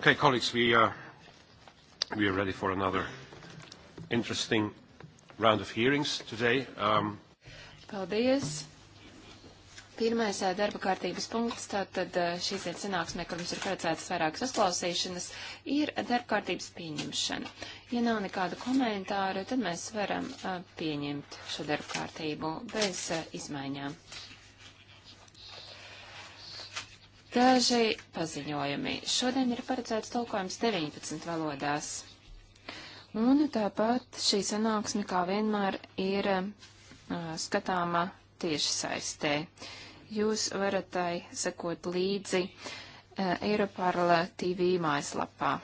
Okay, colleagues, we are, uh, we are ready for another interesting round of hearings today. Um, Paldies. Pirmais uh, darba kārtības punkts, tātad uh, šīs dienas sanāksmē, kur mums ir paredzētas vairākas uzklausīšanas, ir darba kārtības pieņemšana. Ja nav nekādu komentāru, tad mēs varam pieņemt šo darba kārtību bez izmaiņām. Daži paziņojumi. Šodien ir paredzēts tulkojums 19 valodās. Un tāpat šī sanāksme, kā vienmēr, ir uh, um, skatāma tieši saistē. Jūs varat tai sekot līdzi uh, Eiroparla TV mājaslapā.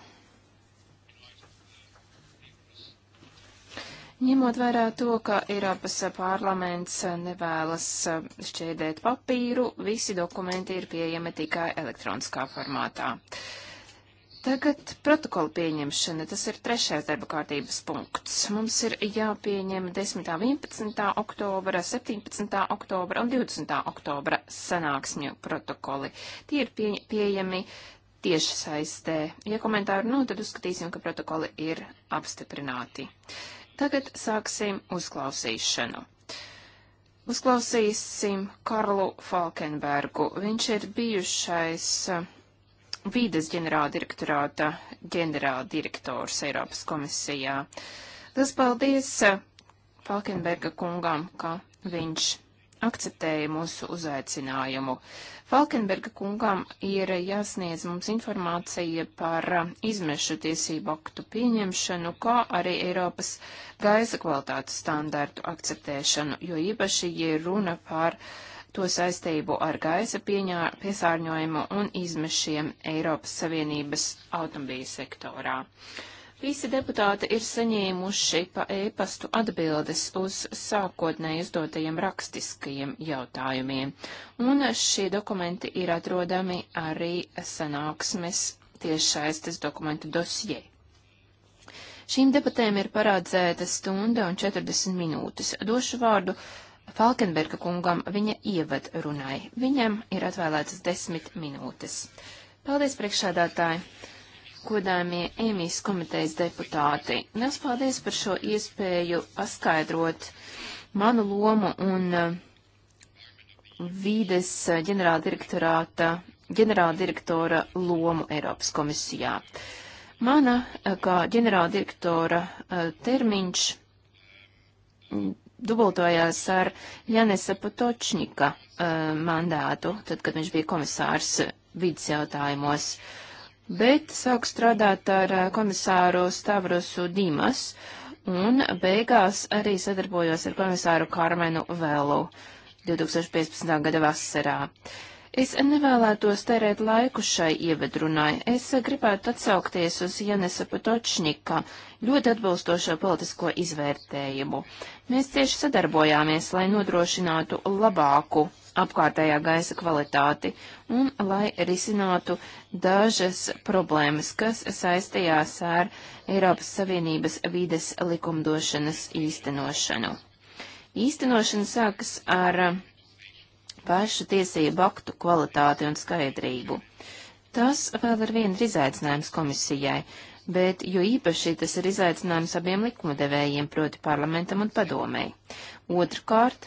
Ņemot vērā to, ka Eiropas parlaments nevēlas eh, šķēdēt papīru, visi dokumenti ir pieejami tikai elektroniskā formātā. Tagad protokola pieņemšana. Tas ir trešais darba kārtības punkts. Mums ir jāpieņem 10. 11. oktobra, 17. oktobra un 20. oktobra sanāksmju protokoli. Tie ir pie, pieejami tieši saistē. Ja komentāru nav, nu, tad uzskatīsim, ka protokoli ir apstiprināti. Tagad sāksim uzklausīšanu. Uzklausīsim Karlu Falkenbergu. Viņš ir bijušais uh, vīdes ģenerāldirektorāta ģenerāldirektors Eiropas komisijā. Tas paldies uh, Falkenberga kungam, ka viņš akceptēja mūsu uzaicinājumu. Falkenberga kungam ir jāsniedz mums informācija par uh, izmešu tiesību aktu pieņemšanu, kā arī Eiropas gaisa kvalitātes standārtu akceptēšanu, jo īpaši, ja runa par to saistību ar gaisa pieņā, piesārņojumu un izmešiem Eiropas Savienības automobīļu sektorā. Uh, Visi deputāti ir saņēmuši pa ēpastu atbildes uz sākotnēji uzdotajiem rakstiskajiem jautājumiem, un šie dokumenti ir atrodami arī sanāksmes tiešsaistes dokumentu dosjē. Šīm debatēm ir parādzēta stunda un 40 minūtes. Došu vārdu Falkenberga kungam viņa ievad runai. Viņam ir atvēlētas 10 minūtes. Paldies, priekšādātāji! godājumie Emijas komitejas deputāti. Liels paldies par šo iespēju paskaidrot manu lomu un uh, vīdes uh, ģenerāldirektorāta, ģenerāldirektora lomu Eiropas komisijā. Mana uh, kā ģenerāldirektora termiņš mm, dubultojās ar Janesa Potočņika uh, mandātu, tad, kad viņš bija komisārs vidas jautājumos. Uh, bet sāku strādāt ar eh, komisāru Stavrosu Dīmas un beigās arī sadarbojos ar komisāru Karmenu Velu 2015. gada vasarā. Uh, Es nevēlētos tērēt laiku šai ievedrunai. Es gribētu atsaukties uz Janesa Potočņika ļoti atbilstošo politisko izvērtējumu. Mēs cieši sadarbojāmies, lai nodrošinātu labāku apkārtējā gaisa kvalitāti un lai risinātu dažas problēmas, kas saistījās ar Eiropas Savienības vides likumdošanas īstenošanu. Īstenošana sākas ar pašu tiesību aktu kvalitāti un skaidrību. Tas vēl ir viens izaicinājums komisijai, bet jo īpaši tas ir izaicinājums abiem likumdevējiem, proti parlamentam un padomēji. Otrkārt,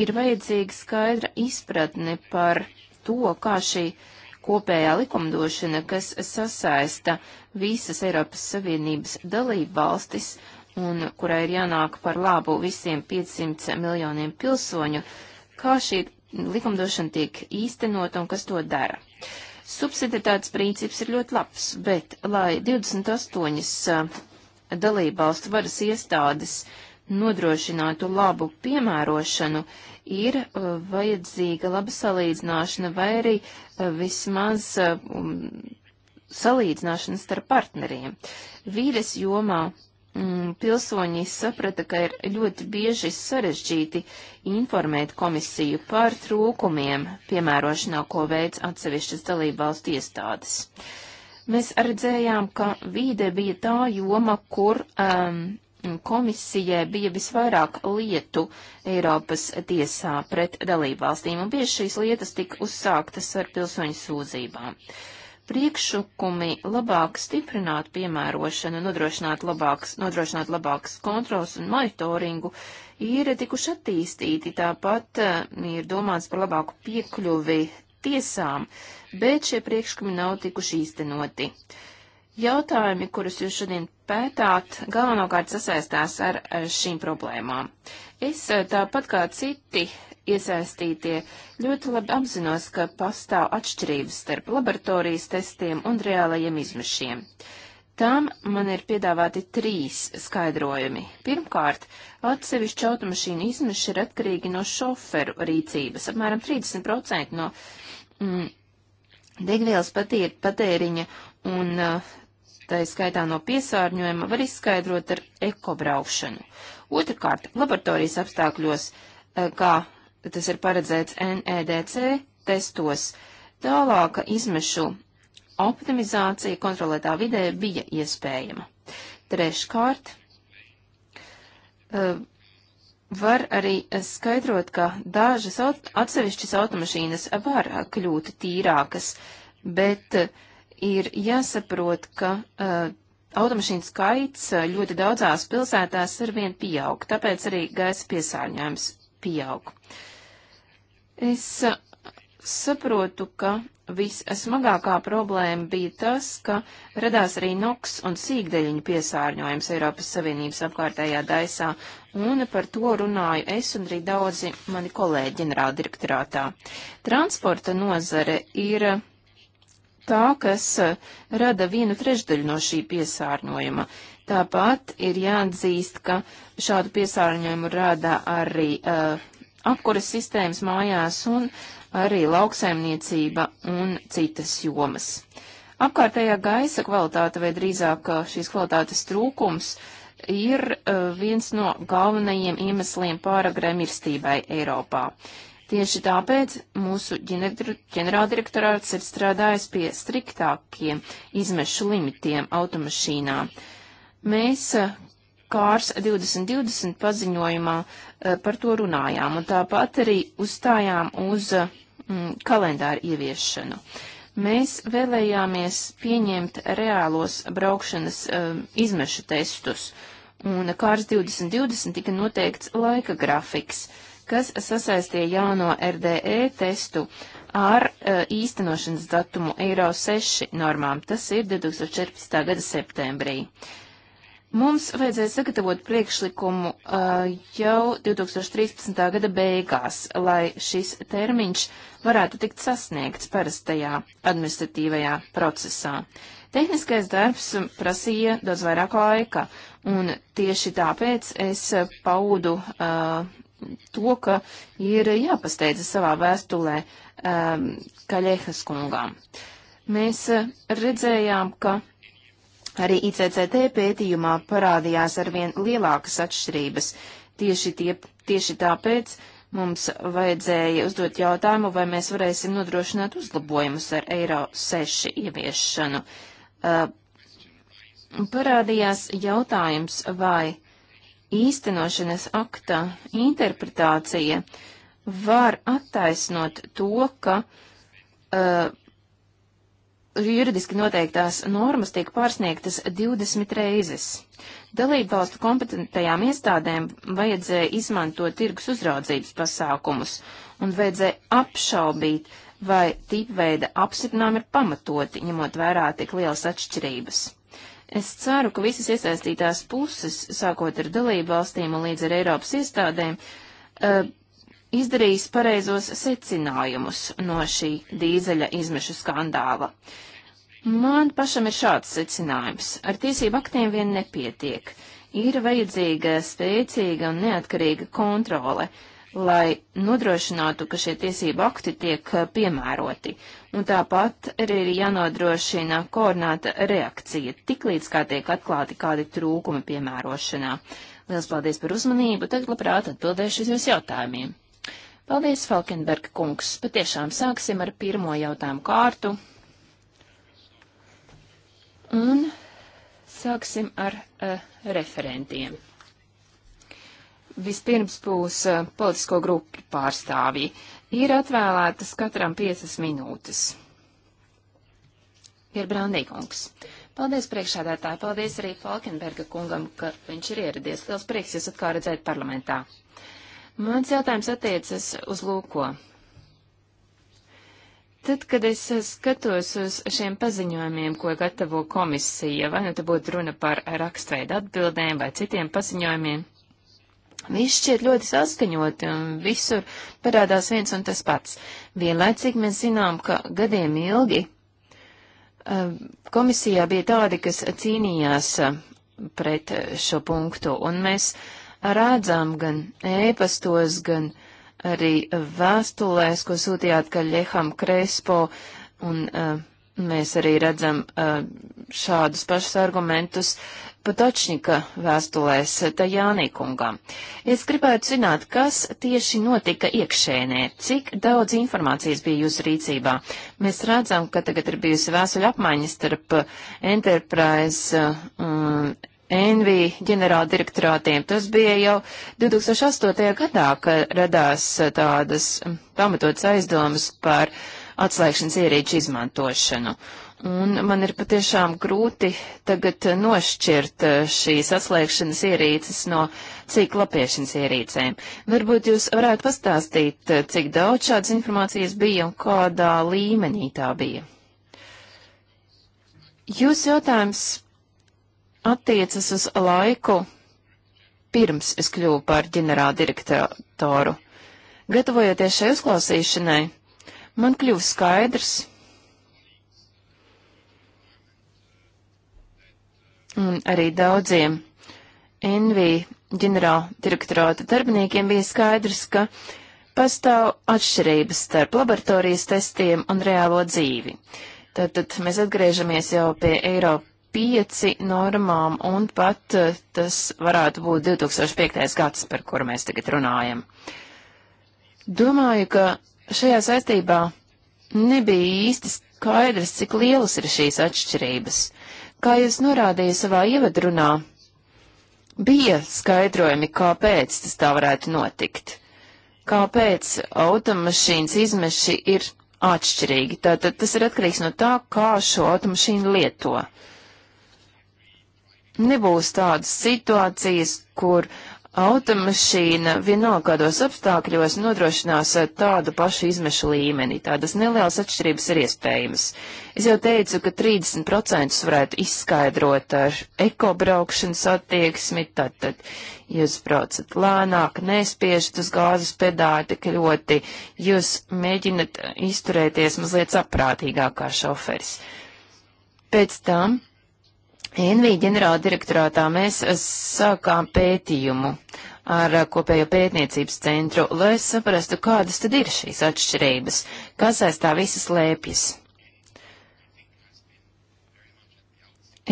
ir vajadzīga skaidra izpratne par to, kā šī kopējā likumdošana, kas sasaista visas Eiropas Savienības dalību valstis un kurai ir jānāk par labu visiem 500 miljoniem pilsoņu, kā šī likumdošana tiek īstenota un kas to dara. Subsidiatātes princips ir ļoti labs, bet lai 28 dalībvalstu varas iestādes nodrošinātu labu piemērošanu, ir vajadzīga laba salīdzināšana vai arī vismaz um, salīdzināšana starp partneriem. Vīdes jomā mm, pilsoņi saprata, ka ir ļoti bieži sarežģīti informēt komisiju par trūkumiem piemērošanā, ko veids atsevišķas dalībvalstu iestādes. Mēs redzējām, ka vīde bija tā joma, kur um, komisijai bija visvairāk lietu Eiropas tiesā pret dalībvalstīm, un bieži šīs lietas tika uzsāktas ar pilsoņu sūdzībām. Uh, priekšlikumi labāk stiprināt piemērošanu, nodrošināt labāks, nodrošināt labāks kontrols un monitoringu ir tikuši attīstīti, tāpat eh, ir domāts par labāku piekļuvi tiesām, bet šie priekšlikumi nav tikuši īstenoti. Jautājumi, kurus jūs šodien pētāt, galvenokārt sasaistās ar šīm problēmām. Es eh, tāpat kā citi iesaistītie ļoti labi apzinos, ka pastāv atšķirības starp laboratorijas testiem un reālajiem izmešiem. Tām man ir piedāvāti trīs skaidrojumi. Pirmkārt, atsevišķi automašīnu izmeši ir atkarīgi no šoferu rīcības. Apmēram 30% no mm, degvielas patīr, patēriņa un uh, eh, tā skaitā no piesārņojuma, var izskaidrot ar ekobraukšanu. Otrakārt, laboratorijas apstākļos, eh, kā tas ir paredzēts NEDC testos. Tālāka izmešu optimizācija kontrolētā vidē bija iespējama. Treškārt, e, var arī skaidrot, ka dažas atsevišķas automašīnas var kļūt tīrākas, bet e, ir jāsaprot, ka e, automašīnu skaits ļoti daudzās pilsētās ar vien pieaug, tāpēc arī gaisa piesārņojums pieaug. Uh, Es uh, saprotu, ka vissmagākā problēma bija tas, ka radās arī noks un sīkdeļiņu piesārņojums Eiropas Savienības apkārtējā daisā, un par to runāju es un arī daudzi mani kolēģi ģenerāldirektorātā. Transporta nozare ir uh, tā, kas uh, rada vienu trešdaļu no šī piesārņojuma. Tāpat ir jāatzīst, ka šādu piesārņojumu rada arī uh, apkuras sistēmas mājās un arī lauksaimniecība un citas jomas. Apkārtējā gaisa kvalitāte vai drīzāk šīs kvalitātes trūkums ir uh, viens no galvenajiem iemesliem pāragrai mirstībai Eiropā. Tieši tāpēc mūsu ģenerāldirektorāts ir strādājis pie striktākiem izmešu limitiem automašīnām. Mēs Kārs 2020 paziņojumā Eh, par to runājām, un tāpat arī uzstājām uz mm, kalendāru ieviešanu. Mēs vēlējāmies pieņemt reālos braukšanas um, izmešu testus, un kārs 2020 tika noteikts laika grafiks, kas sasaistīja jauno RDE testu ar uh, īstenošanas datumu Eiro 6 normām. Tas ir 2014. gada septembrī. Uh, Mums vajadzēja sagatavot priekšlikumu uh, jau 2013. gada beigās, lai šis termiņš varētu tikt sasniegts parastajā administratīvajā procesā. Tehniskais darbs prasīja daudz vairāk laika, un tieši tāpēc es paudu uh, to, ka ir jāpasteidza savā vēstulē um, Kaļehas kungām. Mēs uh, redzējām, ka Arī ICCT pētījumā parādījās arvien lielākas atšķirības. Tieši, tie, tieši tāpēc mums vajadzēja uzdot jautājumu, vai mēs varēsim nodrošināt uzlabojumus ar Eiro 6 ieviešanu. Uh, parādījās jautājums, vai īstenošanas akta interpretācija var attaisnot to, ka uh, juridiski noteiktās normas tiek pārsniegtas 20 reizes. Dalību valstu kompetentajām iestādēm vajadzēja izmantot tirgus uzraudzības pasākumus un vajadzēja apšaubīt, vai tipveida apstiprinājumi ir pamatoti, ņemot vērā tik lielas atšķirības. Es ceru, ka visas iesaistītās puses, sākot ar dalību valstīm un līdz ar Eiropas iestādēm, uh, izdarījis pareizos secinājumus no šī dīzeļa izmešu skandāla. Man pašam ir šāds secinājums. Ar tiesību aktiem vien nepietiek. Ir vajadzīga spēcīga un neatkarīga kontrole, lai nodrošinātu, ka šie tiesību akti tiek eh, piemēroti. Un tāpat arī ir jānodrošina koordināta reakcija, tiklīdz kā tiek atklāti kādi trūkumi piemērošanā. Lielas paldies par uzmanību, tagad labprāt atbildēšu uz jūsu jautājumiem. Paldies, Falkenberga kungs. Patiešām sāksim ar pirmo jautājumu kārtu. Un sāksim ar uh, referentiem. Vispirms būs uh, politisko grupu pārstāvji. Ir atvēlētas katram piecas minūtes. Ir Brandīkungs. Paldies priekšādātāji, paldies arī Falkenberga kungam, ka viņš ir ieradies. Liels prieks jūs atkal redzēt parlamentā. Mans jautājums attiecas uz lūko. Tad, kad es skatos uz šiem paziņojumiem, ko gatavo komisija, vai nu te būtu runa par rakstveidu atbildēm vai citiem paziņojumiem, viss šķiet ļoti saskaņoti un visur parādās viens un tas pats. Vienlaicīgi mēs zinām, ka gadiem ilgi eh, komisijā bija tādi, kas cīnījās eh, pret šo punktu, un mēs uh, redzam gan ēpastos, gan arī vēstulēs, ko sūtījāt Kaļeham Krespo, un uh, mēs arī redzam uh, šādus pašus argumentus Patočņika vēstulēs eh, Tajānīkungam. Es gribētu zināt, kas tieši notika iekšēnē, cik daudz informācijas bija jūsu rīcībā. Mēs redzam, ka tagad ir bijusi vēstuļa apmaiņa starp Enterprise um, NV ģenerāla direktorātiem. Tas bija jau 2008. gadā, kad radās tādas pamatotas aizdomas par atslēgšanas ierīču izmantošanu. Un man ir patiešām grūti tagad nošķirt eh, šīs atslēgšanas ierīces no cikla lapiešanas ierīcēm. Varbūt jūs varētu pastāstīt, eh, cik daudz šādas informācijas bija un kādā līmenī tā bija. Jūsu jautājums attiecas uz laiku pirms es kļuvu par ģenerāldirektoru. Gatavojoties šai uzklausīšanai, man kļuva skaidrs, un arī daudziem NV ģenerāldirektorāta darbiniekiem bija skaidrs, ka pastāv atšķirības starp laboratorijas testiem un reālo dzīvi. Tātad mēs atgriežamies jau pie Eiropas 5 normām, un pat eh, tas varētu būt 2005. gads, par kuru mēs tagad runājam. Domāju, ka šajā saistībā nebija īsti skaidrs, cik lielas ir šīs atšķirības. Kā jūs norādījāt savā ievadrunā, bija skaidrojumi, kāpēc tas tā varētu notikt. Kāpēc automašīnas izmeši ir atšķirīgi. Tātad tas ir atkarīgs no tā, kā šo automašīnu lieto nebūs tādas situācijas, kur automašīna vienalga kādos apstākļos nodrošinās eh, tādu pašu izmešu līmeni. Tādas nelielas atšķirības ir iespējamas. Es jau teicu, ka 30% varētu izskaidrot ar ekobraukšanas attieksmi, tad, tad jūs braucat lēnāk, nespiežat uz gāzes pedāli tik ļoti, jūs mēģinat izturēties mazliet saprātīgāk kā šoferis. Pēc tam NV ģenerāla direktorātā mēs eh, sākām pētījumu ar eh, kopējo pētniecības centru, lai saprastu, kādas tad ir šīs atšķirības, kas aizstā visas lēpjas.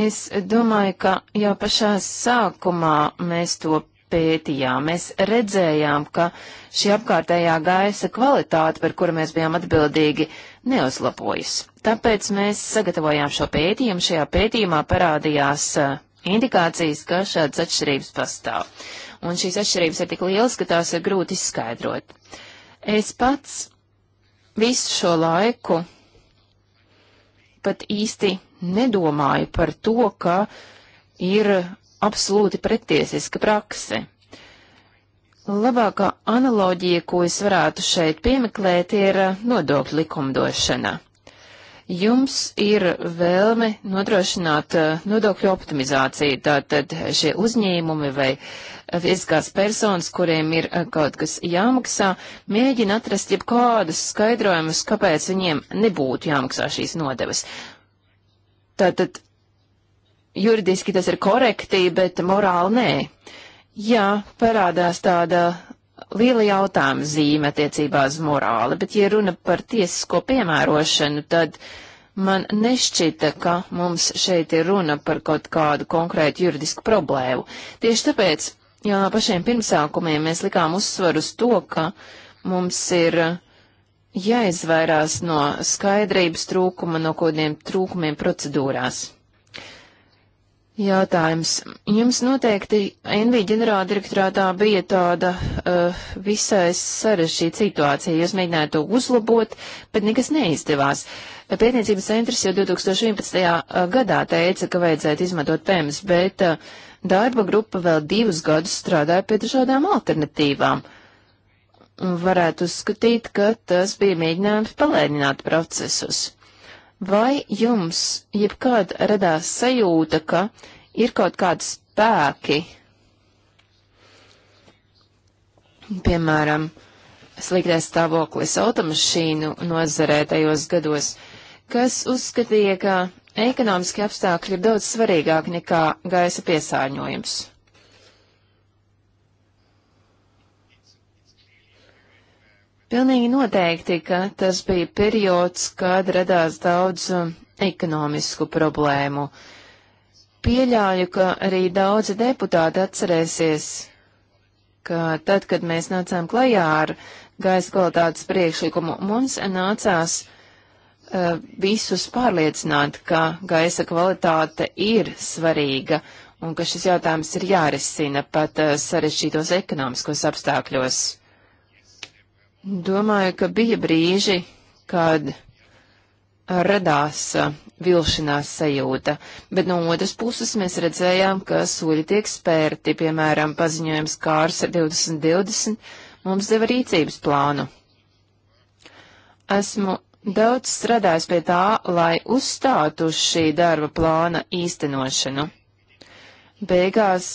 Es domāju, ka jau pašā sākumā mēs to pētījām. Mēs redzējām, ka šī apkārtējā gaisa kvalitāte, par kuru mēs bijām atbildīgi, uh, neuzlabojas. Tāpēc mēs sagatavojām šo pētījumu. Šajā pētījumā parādījās indikācijas, ka šādas atšķirības pastāv. Un šīs atšķirības ir tik lielas, ka tās ir grūti izskaidrot. Es pats visu šo laiku pat īsti nedomāju par to, ka ir absolūti pretiesiska prakse. Labākā analoģija, ko es varētu šeit piemeklēt, ir eh, nodokļu likumdošana. Jums ir vēlme nodrošināt eh, nodokļu optimizāciju, tātad šie uzņēmumi vai fiziskās personas, kuriem ir eh, kaut kas jāmaksā, mēģina atrast jebkādus skaidrojumus, kāpēc viņiem nebūtu jāmaksā šīs nodevas. Tātad juridiski tas ir korekti, bet morāli nē. Uh, Jā, parādās tāda liela jautājuma zīme attiecībā uz morāli, bet ja runa par tiesisko piemērošanu, tad man nešķita, ka mums šeit ir runa par kaut kādu konkrētu juridisku problēmu. Tieši tāpēc jau no pašiem pirmsākumiem mēs likām uzsvaru uz to, ka mums ir jāizvairās no skaidrības trūkuma, no kodiem trūkumiem procedūrās. Jautājums. Jums noteikti NV ģenerāldirektorātā bija tāda uh, visai sarežģīta situācija. Jūs mēģinājāt to uzlabot, bet nekas neizdevās. Pētniecības centrs jau 2011. Uh, gadā teica, ka vajadzētu izmantot PEMS, bet uh, darba grupa vēl divus gadus strādāja pie dažādām alternatīvām. Varētu uzskatīt, ka tas bija mēģinājums palēnināt procesus. Vai jums jebkad radās sajūta, ka ir kaut kādi spēki, piemēram, sliktais stāvoklis automašīnu nozarē tajos gados, kas uzskatīja, ka ekonomiski apstākļi ir daudz svarīgāki nekā gaisa piesārņojums? Pilnīgi noteikti, ka tas bija periods, kad radās daudz um, ekonomisku problēmu. Pieļauju, ka arī daudzi deputāti atcerēsies, ka tad, kad mēs nācām klajā ar gaisa kvalitātes priekšlikumu, mums nācās uh, visus pārliecināt, ka gaisa kvalitāte ir svarīga un ka šis jautājums ir jārisina pat uh, sarešķītos ekonomiskos apstākļos. Domāju, ka bija brīži, kad radās vilšanās sajūta, bet no otras puses mēs redzējām, ka soļi tiek spērti, piemēram, paziņojums kārs ar 2020 mums deva rīcības plānu. Esmu daudz strādājis pie tā, lai uzstātu uz šī darba plāna īstenošanu. Beigās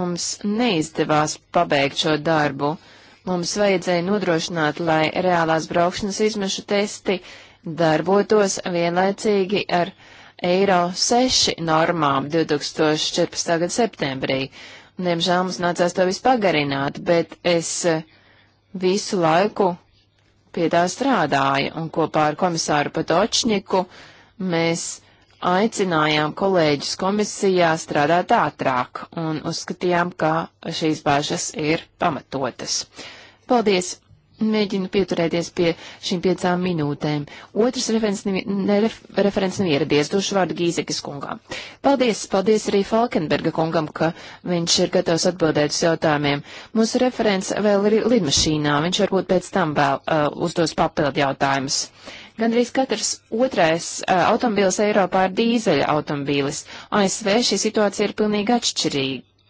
mums neizdevās pabeigt šo darbu, Mums vajadzēja nodrošināt, lai reālās braukšanas izmešu testi darbotos vienlaicīgi ar Eiro 6 normām 2014. gada septembrī. Diemžēl mums nācās to visu pagarināt, bet es eh, visu laiku pie tā strādāju, un kopā ar komisāru Patočniku mēs aicinājām kolēģus komisijā strādāt ātrāk, un uzskatījām, ka šīs bāžas ir pamatotas. Paldies! Mēģinu pieturēties pie šīm piecām minūtēm. Otrs referents, nevi, ne, ref, referents nevieradies, došu vārdu Gīzekas kungām. Paldies, paldies arī Falkenberga kungam, ka viņš ir gatavs atbildēt uz jautājumiem. Mūsu referents vēl ir lidmašīnā, viņš varbūt pēc tam vēl uh, uzdos papildu jautājumus. Gandrīz katrs otrais uh, automobīlis Eiropā ir dīzeļa automobīlis. ASV šī situācija ir pilnīgi atšķirīga.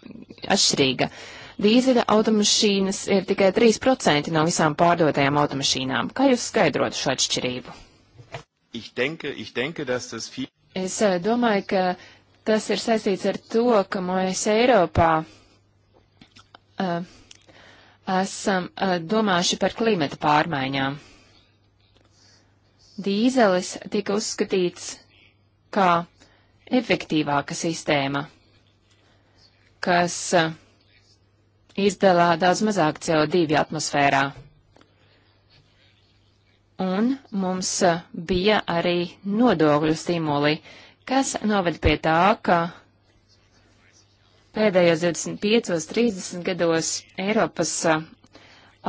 atšķirīga. Uh, dīzeļa automašīnas ir tikai 3% no visām pārdotajām automašīnām. Kā jūs skaidrotu šo atšķirību? Ich denke, ich denke, das viel... Es eh, domāju, ka tas ir saistīts ar to, ka mēs Eiropā uh, esam uh, domājuši par klimata pārmaiņām. Dīzelis tika uzskatīts kā efektīvāka sistēma, kas uh, izdalā daudz mazāk CO2 atmosfērā. Un mums bija arī nodokļu stimuli, kas noved pie tā, ka pēdējos 25-30 gados Eiropas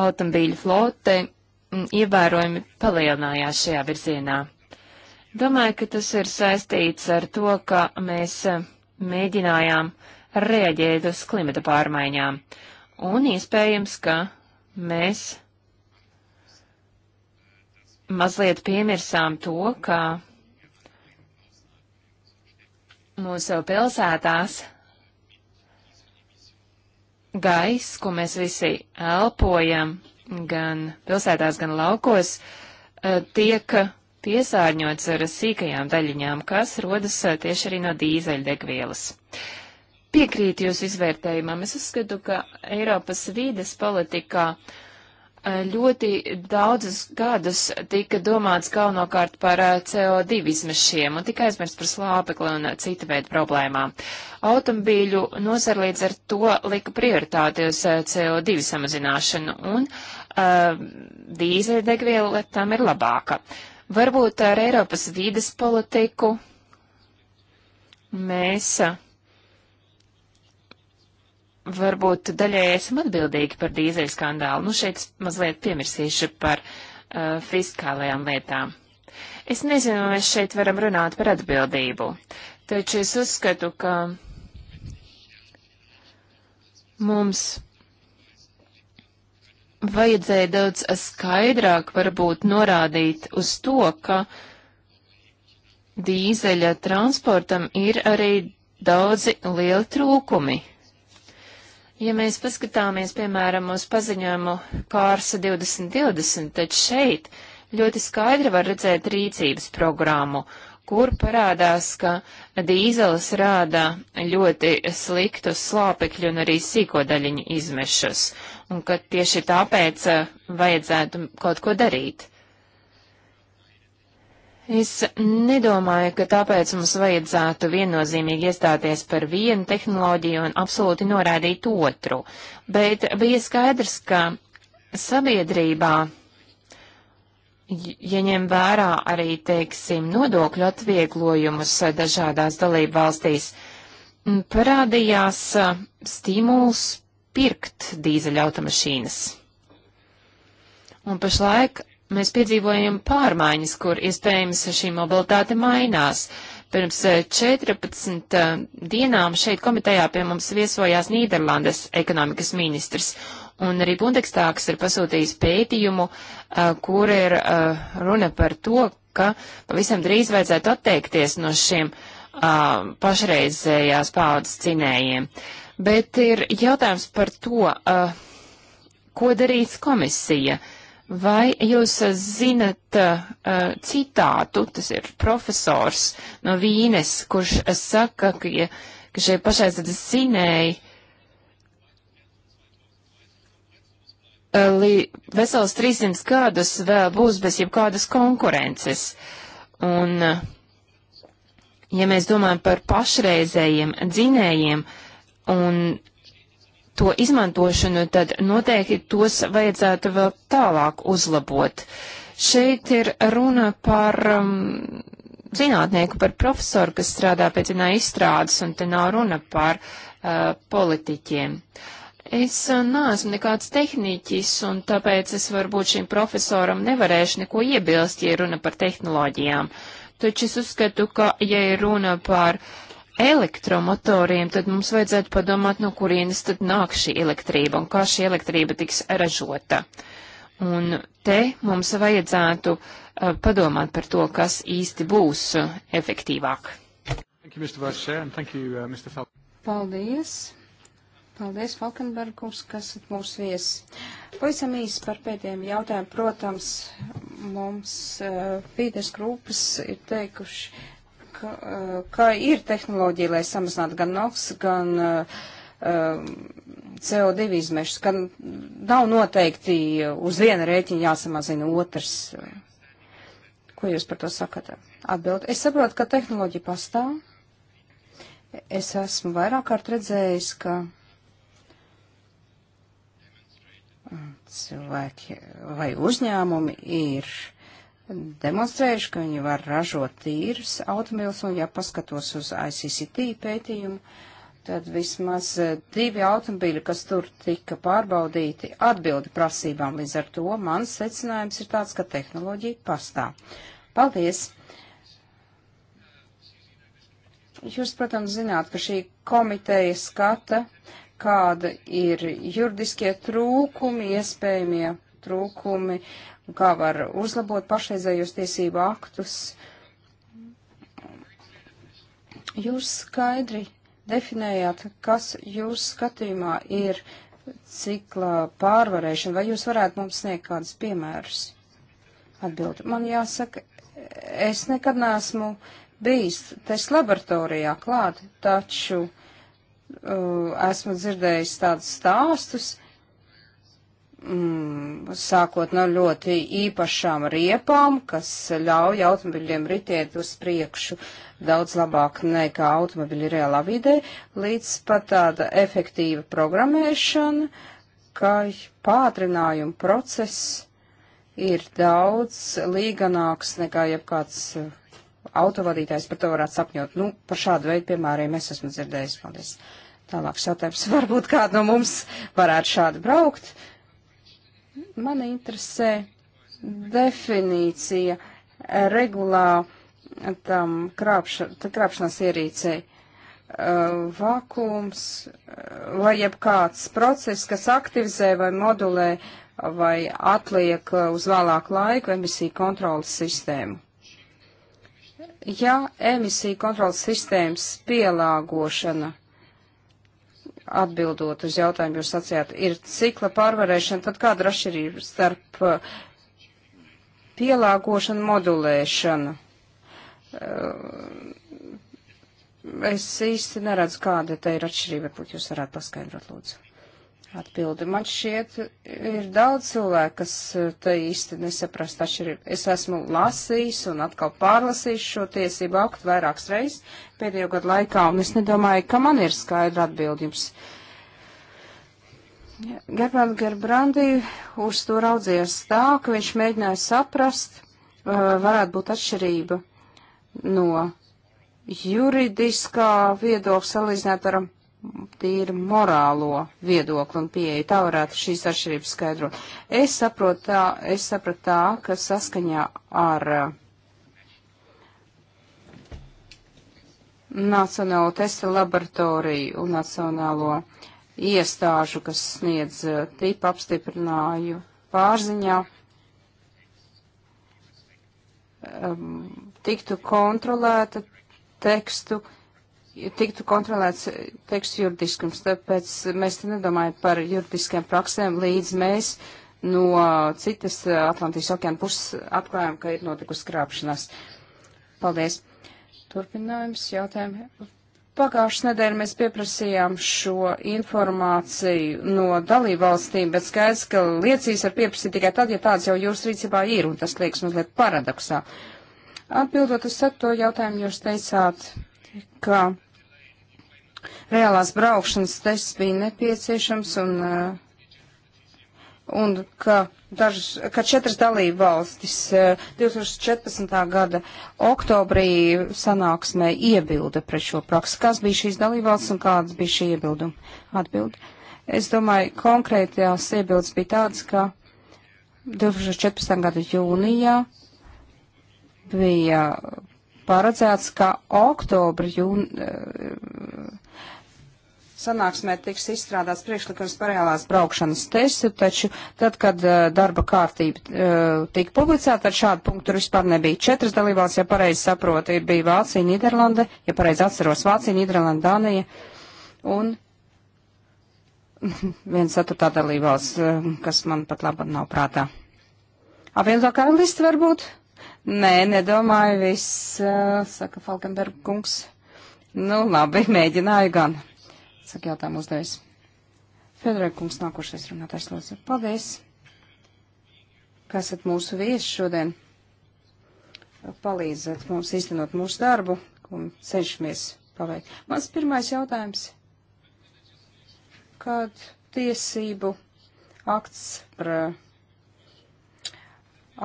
automobīļu flote ievērojami palielinājās šajā virzienā. Domāju, ka tas ir saistīts ar to, ka mēs mēģinājām rēģēt uz klimata pārmaiņām un iespējams, ka mēs mazliet piemirsām to, ka mūsu pilsētās gaiss, ko mēs visi elpojam, gan pilsētās, gan laukos, eh, tiek piesārņots ar sīkajām daļiņām, kas rodas eh, tieši arī no dīzeļdegvielas. degvielas piekrītu jūsu izvērtējumam. Es uzskatu, ka Eiropas vīdes politikā e, ļoti daudzus gadus tika domāts galvenokārt par e, CO2 izmešiem un tika aizmirst par slāpekli un cita veida problēmām. Automobīļu nozara līdz ar to lika prioritāti uz e, CO2 samazināšanu un uh, dīzeļdegviela tam ir labāka. Varbūt ar Eiropas vīdes politiku mēs. Uh, varbūt daļai esam atbildīgi par dīzeļu skandālu. Nu, šeit mazliet piemirsīšu par uh, fiskālajām lietām. Es nezinu, vai mēs šeit varam runāt par atbildību, taču es uzskatu, ka mums vajadzēja daudz skaidrāk varbūt norādīt uz to, ka dīzeļa transportam ir arī daudzi lieli trūkumi. Ja mēs paskatāmies, piemēram, uz paziņojumu Kārsa 2020, tad šeit ļoti skaidri var redzēt rīcības programmu, kur parādās, ka dīzelis rāda ļoti sliktus slāpekļu un arī sīkodaļiņu izmešus, un ka tieši tāpēc eh, vajadzētu kaut ko darīt. Es nedomāju, ka tāpēc mums vajadzētu viennozīmīgi iestāties par vienu tehnoloģiju un absolūti noraidīt otru, bet bija skaidrs, ka sabiedrībā, ja ņem vērā arī, teiksim, nodokļu atvieglojumus dažādās dalību valstīs, parādījās stimuls pirkt dīzeļautomašīnas. Un pašlaik mēs piedzīvojam pārmaiņas, kur iespējams šī mobilitāte mainās. Pirms 14 eh, eh, dienām šeit komitejā pie mums viesojās Nīderlandes ekonomikas ministrs. Un arī Bundestāgs ir pasūtījis pētījumu, eh, kur ir runa par to, ka pavisam drīz vajadzētu atteikties no šiem pašreizējās paudzes cinējiem. Bet ir jautājums par to, ko darīs komisija. Uh, Vai jūs eh, zinat uh, citātu, tas ir profesors no Vīnes, kurš eh, saka, ka, ja, ka šie pašaizsardzes zinēji uh, vesels 300 gadus vēl būs bez jebkādas konkurences. Un, uh, ja mēs domājam par pašreizējiem dzinējiem un to izmantošanu, tad noteikti tos vajadzētu vēl tālāk uzlabot. Šeit ir runa par um, zinātnieku, par profesoru, kas strādā pēc vienā izstrādes, un te nav runa par uh, politiķiem. Es uh, neesmu nekāds tehniķis, un tāpēc es varbūt šim profesoram nevarēšu neko iebilst, ja runa par tehnoloģijām. Taču es uzskatu, ka, ja ir runa par uh, elektromotoriem, tad mums vajadzētu padomāt, no kurienes tad nāk šī elektrība un kā šī elektrība tiks ražota. Un te mums vajadzētu uh, padomāt par to, kas īsti būs uh, efektīvāk. You, you, uh, Paldies! Paldies, Falkenbergs, kas ir mūsu viesis. Pavisam īsi par pēdējiem jautājumiem. Protams, mums uh, vīdes grupas ir teikuši, ka, eh, ka ir tehnoloģija, lai samazinātu gan NOx, gan uh, eh, eh, CO2 izmešus, ka nav noteikti uz viena rēķina jāsamazina otrs. Ko jūs par to sakat? Atbild. Es saprotu, ka tehnoloģija pastāv. Es esmu vairāk kārt redzējis, ka cilvēki vai uzņēmumi ir demonstrējuši, ka viņi var ražot tīrus automobīlus, un ja paskatos uz ICCT pētījumu, tad vismaz eh, divi automobīļi, kas tur tika pārbaudīti, atbildi prasībām. Līdz ar to mans secinājums ir tāds, ka tehnoloģija pastāv. Paldies! Jūs, protams, zināt, ka šī komiteja skata, kāda ir juridiskie trūkumi, iespējamie trūkumi kā var uzlabot pašreizējos tiesību aktus. Jūs skaidri definējāt, kas jūs skatījumā ir cikla pārvarēšana, vai jūs varētu mums sniegt kādus piemērus? Atbildi. Man jāsaka, es nekad neesmu bijis test laboratorijā klāt, taču uh, esmu dzirdējis tādus stāstus, uh, mm, sākot no ļoti īpašām riepām, kas ļauj automobiļiem ritēt uz priekšu daudz labāk nekā automobiļi reālā vidē, līdz pat tāda efektīva programmēšana, ka pātrinājuma process ir daudz līganāks nekā jebkāds uh, autovadītājs par to varētu sapņot. Nu, par šādu veidu piemēriem es esmu dzirdējis. Paldies. Tālāk šātājums varbūt kādu no mums varētu šādi braukt. Uh, Man interesē definīcija regulā tam krāpša, krāpšanas ierīcei. Uh, vakums uh, vai jebkāds process, kas aktivizē vai modulē vai atliek uh, uz vēlāku laiku emisiju kontrolas sistēmu. Ja emisiju kontrolas sistēmas pielāgošana atbildot uz jautājumu, jūs sacījāt, ir cikla pārvarēšana, tad kāda rašķirība starp uh, pielāgošanu, modulēšanu? Uh, es īsti neredzu, kāda te ir atšķirība, varbūt jūs varētu paskaidrot, lūdzu atbildi. Man šķiet, ir daudz cilvēku, kas eh, te īsti nesaprast atšķirību. Es esmu lasījis un atkal pārlasījis šo tiesību aktu vairākas reizes pēdējo gadu laikā, un es nedomāju, ka man ir skaidra atbildi jums. Gerbrand Gerbrandi uz to raudzies tā, ka viņš mēģināja saprast, eh, varētu būt atšķirība no juridiskā viedokļa salīdzināt ar tīri morālo viedokli un pieeju. Tā varētu šīs atšķirības skaidrot. Es saprotu tā, es sapratu tā, ka saskaņā ar uh, Nacionālo testa laboratoriju un Nacionālo iestāžu, kas sniedz uh, tipu apstiprināju pārziņā, um, tiktu kontrolēta tekstu tiktu kontrolēts tekstu juridiskums, tāpēc mēs te nedomājam par juridiskiem praksēm, līdz mēs no citas Atlantijas okeāna puses atklājām, ka ir notikusi krāpšanās. Paldies. Turpinājums jautājumi. Pagājušajā nedēļā mēs pieprasījām šo informāciju no dalībvalstīm, bet skaidrs, ka liecīs var pieprasīt tikai tad, ja tāds jau jūsu rīcībā ir, un tas liekas mazliet paradoksā. Atbildot uz to jautājumu, jūs teicāt, ka reālās braukšanas tests bija nepieciešams un, uh, un ka, dažas, ka četras dalība valstis 2014. Uh, gada oktobrī sanāksmē iebilda pret šo praksi. Kas bija šīs dalība valsts un kādas bija šī iebilduma? Atbildi. Es domāju, konkrētajās iebildes bija tādas, ka 2014. gada jūnijā bija paredzēts, ka oktobra jūn, uh, sanāksmē tiks izstrādāts priekšlikums par reālās braukšanas testu, taču tad, kad uh, darba kārtība uh, tika publicēta, ar šādu punktu vispār nebija. Četras dalībvalsts, ja pareizi saprotu, ir bija Vācija, Nīderlanda, ja pareizi atceros Vācija, Nīderlanda, Dānija un viens ceturtā dalībvalsts, uh, kas man pat laba nav prātā. Apvienotā karalista varbūt? Nē, nedomāju, viss, uh, saka Falkenberg kungs. Nu, labi, mēģināju gan saka jautājumu uzdevējs. Fedorē kungs nākošais runātājs lūdzu. Paldies, ka esat mūsu viesi šodien. Palīdzat mums īstenot mūsu darbu un cenšamies paveikt. Mans pirmais jautājums. Kad tiesību akts par uh,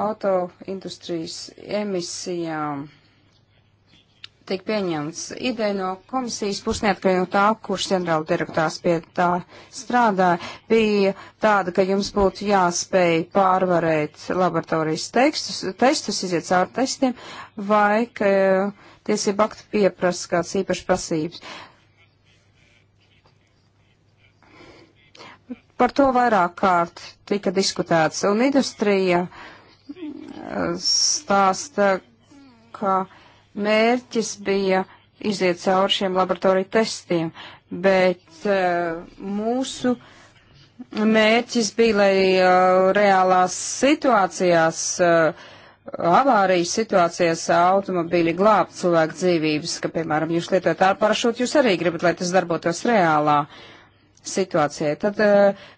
autoindustrijas emisijām tika pieņemts ideja no komisijas puses, neatkarīgi no tā, kurš ģenerāla direktors pie tā strādāja, bija tāda, ka jums būtu jāspēj pārvarēt laboratorijas tekstus, testus, iziet cauri testiem, vai ka eh, tiesība akti pieprasa kāds īpašs prasības. Par to vairāk kārt tika diskutēts, un industrija eh, stāsta, ka. Uh, mērķis bija iziet cauri šiem laboratoriju testiem, bet uh, mūsu mērķis bija, lai uh, reālās situācijās, uh, avārijas situācijās automobīļi glābt cilvēku dzīvības, ka, piemēram, jūs lietojat ārparašūtu, jūs arī gribat, lai tas darbotos reālā situācijai. Tad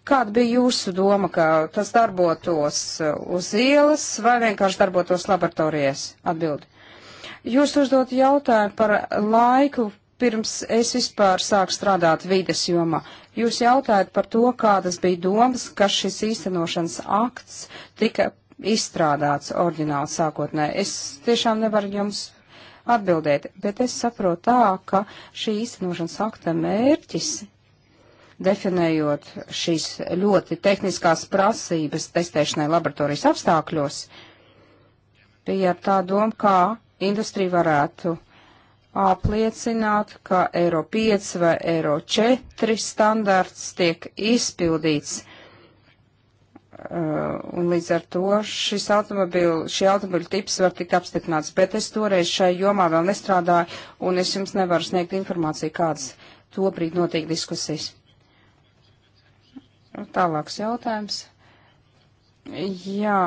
kāda bija jūsu doma, ka tas darbotos uz ielas vai vienkārši darbotos laboratorijas? Atbildi. Jūs uzdot jautājumu par laiku, pirms es vispār sāku strādāt vides jomā. Jūs jautājat par to, kādas bija domas, ka šis īstenošanas akts tika izstrādāts oriģināli sākotnē. Es tiešām nevaru jums atbildēt, bet es saprotu tā, ka šī īstenošanas akta mērķis, definējot šīs ļoti tehniskās prasības testēšanai laboratorijas apstākļos, bija ar tā doma, kā industrija varētu apliecināt, ka Eiro 5 vai Eiro 4 standarts tiek izpildīts. Uh, un līdz ar to šis automobiļu, šī automobiļu tips var tikt apstiprināts, bet es toreiz šai jomā vēl nestrādāju, un es jums nevaru sniegt informāciju, kādas to brīd notiek diskusijas. Tālāks jautājums. Jā,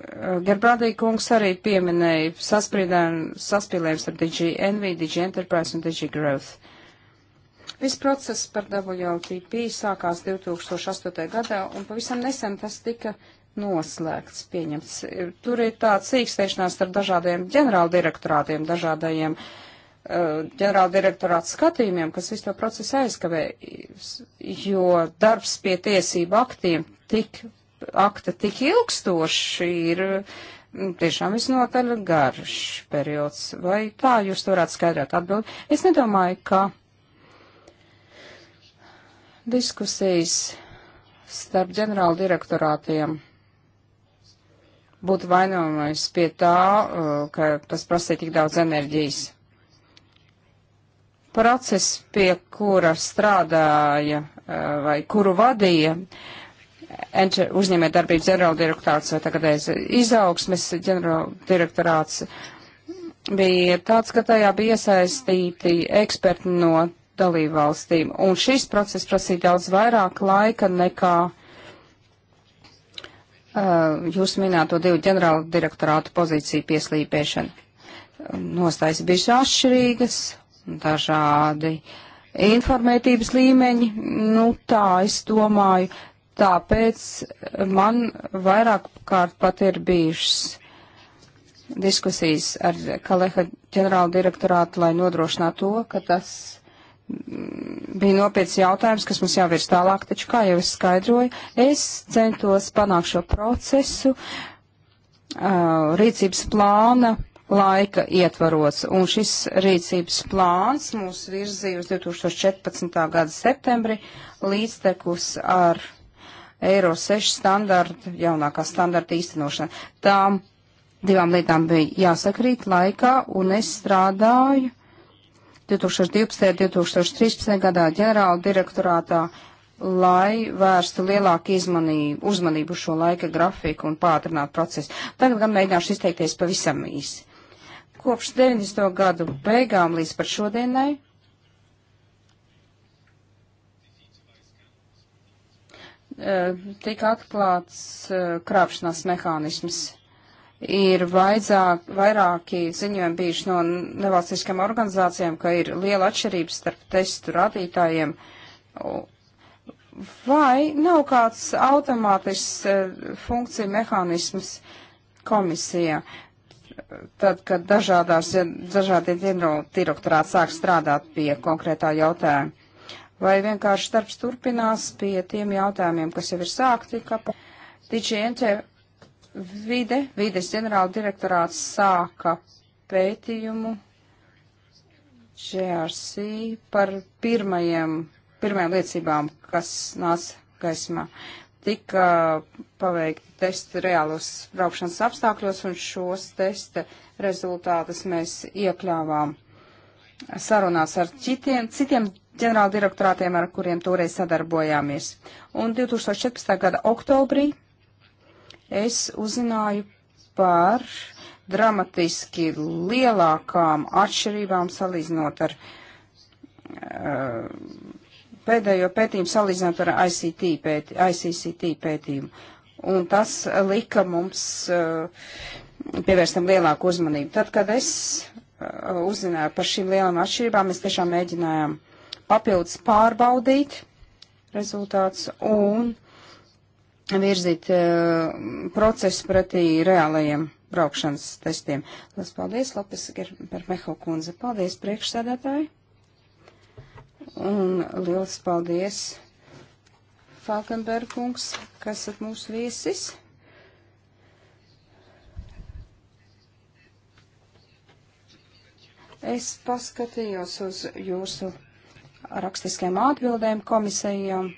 Eh, Gerbrādī kungs arī pieminēja saspīlējums ar DG Envy, DG Enterprise un DG Growth. Viss process par WLTP sākās 2008. gadā un pavisam nesen tas tika noslēgts, pieņemts. Eh, Tur ir tā cīkstēšanās ar dažādiem ģenerāldirektorātiem, dažādajiem eh, ģenerāldirektorāta skatījumiem, kas visu to procesu aizkavē, jo darbs pie tiesību aktiem tik akta tik ilgstoši ir mm, tiešām visnotaļ garš periods. Vai tā jūs to varētu skaidrāt atbild? Es nedomāju, ka diskusijas starp ģenerāla direktorātiem būtu vainojamais pie tā, uh, ka tas prasīja tik daudz enerģijas. Process, pie kura strādāja uh, vai kuru vadīja, uh, uzņēmē darbības ģenerāldirektorāts vai tagadējais izaugsmes ģenerāldirektorāts bija tāds, ka tajā bija iesaistīti eksperti no dalību valstīm. Un šis process prasīja daudz vairāk laika nekā uh, jūs minēto divu ģenerālu direktorātu pozīciju pieslīpēšana. Nostājas bija atšķirīgas, dažādi informētības līmeņi. Nu, tā es domāju, Tāpēc man vairāk kārt pat ir bijušas diskusijas ar Kaleha ģenerāla direktorātu, lai nodrošinātu to, ka tas mm, bija nopietns jautājums, kas mums jāvirs tālāk, taču kā jau es skaidroju, es centos panākt šo procesu uh, rīcības plāna laika ietvaros, un šis rīcības plāns mūs virzīja uz 2014. gada septembri līdztekus ar Eiro 6 standarta, jaunākā standarta īstenošana. Tām divām lietām bija jāsakrīt laikā, un es strādāju 2012. un 2013. gadā ģenerāla direktorātā, lai vērstu lielāku izmanību, uzmanību šo laika grafiku un pātrinātu procesu. Tagad gan mēģināšu izteikties pavisam īsi. Kopš 90. gadu beigām līdz pat šodienai Eh, tika atklāts eh, krāpšanās mehānisms. Ir vaidzāk, vairāki ziņojumi bijuši no nevalstiskām organizācijām, ka ir liela atšķirība starp testu rādītājiem. Vai nav kāds automātisks eh, funkcija mehānisms komisijā? Tad, kad dažādās, dažādie ģenerāli direktorāti sāk strādāt pie konkrētā jautājuma vai vienkārši darbs turpinās pie tiem jautājumiem, kas jau ir sākti. Tičiente vide, vides ģenerāla direktorāts sāka pētījumu GRC par pirmajiem, pirmajām liecībām, kas nāca gaismā. Tika paveikti testi reālos braukšanas apstākļos, un šos testa rezultātus mēs iekļāvām sarunās ar citiem, citiem ģenerāla direktorātiem, ar kuriem toreiz sadarbojāmies. Un 2014. gada oktobrī es uzzināju par dramatiski lielākām atšķirībām salīdzinot ar uh, pēdējo pētījumu, salīdzinot ar ICT pēti, ICCT pētījumu. Un tas lika mums uh, pievērstam lielāku uzmanību. Tad, kad es eh, uzzināju par šīm lielām atšķirībām, mēs tiešām mēģinājām papildus pārbaudīt rezultāts un virzīt uh, procesu pretī reālajiem braukšanas testiem. Lielas paldies, Lapis Germeho kundze. Paldies, priekšsēdētāji. Un liels paldies, Falkenberg kungs, kas esat mūsu viesis. Es paskatījos uz jūsu rakstiskiem atbildēm komisējām,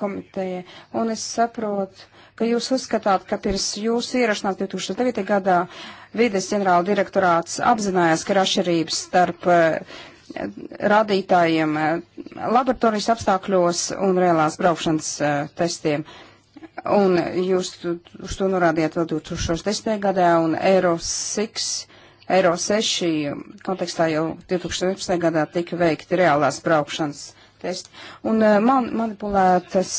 komitejai, un es saprotu, ka jūs uzskatāt, ka pirms jūsu ierašanās 2009. gadā vides ģenerāla direktorāts apzinājās, ka ir atšķirības starp eh, radītājiem eh, laboratorijas apstākļos un reālās braukšanas eh, testiem. Un jūs uz to norādījāt vēl 2010. gadā, un Euro 6 Eiro 6 kontekstā jau 2011. gadā tika veikti reālās braukšanas testi. Un eh, man, manipulētas,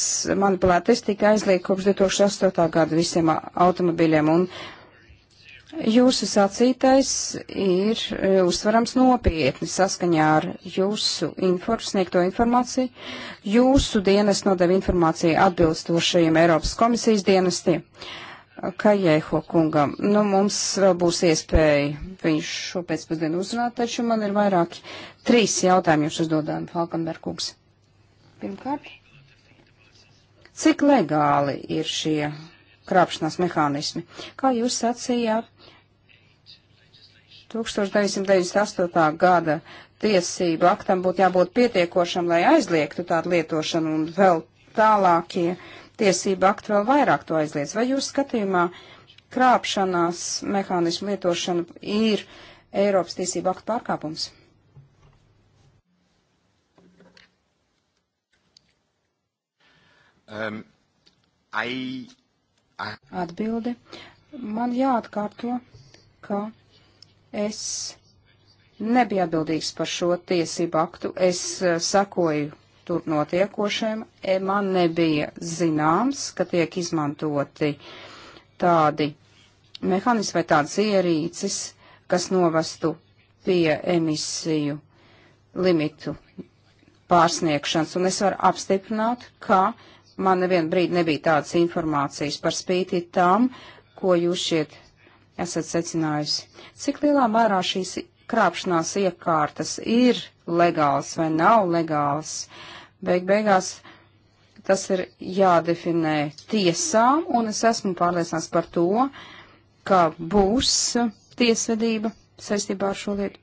manipulēt testi tika aizliegt kopš 2008. gada visiem automobiļiem. Un Jūsu sacītais ir eh, uztverams nopietni saskaņā ar jūsu infor, sniegto informāciju. Jūsu dienas nodeva informāciju atbilstošajiem Eiropas komisijas dienestiem. Uh, Kajēho kungam. Nu, mums vēl būs iespēja viņš šo pēcpusdienu uzrunāt, taču man ir vairāki trīs jautājumi jums uzdodām, Falkenberg kungs. Pirmkārt, cik legāli ir šie krāpšanās mehānismi? Kā jūs sacījāt, 1998. gada tiesību aktam būtu jābūt pietiekošam, lai aizliegtu tādu lietošanu un vēl tālākie tiesība akti vēl vairāk to aizliedz. Vai jūs skatījumā krāpšanās mehānismu lietošana ir Eiropas tiesība aktu pārkāpums? Um, I, I... Atbildi. Man jāatkārto, ka es nebiju atbildīgs par šo tiesību aktu. Es uh, sakoju tur notiekošiem, e, man nebija zināms, ka tiek izmantoti tādi mehānismi vai tādas ierīces, kas novestu pie emisiju limitu pārsniegšanas. Un es varu apstiprināt, ka man nevienu brīdi nebija tādas informācijas par spīti tam, ko jūs šeit esat secinājusi. Cik lielā mērā šīs krāpšanās iekārtas ir legāls vai nav legāls? Uh, beig beigās tas ir jādefinē tiesā, un es esmu pārliecināts par to, ka būs tiesvedība saistībā ar šo lietu.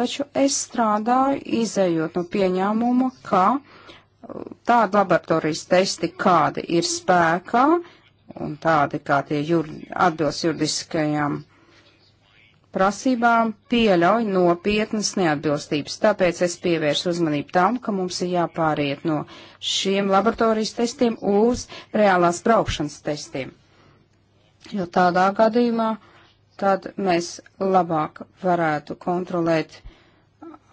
Taču es strādāju, izējot no pieņēmuma, ka uh, tādi laboratorijas testi, kādi ir spēkā, un tādi, kā tie jur, atbilst juridiskajām prasībām pieļauj nopietnas neatbilstības. Tāpēc es pievēršu uzmanību tam, ka mums ir jāpāriet no šiem laboratorijas testiem uz reālās braukšanas testiem. Jo tādā gadījumā tad mēs labāk varētu kontrolēt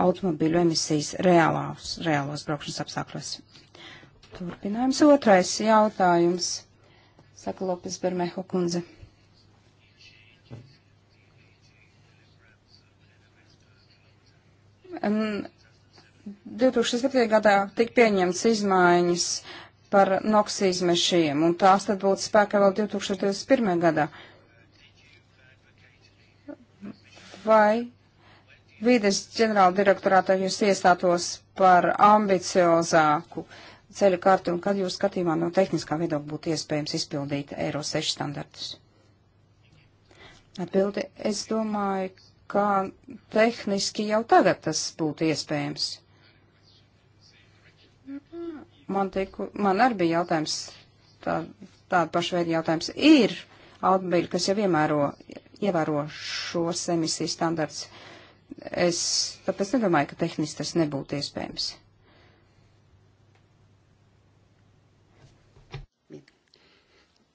automobīļu emisijas reālās, reālos braukšanas apstākļos. Turpinājums otrais jautājums, saka Lopes Bermeho kundze. 2007. gadā tika pieņemts izmaiņas par NOX izmešiem, un tās tad būtu spēkā vēl 2021. gadā. Vai vīdes ģenerāla direktorātā jūs iestātos par ambiciozāku ceļu kartu, un kad jūs skatījumā no tehniskā viedokļa būtu iespējams izpildīt Eiro 6 standartus? Atbildi, es domāju, kā tehniski jau tagad tas būtu iespējams. Man, tiku, man arī bija jautājums, tā, tāda pašveida jautājums. Ir automobīļi, kas jau iemēro, ievēro šos emisiju standarts. Es tāpēc nedomāju, ka tehniski tas nebūtu iespējams.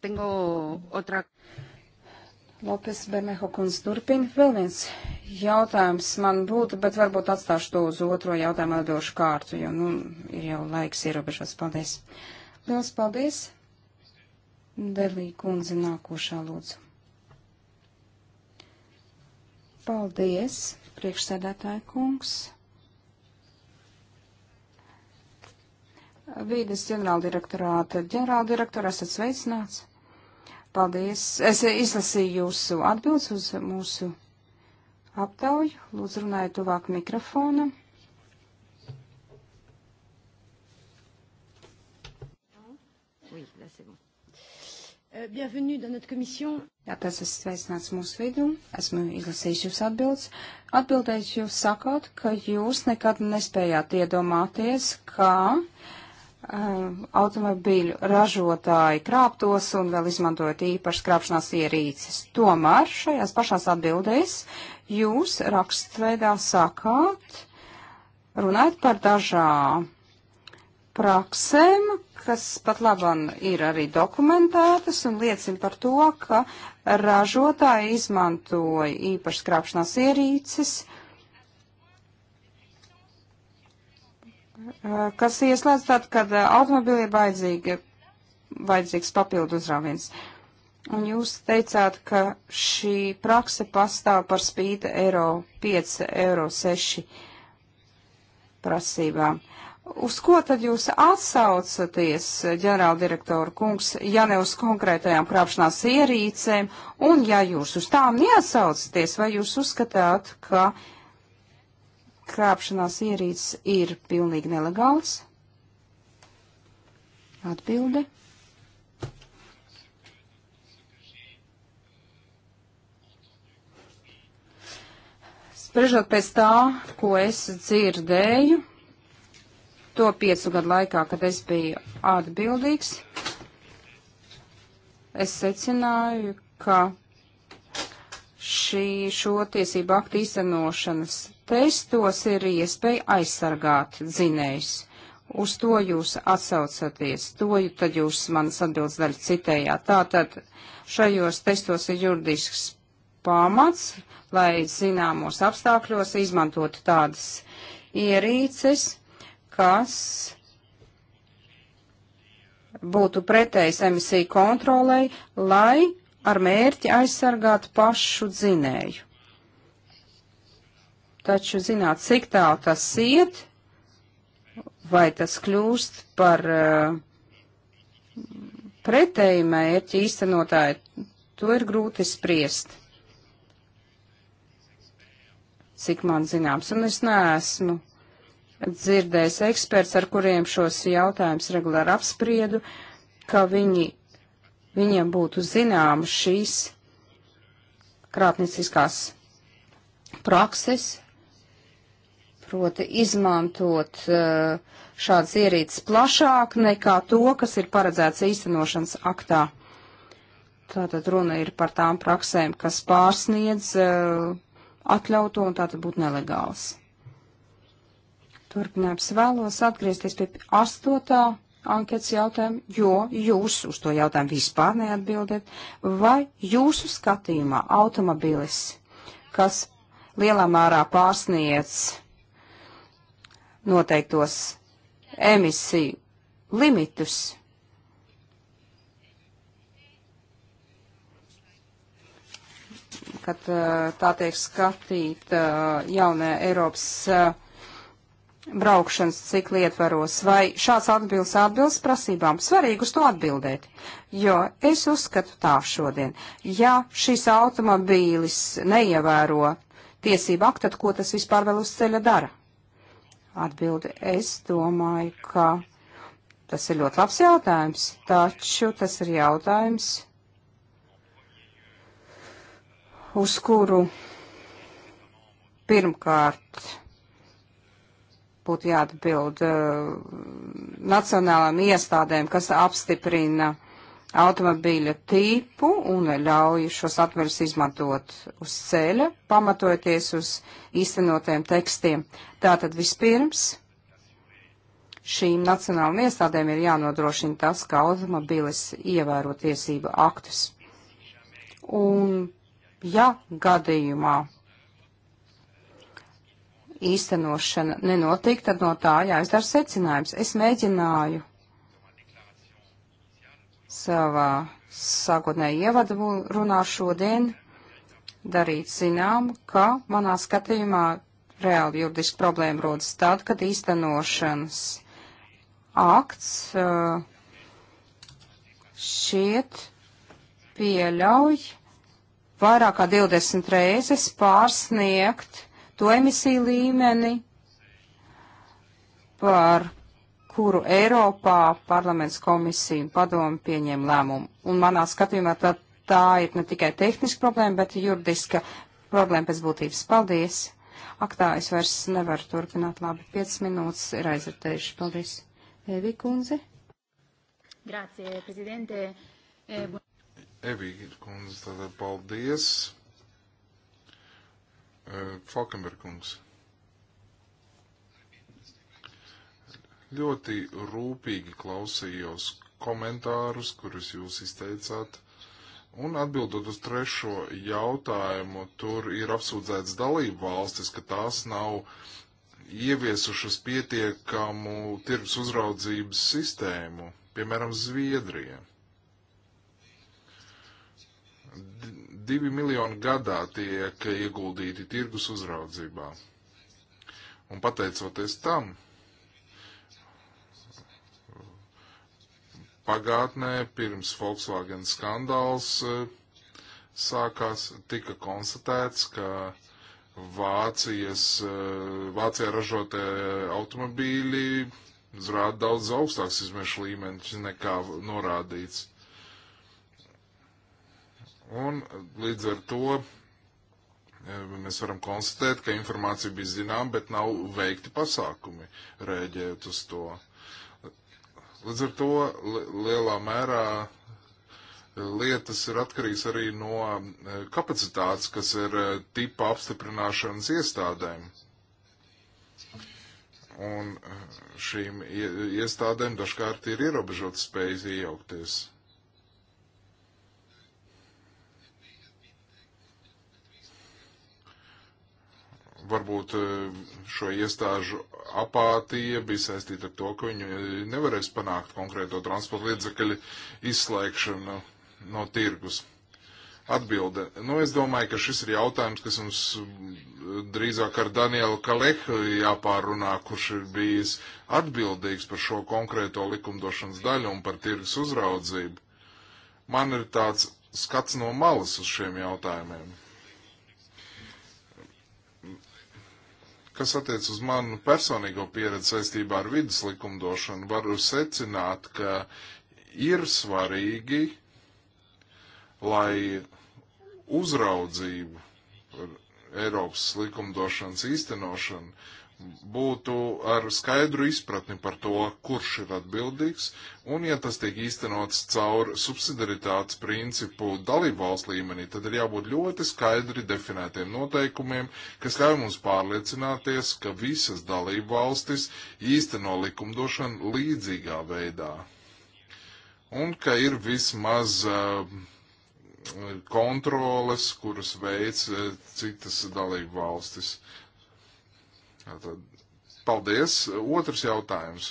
Tengo otra Lopes Bermeho kundze turpina. Vēl viens jautājums man būtu, bet varbūt atstāšu to uz otro jautājumu atbilšu kārtu, jo, nu, ir jau laiks ierobežots. Paldies. Liels paldies. Delī kundze nākošā lūdzu. Paldies, priekšsēdētāja kungs. Vīdes ģenerāldirektorāta ģenerāldirektora esat sveicināts. Paldies. Es izlasīju jūsu atbildes uz mūsu aptauju. Lūdzu, runājiet tuvāk mikrofona. Euh, bienvenue dans notre commission. Jā, tas esmu sveicināts mūsu vidū. Esmu izlasījis jūs atbildes. Atbildējis jūs sakot, ka jūs nekad nespējāt iedomāties, kā uh, Um, automobīļu ražotāji krāptos un vēl izmantojot īpašas krāpšanās ierīces. Tomēr šajās pašās atbildēs jūs rakstveidā sakāt, runājot par dažām praksēm, kas pat laban ir arī dokumentētas un liecina par to, ka ražotāji izmantoja īpašas krāpšanās ierīces, uh, Eh, kas ieslēdz tad, kad eh, automobili ir vajadzīga, vajadzīgs papildu uzrāviens. Un jūs teicāt, ka šī prakse pastāv par spīti eiro 5, eiro 6 prasībām. Uz ko tad jūs atsaucaties, ģenerāldirektora kungs, ja ne uz konkrētajām krāpšanās ierīcēm, un ja jūs uz tām neatsaucaties, vai jūs uzskatāt, ka uh, krāpšanās ierīces ir pilnīgi nelegāls? Atbilde. Spriežot pēc tā, ko es dzirdēju, to piecu gadu laikā, kad es biju atbildīgs, es secināju, ka šī, šo tiesību aktu īstenošanas testos ir iespēja aizsargāt dzinējus. Uz to jūs atsaucaties, to tad jūs manas atbildes daļu citējāt. Tātad šajos testos ir juridisks pamats, lai zināmos apstākļos izmantotu tādas ierīces, kas būtu pretējs emisiju kontrolei, lai ar mērķi aizsargāt pašu dzinēju. Taču zināt, cik tālu tas iet, vai tas kļūst par uh, pretēju mērķi īstenotāju, to ir grūti spriest. Cik man zināms, un es neesmu dzirdējis eksperts, ar kuriem šos jautājumus regulāri apspriedu, ka viņi viņiem būtu zināma šīs krāpnieciskās prakses, proti izmantot eh, šāds ierīces plašāk nekā to, kas ir paredzēts īstenošanas aktā. Tātad runa ir par tām praksēm, kas pārsniedz eh, atļautu un tātad būtu nelegāls. Turpinājums vēlos atgriezties pie astotā anketas jautājumu, jo jūs uz to jautājumu vispār neatbildat, vai jūsu skatījumā automobilis, kas lielā mērā pārsniec noteiktos emisiju limitus, kad eh, tā tiek skatīta eh, jaunā Eiropas eh, braukšanas cikli ietvaros, vai šāds atbildes atbildes prasībām. Svarīgi uz to atbildēt, jo es uzskatu tā šodien. Ja šis automobīlis neievēro tiesību aktu, tad ko tas vispār vēl uz ceļa dara? Atbildi, es domāju, ka tas ir ļoti labs jautājums, taču tas ir jautājums, uz kuru pirmkārt būtu jāatbild eh, nacionālām iestādēm, kas apstiprina automobīļa tīpu un ļauj šos atveļus izmantot uz ceļa, pamatojoties uz īstenotiem tekstiem. Tātad vispirms šīm nacionālajām iestādēm ir jānodrošina tas, ka automobīlis ievēro tiesību aktus. Un ja gadījumā īstenošana nenotiek, tad no tā jāizdara secinājums. Es mēģināju savā sākotnēji ievadu runā šodien darīt zinām, ka manā skatījumā reāli juridiski problēma rodas tad, kad īstenošanas akts uh, šiet pieļauj vairāk kā 20 reizes pārsniegt to emisiju līmeni, par kuru Eiropā parlaments komisija un padomu pieņem lēmumu. Un manā skatījumā tā, tā ir ne tikai tehniska problēma, bet juridiska problēma pēc būtības. Paldies! Ak tā, es vairs nevaru turpināt. Labi, 5 minūtes ir aizvērtējuši. Paldies! Evi kundze. Grācie, prezidente. Eh, Evi kundze, tātad paldies. Eh, Falkenbergs. Ļoti rūpīgi klausījos komentārus, kurus jūs izteicāt. Un atbildot uz trešo jautājumu, tur ir apsūdzēts dalību valstis, ka tās nav ieviesušas pietiekamu tirgus uzraudzības sistēmu, piemēram, Zviedrija. Divi miljoni gadā tiek ieguldīti tirgus uzraudzībā. Un pateicoties tam, pagātnē, pirms Volkswagen skandāls eh, sākās, tika konstatēts, ka Vācijas, eh, Vācijā ražotie automobīļi rāda daudz augstāks izmešu līmenis nekā norādīts. Un eh, līdz ar to eh, mēs varam konstatēt, ka informācija bija zinām, bet nav veikti pasākumi rēģēt uz to. Līdz ar to li lielā mērā eh, lietas ir atkarīgs arī no kapacitātes, kas ir tipa apstiprināšanas iestādēm. Un šīm iestādēm dažkārt ir ierobežotas spējas iejaukties. varbūt e, šo iestāžu apātija bija saistīta ar to, ka viņi e, nevarēs panākt konkrēto transporta līdzekļu izslēgšanu no tirgus. Atbilde. Nu, es domāju, ka šis ir jautājums, kas mums e, drīzāk ar Danielu Kalehu jāpārunā, kurš ir bijis atbildīgs par šo konkrēto likumdošanas daļu un par tirgus uzraudzību. Man ir tāds skats no malas uz šiem jautājumiem Kas attiec uz manu personīgo pieredzi saistībā ar vidas likumdošanu, varu secināt, ka ir svarīgi, lai uzraudzību Eiropas likumdošanas īstenošanu būtu ar skaidru izpratni par to, kurš ir atbildīgs, un ja tas tiek īstenots caur subsidaritātes principu dalībvalsts līmenī, tad ir jābūt ļoti skaidri definētiem noteikumiem, kas ļauj mums pārliecināties, ka visas dalībvalstis īsteno likumdošanu līdzīgā veidā, un ka ir vismaz uh, kontroles, kuras veids eh, citas dalību valstis. Tātad, paldies. Otrs jautājums.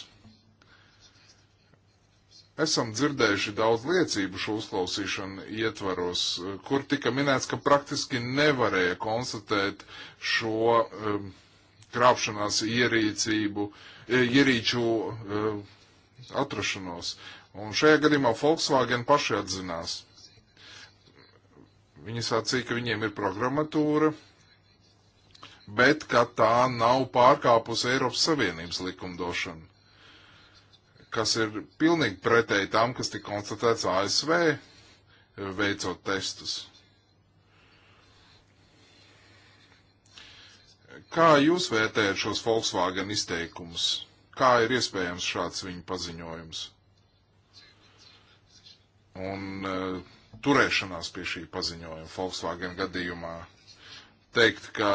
Esam dzirdējuši daudz liecību šo uzklausīšanu ietvaros, kur tika minēts, ka praktiski nevarēja konstatēt šo um, krāpšanās ierīcību, e, ierīču um, atrašanos. Un šajā gadījumā Volkswagen paši atzinās. Viņi sacīja, ka viņiem ir programmatūra, bet ka tā nav pārkāpusi Eiropas Savienības likumdošanu, kas ir pilnīgi pretēji tam, kas tika konstatēts ASV veicot testus. Kā jūs vērtējat šos Volkswagen izteikumus? Kā ir iespējams šāds viņa paziņojums? Un uh, turēšanās pie šī paziņojuma Volkswagen gadījumā teikt, ka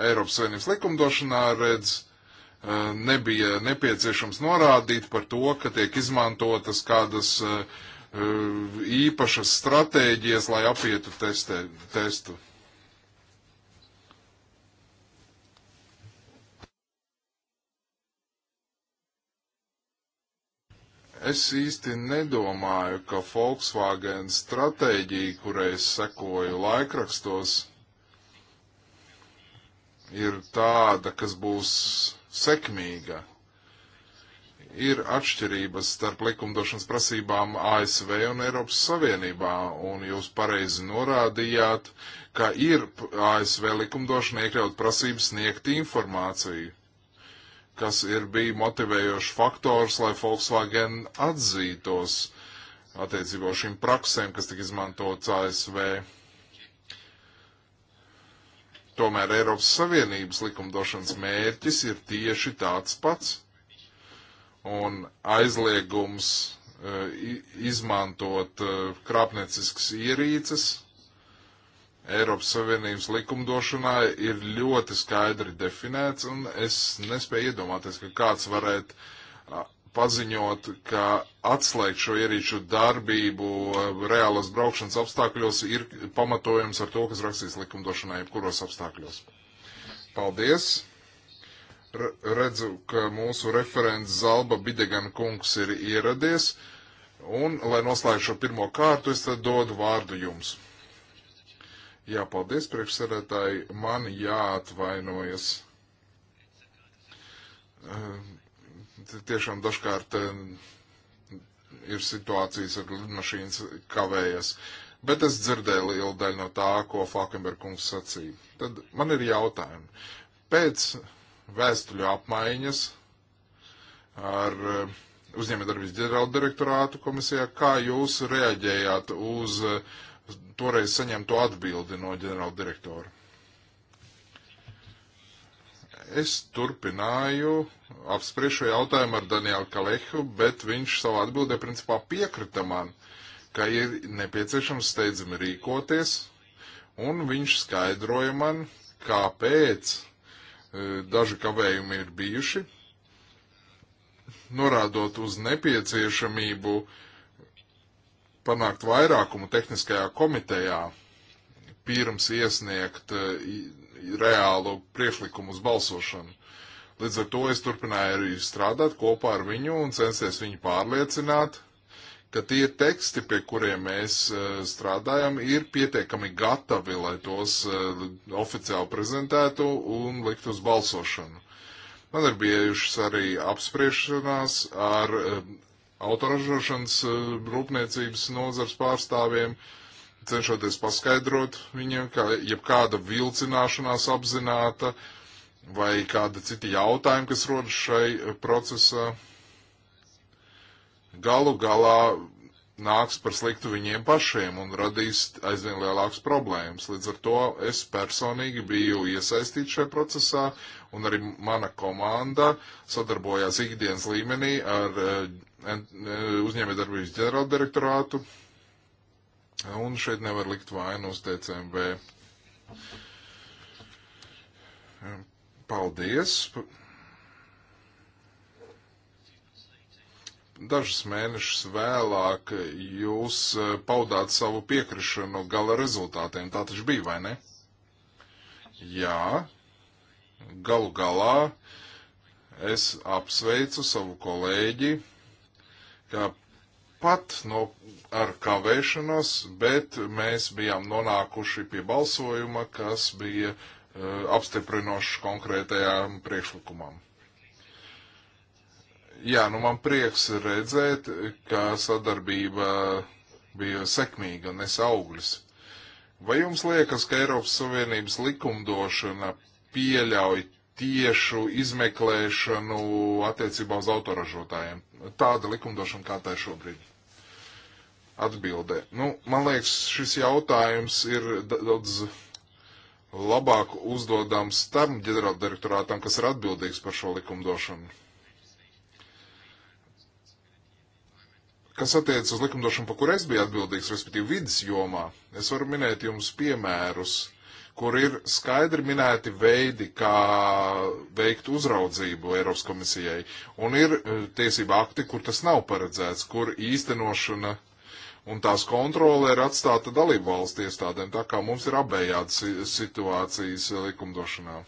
Eiropas Savienības likumdošanā redz, eh, nebija nepieciešams norādīt par to, ka tiek izmantotas kādas eh, īpašas stratēģijas, lai apietu testē, testu. Es īsti nedomāju, ka Volkswagen stratēģija, kurai es sekoju laikrakstos, ir tāda, kas būs sekmīga. Ir atšķirības starp likumdošanas prasībām ASV un Eiropas Savienībā, un jūs pareizi norādījāt, ka ir ASV likumdošana iekļaut prasības sniegt informāciju, kas ir bija motivējošs faktors, lai Volkswagen atzītos attiecībā uz šīm praksēm, kas tika izmantotas ASV Tomēr Eiropas Savienības likumdošanas mērķis ir tieši tāds pats. Un aizliegums eh, izmantot eh, krāpnieciskas ierīces Eiropas Savienības likumdošanā ir ļoti skaidri definēts, un es nespēju iedomāties, ka kāds varētu paziņot, ka atslēgt šo ierīču darbību eh, reālas braukšanas apstākļos ir pamatojums ar to, kas rakstīs likumdošanai, jebkuros apstākļos. Paldies! R redzu, ka mūsu referents Zalba Bidegan kungs ir ieradies, un, lai noslēgtu šo pirmo kārtu, es tad dodu vārdu jums. Jā, paldies, priekšsēdētāji, man jāatvainojas. Uh, tiešām dažkārt ir situācijas ar lidmašīnas kavējas. Bet es dzirdēju lielu daļu no tā, ko Falkenbergs sacīja. Tad man ir jautājumi. Pēc vēstuļu apmaiņas ar uzņēmējdarbības ģenerāla direktorātu komisijā, kā jūs reaģējāt uz toreiz saņemto atbildi no ģenerāla direktora? Es turpināju apspriešo jautājumu ar Danielu Kalehu, bet viņš savā atbildē principā piekrita man, ka ir nepieciešams steidzami rīkoties, un viņš skaidroja man, kāpēc e, daži kavējumi ir bijuši, norādot uz nepieciešamību panākt vairākumu tehniskajā komitejā pirms iesniegt eh, reālu priekšlikumu uz balsošanu. Līdz ar to es turpināju arī strādāt kopā ar viņu un censties viņu pārliecināt, ka tie teksti, pie kuriem mēs eh, strādājam, ir pietiekami gatavi, lai tos eh, oficiāli prezentētu un likt uz balsošanu. Man ir bijušas arī apspriešanās ar autoražošanas rūpniecības nozars pārstāvjiem, uh, cenšoties paskaidrot viņiem, ka jebkāda vilcināšanās apzināta vai kāda cita jautājuma, kas rodas šai eh, procesā, galu galā nāks par sliktu viņiem pašiem un radīs aizvien lielākas problēmas. Līdz ar to es personīgi biju iesaistīts šajā procesā un arī mana komanda sadarbojās ikdienas līmenī ar eh, eh, uzņēmējdarbības ģenerāldirektorātu, Un šeit nevar likt vainu uz TCMB. Paldies! Dažus mēnešus vēlāk jūs eh, paudāt savu piekrišanu gala rezultātiem. Tā taču bija, vai ne? Jā, galu galā es apsveicu savu kolēģi, kā pat no, ar kavēšanos, bet mēs bijām nonākuši pie balsojuma, kas bija uh, apstiprinošs konkrētajām priekšlikumam. Jā, nu man prieks redzēt, ka sadarbība bija sekmīga, nes augļus. Vai jums liekas, ka Eiropas Savienības likumdošana pieļauj tiešu izmeklēšanu attiecībā uz autoražotājiem? Tāda likumdošana kā tā ir šobrīd atbilde. Nu, man liekas, šis jautājums ir daudz labāk uzdodams tam ģenerāldirektorātam, kas ir atbildīgs par šo likumdošanu. Kas attiec uz likumdošanu, par kur es biju atbildīgs, respektīvi vidas jomā, es varu minēt jums piemērus, kur ir skaidri minēti veidi, kā veikt uzraudzību Eiropas komisijai, un ir eh, tiesība akti, kur tas nav paredzēts, kur īstenošana uh, un tās kontrole ir atstāta dalību valsts iestādēm, tā kā mums ir abējādas situācijas likumdošanā.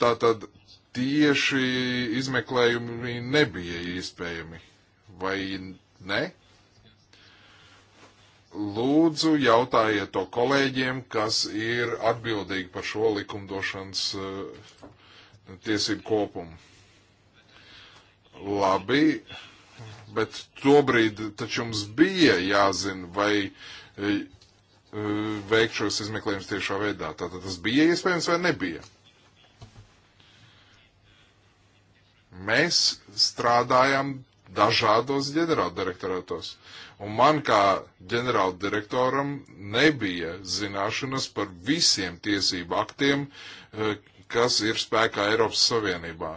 Tātad tieši izmeklējumi nebija iespējami, vai ne? Lūdzu, jautājiet to kolēģiem, kas ir atbildīgi par šo likumdošanas eh, tiesību kopumu. Labi, bet tobrīd taču jums bija jāzina, vai e, e, veikšos izmeklējums tiešā veidā. Tātad tas bija iespējams vai nebija? Mēs strādājam dažādos ģenerāldirektorātos. Un man kā ģenerāldirektoram nebija zināšanas par visiem tiesību aktiem, e, kas ir spēkā Eiropas Savienībā.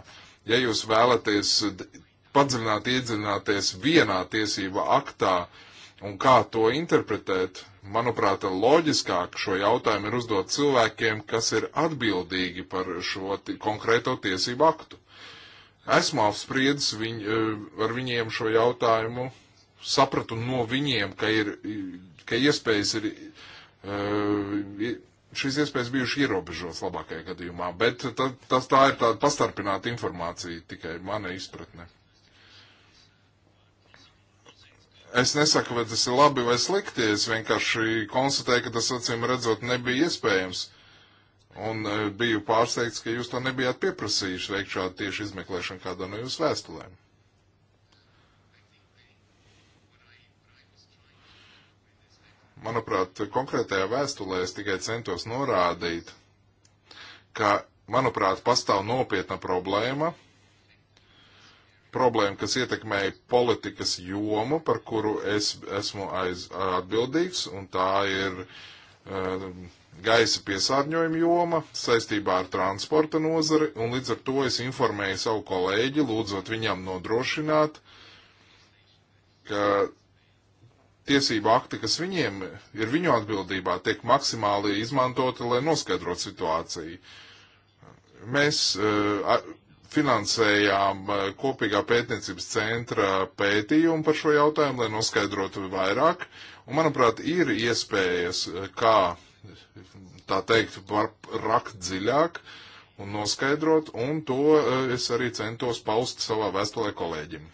Ja jūs vēlaties padziļināt iedzināties vienā tiesība aktā un kā to interpretēt, manuprāt, loģiskāk šo jautājumu ir uzdot cilvēkiem, kas ir atbildīgi par šo konkrēto tiesību aktu. Esmu apspriedis viņ, e, ar viņiem šo jautājumu, sapratu no viņiem, ka, ir, ka iespējas ir, e, šīs iespējas bijuši ierobežotas labākajā gadījumā, bet tas tā ir tāda pastarpināta informācija tikai mana izpratne. Es nesaku, vai tas ir labi vai slikti, es vienkārši konstatēju, ka tas acīm redzot nebija iespējams. Un e, biju pārsteigts, ka jūs to nebijāt pieprasījuši veikt šādu tieši izmeklēšanu kādā no jūsu vēstulēm. Manuprāt, konkrētajā vēstulē es tikai centos norādīt, ka, manuprāt, pastāv nopietna problēma problēma, kas ietekmēja politikas jomu, par kuru es esmu aiz, atbildīgs, un tā ir uh, gaisa piesārņojuma joma saistībā ar transporta nozari, un līdz ar to es informēju savu kolēģi, lūdzot viņam nodrošināt, ka tiesība akti, kas viņiem ir viņu atbildībā, tiek maksimāli izmantoti, lai noskaidrotu situāciju. Mēs uh, finansējām eh, kopīgā pētniecības centra pētījumu par šo jautājumu, lai noskaidrotu vairāk. Un, manuprāt, ir iespējas, eh, kā tā teikt, var rakt dziļāk un noskaidrot, un to eh, es arī centos paust savā vēstulē kolēģim.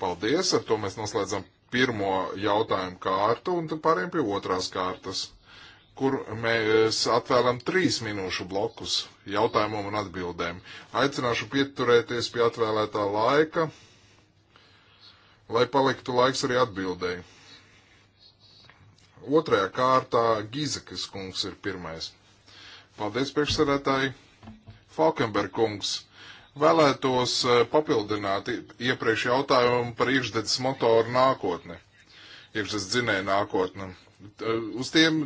Paldies, ar to mēs noslēdzam pirmo jautājumu kārtu, un tad pāriem pie otrās kārtas kur mēs atvēlam trīs minūšu blokus jautājumam un atbildēm. Aicināšu pieturēties pie atvēlētā laika, lai paliktu laiks arī atbildēji. Otrajā kārtā Gizekas kungs ir pirmais. Paldies, priekšsēdētāji. Falkenberg kungs vēlētos eh, papildināt iepriekš jautājumu par iekšdedzes motoru nākotni, iekšdedzes dzinēju nākotni. Eh, uz tiem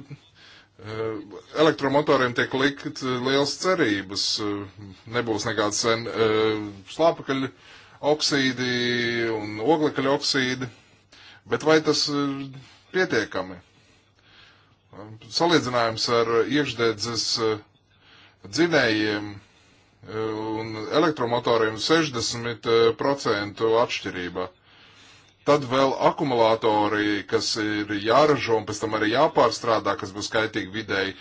Eh, elektromotoriem tiek likt eh, liels cerības. Eh, nebūs nekāds sen slāpakaļu oksīdi un oglekaļu oksīdi, bet vai tas ir pietiekami? Salīdzinājums ar iekšdedzes dzinējiem un elektromotoriem 60% atšķirība. Tad vēl akumulātori, kas ir jāražo un pēc tam arī jāpārstrādā, kas būs kaitīgi videi,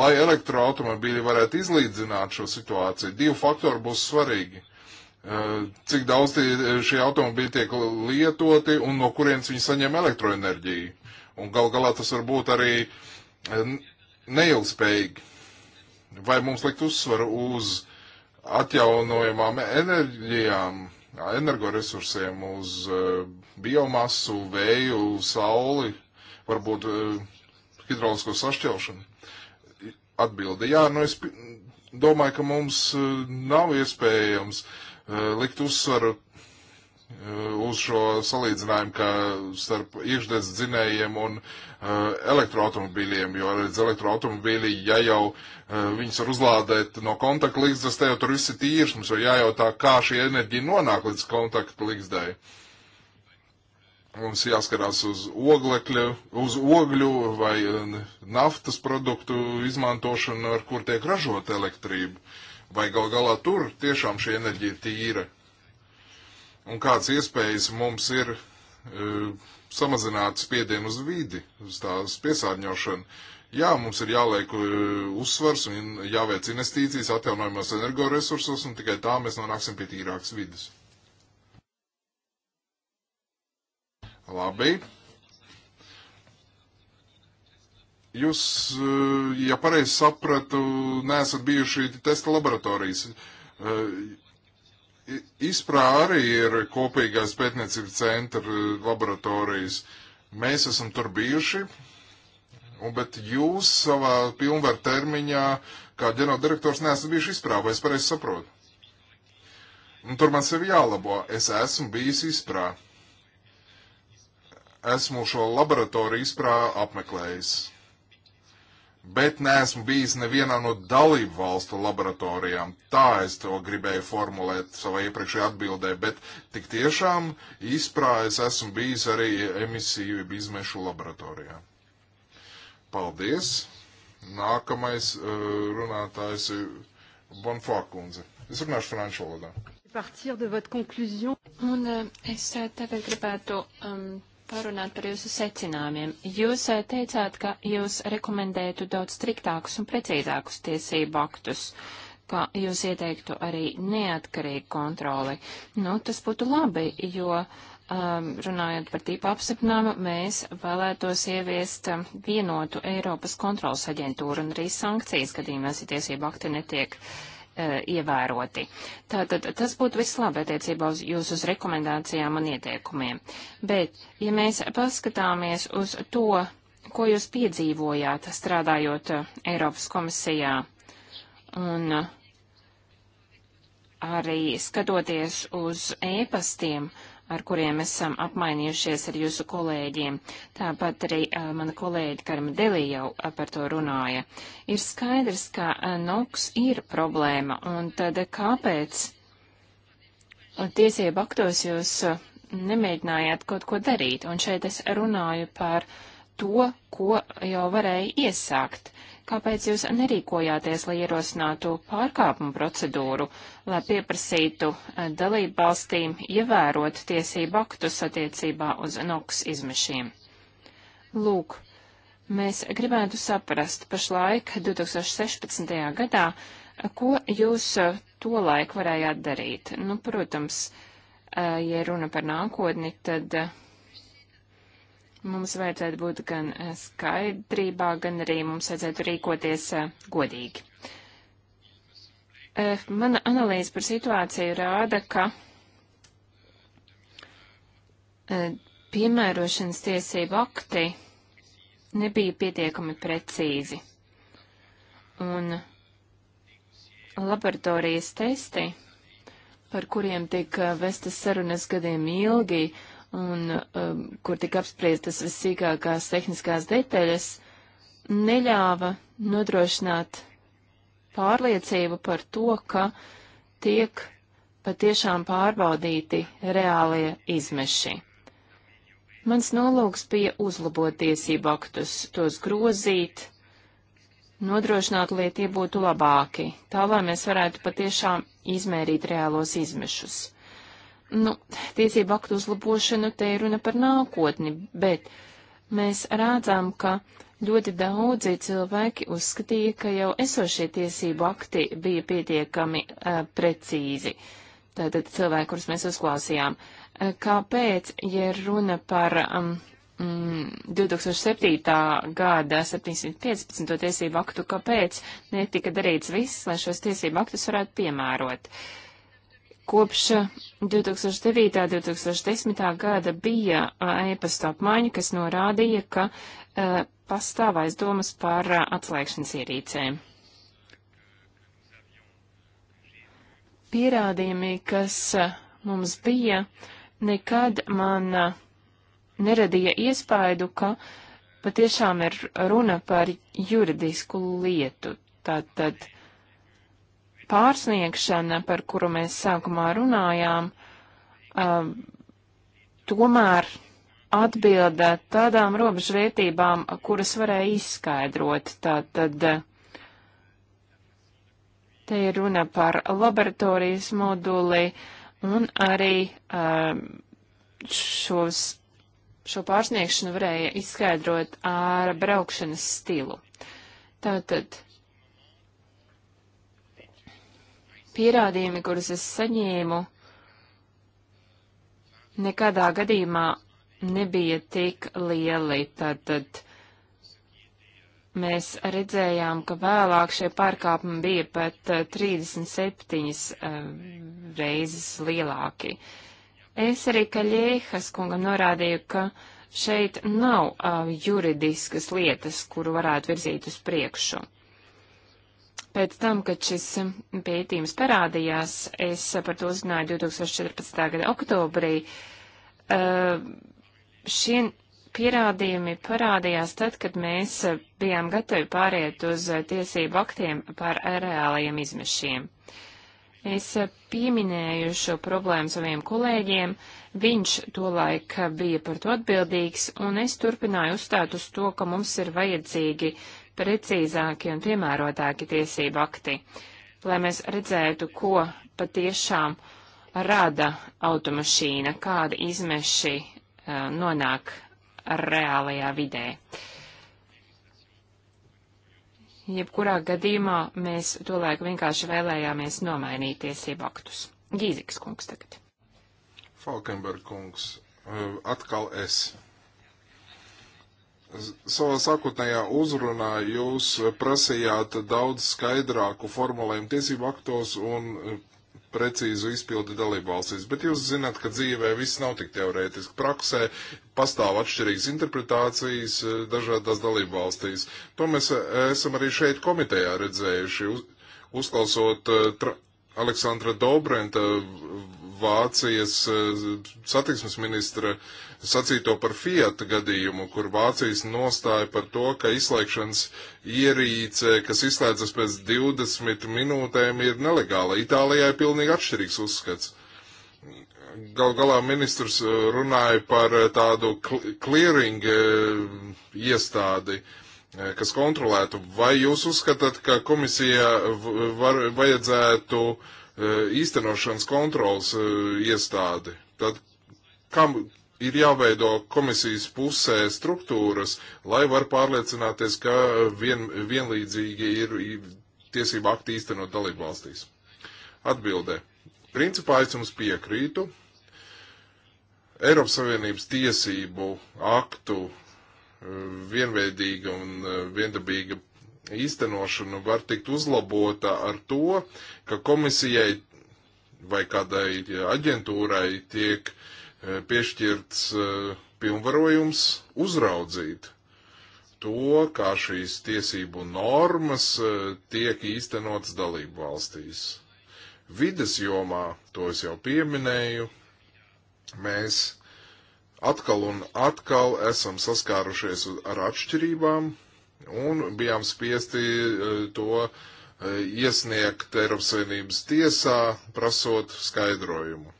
lai elektroautomobīļi varētu izlīdzināt šo situāciju. Divi faktori būs svarīgi. Eh, cik daudz šie automobīļi tiek lietoti un no kurienes viņi saņem elektroenerģiju. Un gal galā tas var būt arī eh, neilgspējīgi. Vai mums likt uzsvaru uz atjaunojamām enerģijām? energoresursiem, uz eh, biomasu, vēju, sauli, varbūt eh, hidraulisko sašķelšanu? Atbilde, jā, nu es domāju, ka mums eh, nav iespējams likt uzsvaru Uh, uz šo salīdzinājumu, ka starp iekšdedz dzinējiem un uh, elektroautomobīļiem, jo redz elektroautomobīļi, ja jau uh, viņus var uzlādēt no kontaktlīgzdas, te jau tur viss ir tīrs, mums jau jājautā, kā šī enerģija nonāk līdz kontaktlīgzdai. Mums jāskarās uz oglekļu, uz ogļu vai uh, naftas produktu izmantošanu, ar kur tiek ražota elektrība. Vai gal galā tur tiešām šī enerģija ir tīra? un kādas iespējas mums ir e, samazināt spiedienu uz vidi, uz tās piesārņošanu. Jā, mums ir jāliek e, uzsvars un jāveic investīcijas atjaunojumos energoresursos, un tikai tā mēs nonāksim pie tīrākas vidas. Labi. Jūs, e, ja pareizi sapratu, neesat bijuši testa laboratorijas. E, Izprā arī ir kopīgās pētniecības centra laboratorijas. Mēs esam tur bijuši, un, bet jūs savā pilnvar termiņā kā ģenerāldirektors neesat bijuši izprā, vai es pareizi saprotu? Un tur man sevi jālabo. Es esmu bijis izprā. Esmu šo laboratoriju izprā apmeklējis bet neesmu bijis nevienā no dalību valstu laboratorijām. Tā es to gribēju formulēt savā iepriekšējā atbildē, bet tik tiešām izprājas esmu bijis arī emisiju izmešu laboratorijā. Paldies! Nākamais uh, runātājs ir Bonfā kundze. Es runāšu franču valodā. Un eh, es eh, tagad gribētu um, parunāt par jūsu secinājumiem. Jūs eh, teicāt, ka jūs rekomendētu daudz striktākus un precīzākus tiesību aktus, ka jūs ieteiktu arī neatkarīgu kontroli. Nu, tas būtu labi, jo um, runājot par tīpa apstiprinājumu, mēs vēlētos ieviest um, vienotu Eiropas kontrolas aģentūru un arī sankcijas gadījumās, ja tiesību akti netiek uh, E, ievēroti. Tātad tas būtu viss labi attiecībā uz jūsu rekomendācijām un ieteikumiem. Bet, ja mēs paskatāmies uz to, ko jūs piedzīvojāt strādājot e, Eiropas komisijā un e, arī skatoties uz ēpastiem, e ar kuriem esam apmainījušies ar jūsu kolēģiem. Tāpat arī uh, mana kolēģi Karma Delī jau par to runāja. Ir skaidrs, ka uh, NOX ir problēma, un tad kāpēc tiesību aktos jūs uh, nemēģinājāt kaut ko darīt? Un šeit es runāju par to, ko jau varēja iesākt. Kāpēc jūs nerīkojāties, lai ierosinātu pārkāpumu procedūru, lai pieprasītu eh, dalību valstīm ievērot tiesību aktus attiecībā uz NOX izmešiem? Lūk, mēs gribētu saprast pašlaik 2016. gadā, ko jūs eh, to laiku varējāt darīt. Nu, protams, eh, ja runa par nākotni, tad Mums vajadzētu būt gan eh, skaidrībā, gan arī mums vajadzētu rīkoties eh, godīgi. Eh, mana analīze par situāciju rāda, ka piemērošanas tiesību akti nebija pietiekami precīzi. Un laboratorijas testi, par kuriem tika vestas sarunas gadiem ilgi, uh, un um, kur tika apspriestas vissīkākās tehniskās detaļas, neļāva nodrošināt pārliecību par to, ka tiek patiešām pārbaudīti reālie izmeši. Mans nolūks bija uzlabot tiesību aktus, tos grozīt, nodrošināt, lai tie būtu labāki, tā lai mēs varētu patiešām izmērīt reālos izmešus nu, tiesību aktu uzlabošanu te ir runa par nākotni, bet mēs rādzām, ka ļoti daudzi cilvēki uzskatīja, ka jau esošie tiesību akti bija pietiekami uh, precīzi. Tātad cilvēki, kurus mēs uzklausījām. Kāpēc, ja runa par um, 2007. Mm, gada 715. tiesību aktu, kāpēc netika darīts viss, lai šos tiesību aktus varētu piemērot. Kopš 2009. un 2010. gada bija e-pasta apmaiņa, kas norādīja, ka uh, pastāv aizdomas par uh, atslēgšanas ierīcēm. Pierādījumi, kas uh, mums bija, nekad man neradīja iespaidu, ka patiešām ir runa par juridisku lietu. Tātad pārsniegšana, par kuru mēs sākumā runājām, um, tomēr atbilda tādām robežvērtībām, kuras varēja izskaidrot. Tātad te ir runa par laboratorijas moduli un arī um, šos, šo pārsniegšanu varēja izskaidrot ar braukšanas stilu. Tātad pierādījumi, kurus es saņēmu, nekādā gadījumā nebija tik lieli. Tātad mēs redzējām, ka vēlāk šie pārkāpumi bija pat 37 eh, eh, reizes lielāki. Es arī Kaļēhas kungam norādīju, ka šeit nav uh, juridiskas lietas, kuru varētu virzīt uz priekšu. Uh, Pēc tam, kad šis pētījums parādījās, es par to uzzināju 2014. gada oktobrī, eh, šie pierādījumi parādījās tad, kad mēs bijām gatavi pāriet uz tiesību aktiem par reālajiem izmešiem. Es pieminēju šo problēmu saviem kolēģiem, viņš tolaik bija par to atbildīgs, un es turpināju uzstāt uz to, ka mums ir vajadzīgi precīzāki un piemērotāki tiesību akti, lai mēs redzētu, ko patiešām rada automašīna, kādi izmeši uh, nonāk reālajā vidē. Jebkurā gadījumā mēs to laiku vienkārši vēlējāmies nomainīt tiesību aktus. Gīziks kungs tagad. Falkenberg kungs, eh, atkal es savā sākotnējā uzrunā jūs prasījāt daudz skaidrāku formulējumu tiesību aktos un eh, precīzu izpildi dalību valstīs, bet jūs zināt, ka dzīvē viss nav tik teorētiski. Praksē pastāv atšķirīgas interpretācijas eh, dažādās dalību valstīs. To mēs eh, esam arī šeit komitejā redzējuši, uz, uzklausot tra, Aleksandra Dobrenta Vācijas eh, satiksmes ministra sacīto par Fiat gadījumu, kur Vācijas nostāja par to, ka izslēgšanas ierīce, kas izslēdzas pēc 20 minūtēm, ir nelegāla. Itālijai ir pilnīgi atšķirīgs uzskats. Gal galā ministrs eh, runāja par eh, tādu clearing iestādi, kas kontrolētu. Vai jūs uzskatāt, ka komisija var, vajadzētu uh, E, īstenošanas kontrols e, iestādi, tad kam ir jāveido komisijas pusē struktūras, lai var pārliecināties, ka vien, vienlīdzīgi ir tiesība akti īstenot dalību valstīs? Atbildē. Principā es jums piekrītu. Eiropas Savienības tiesību aktu e, vienveidīga un viendabīga īstenošana var tikt uzlabota ar to, ka komisijai vai kādai aģentūrai tiek e, piešķirts e, pilnvarojums uzraudzīt to, kā šīs tiesību normas e, tiek īstenotas dalību valstīs. Vides jomā, to es jau pieminēju, mēs atkal un atkal esam saskārušies ar atšķirībām Un bijām spiesti e, to e, iesniegt Eiropas Savienības tiesā, prasot skaidrojumu.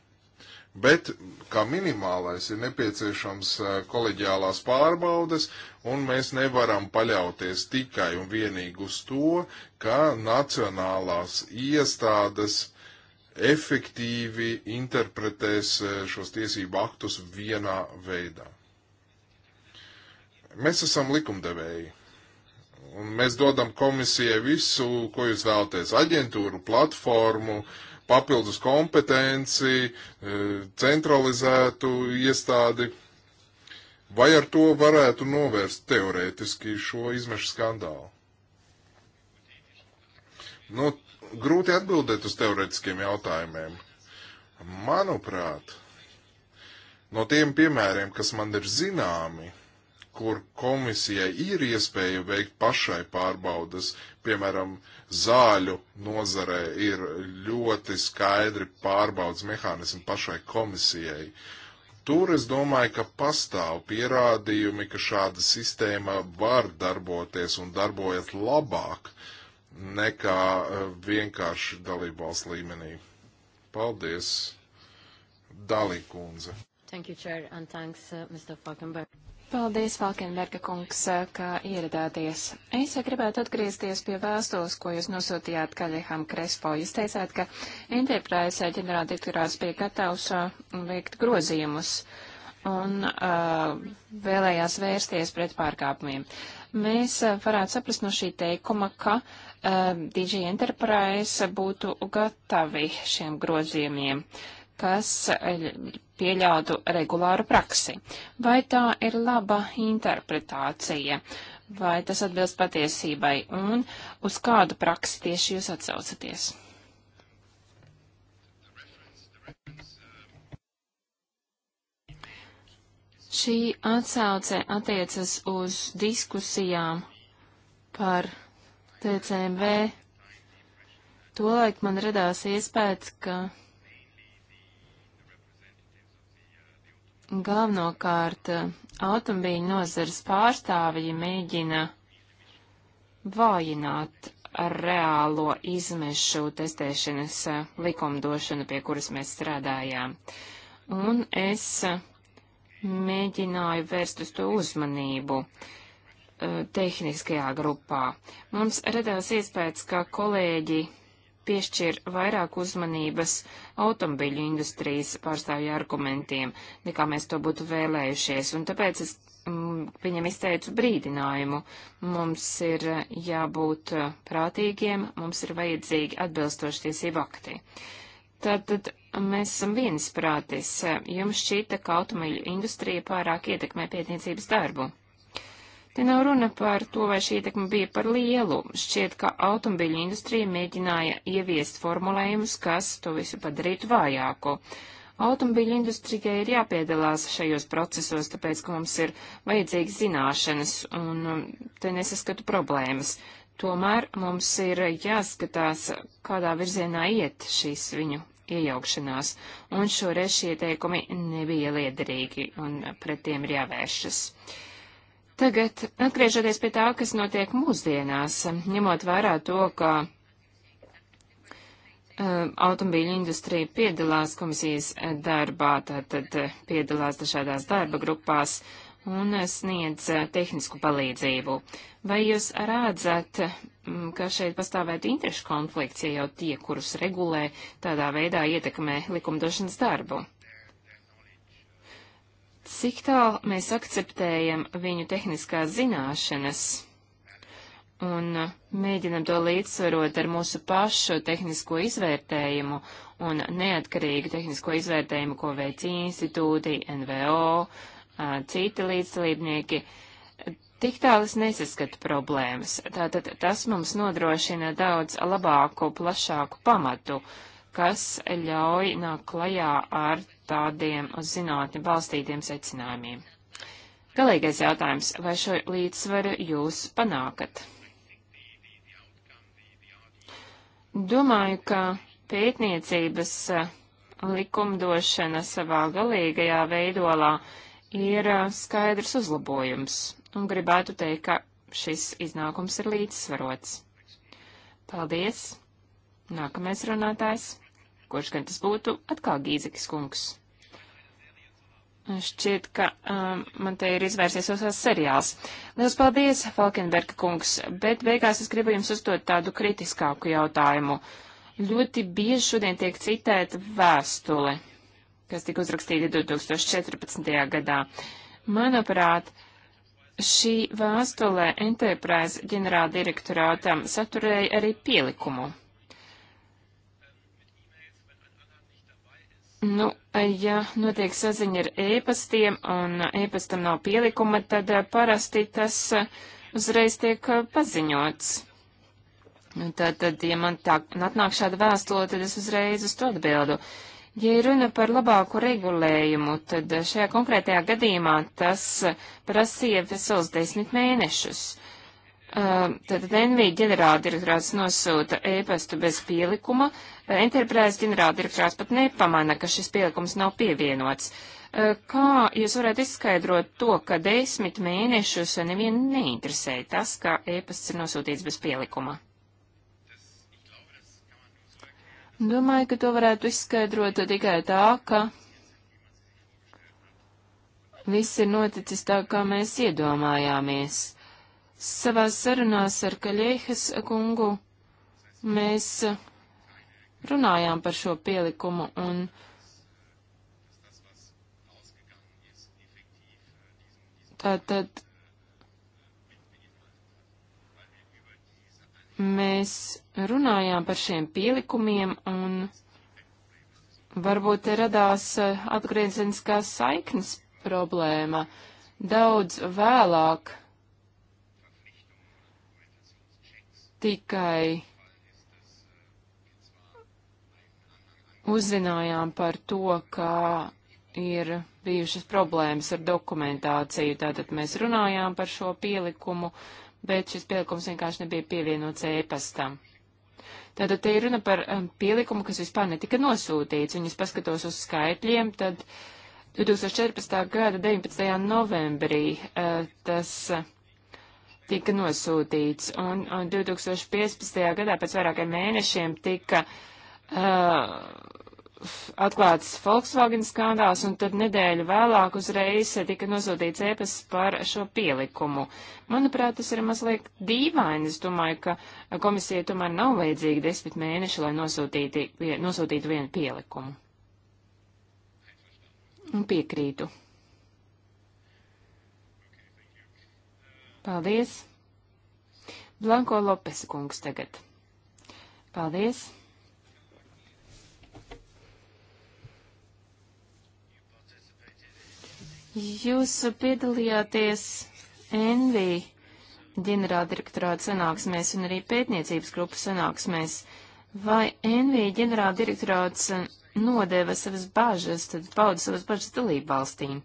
Bet, kā minimālais, ir nepieciešams e, koleģiālās pārbaudes, un mēs nevaram paļauties tikai un vienīgi uz to, ka nacionālās iestādes efektīvi interpretēs šos tiesību aktus vienā veidā. Mēs esam likumdevēji Un mēs dodam komisijai visu, ko jūs vēlaties - aģentūru, platformu, papildus kompetenci, e, centralizētu iestādi. Vai ar to varētu novērst teorētiski šo izmešu skandālu? Nu, grūti atbildēt uz teorētiskiem jautājumiem. Manuprāt, no tiem piemēriem, kas man ir zināmi, kur komisijai ir iespēja veikt pašai pārbaudas, piemēram, zāļu nozarē ir ļoti skaidri pārbaudas mehānismi pašai komisijai. Tur es domāju, ka pastāv pierādījumi, ka šāda sistēma var darboties un darbojas labāk nekā eh, vienkārši dalībvalsts līmenī. Paldies, Dalī kundze. Thank you, Chair, and thanks, uh, Mr. Falkenberg. Paldies, Falkenberga kungs, ka ieradāties. Es gribētu atgriezties pie vēstules, ko jūs nosūtījāt Kaļeham Krespo. Jūs teicāt, ka Enterprise ģenerāldirektorāts bija gatavs uh, veikt grozījumus un uh, vēlējās vērsties pret pārkāpumiem. Mēs uh, varētu saprast no šī teikuma, ka uh, DJ Enterprise būtu gatavi šiem grozījumiem, kas uh, pieļautu regulāru praksi. Vai tā ir laba interpretācija, vai tas atbilst patiesībai, un uz kādu praksi tieši jūs atsaucaties? Šī atsauce attiecas uz diskusijām par TCMV. Tolaik man radās iespējas, ka galvenokārt eh, automobīļu nozares pārstāvji mēģina vājināt reālo izmešu testēšanas eh, likumdošanu, pie kuras mēs strādājām. Un es eh, mēģināju vērst uz to uzmanību tehniskajā grupā. Mums radās iespējas, ka kolēģi piešķir vairāk uzmanības automobiļu industrijas pārstāvju argumentiem, nekā mēs to būtu vēlējušies, un tāpēc es m, mm, viņam izteicu brīdinājumu. Mums ir jābūt prātīgiem, mums ir vajadzīgi atbilstoši tiesību akti. Tātad mēs esam viensprātis. Jums šķita, ka automobiļu industrija pārāk ietekmē pētniecības darbu. Te nav runa par to, vai šī ietekme bija par lielu. Šķiet, ka automobiļu industrija mēģināja ieviest formulējumus, kas to visu padarītu vājāku. Automobiļu industrijai ir jāpiedalās šajos procesos, tāpēc, ka mums ir vajadzīgas zināšanas, un um, te nesaskatu problēmas. Tomēr mums ir jāskatās, kādā virzienā iet šīs viņu iejaukšanās, un šoreiz šie teikumi nebija liederīgi, un pret tiem ir jāvēršas. Uh, Tagad, atgriežoties pie tā, kas notiek mūsdienās, ņemot vērā to, ka um, automobīļu industrija piedalās komisijas darbā, tātad uh, piedalās dažādās darba grupās un sniedz uh, tehnisku palīdzību. Vai jūs rādzat, mm, ka šeit pastāvētu interešu konflikts, ja jau tie, kurus regulē, tādā veidā ietekmē likumdošanas darbu? cik tālu mēs akceptējam viņu tehniskās zināšanas un uh, mēģinam to līdzsvarot ar mūsu pašu tehnisko izvērtējumu un neatkarīgu tehnisko izvērtējumu, ko veic institūti, NVO, uh, citi līdzdalībnieki. Tik tālu es nesaskatu problēmas. Tātad tas mums nodrošina daudz labāku, plašāku pamatu, kas ļauj nāk klajā ar tādiem uz zinātni balstītiem secinājumiem. Galīgais jautājums, vai šo līdzsvaru jūs panākat? Domāju, ka pētniecības eh, likumdošana savā galīgajā veidolā ir eh, skaidrs uzlabojums, un gribētu teikt, ka šis iznākums ir līdzsvarots. Paldies! Nākamais runātājs. Kurš gan tas būtu? Atkal Gīzekas kungs. Šķiet, ka um, man te ir izvērsies uzsās seriāls. Liels paldies, Falkenberga kungs, bet beigās es gribu jums uzdot tādu kritiskāku jautājumu. Ļoti bieži šodien tiek citēta vēstule, kas tika uzrakstīta 2014. gadā. Manuprāt, šī vēstulē Enterprise ģenerāldirektorātam saturēja arī pielikumu. Nu, ja notiek saziņa ar ēpastiem un ēpastam nav pielikuma, tad eh, parasti tas eh, uzreiz tiek eh, paziņots. Tātad, ja man tā atnāk šāda vēstule, tad es uzreiz uz to atbildu. Ja ir runa par labāku regulējumu, tad šajā konkrētajā gadījumā tas prasīja vesels desmit mēnešus. Uh, Um, tātad NV ģenerāldirektorāts nosūta ēpastu bez pielikuma. Uh, Enterprise ģenerāldirektorāts pat nepamana, ka šis pielikums nav pievienots. Uh, kā jūs varētu izskaidrot to, ka desmit mēnešus nevienu neinteresē tas, ka ēpasts ir nosūtīts bez pielikuma? Domāju, ka to varētu izskaidrot tikai tā, ka viss ir noticis tā, kā mēs iedomājāmies Savā sarunās ar Kaļēhas kungu mēs runājām par šo pielikumu un tātad mēs runājām par šiem pielikumiem un varbūt radās atgriezeniskās saiknes problēma. Daudz vēlāk tikai uzzinājām par to, ka ir bijušas problēmas ar dokumentāciju. Tātad mēs runājām par šo pielikumu, bet šis pielikums vienkārši nebija pievienots e-pastam. Tātad te ir runa par um, pielikumu, kas vispār netika nosūtīts, un es paskatos uz skaitļiem, tad uh, 2014. gada 19. novembrī uh, tas tika nosūtīts, un, un 2015. gadā pēc vairākiem mēnešiem tika uh, atklāts Volkswagen skandāls, un tad nedēļu vēlāk uzreiz tika nosūtīts ēpas par šo pielikumu. Manuprāt, tas ir mazliet dīvaini. Es domāju, ka komisija tomēr nav vajadzīga desmit mēneši, lai nosūtītu, nosūtītu vienu pielikumu. Un piekrītu. Paldies! Blanko Lopes kungs tagad. Paldies! Jūs piedalījāties NV ģenerāldirektorāta sanāksmēs un arī pētniecības grupas sanāksmēs. Vai NV ģenerāldirektorāts nodeva savas bažas, tad pauda savas bažas dalību valstīm?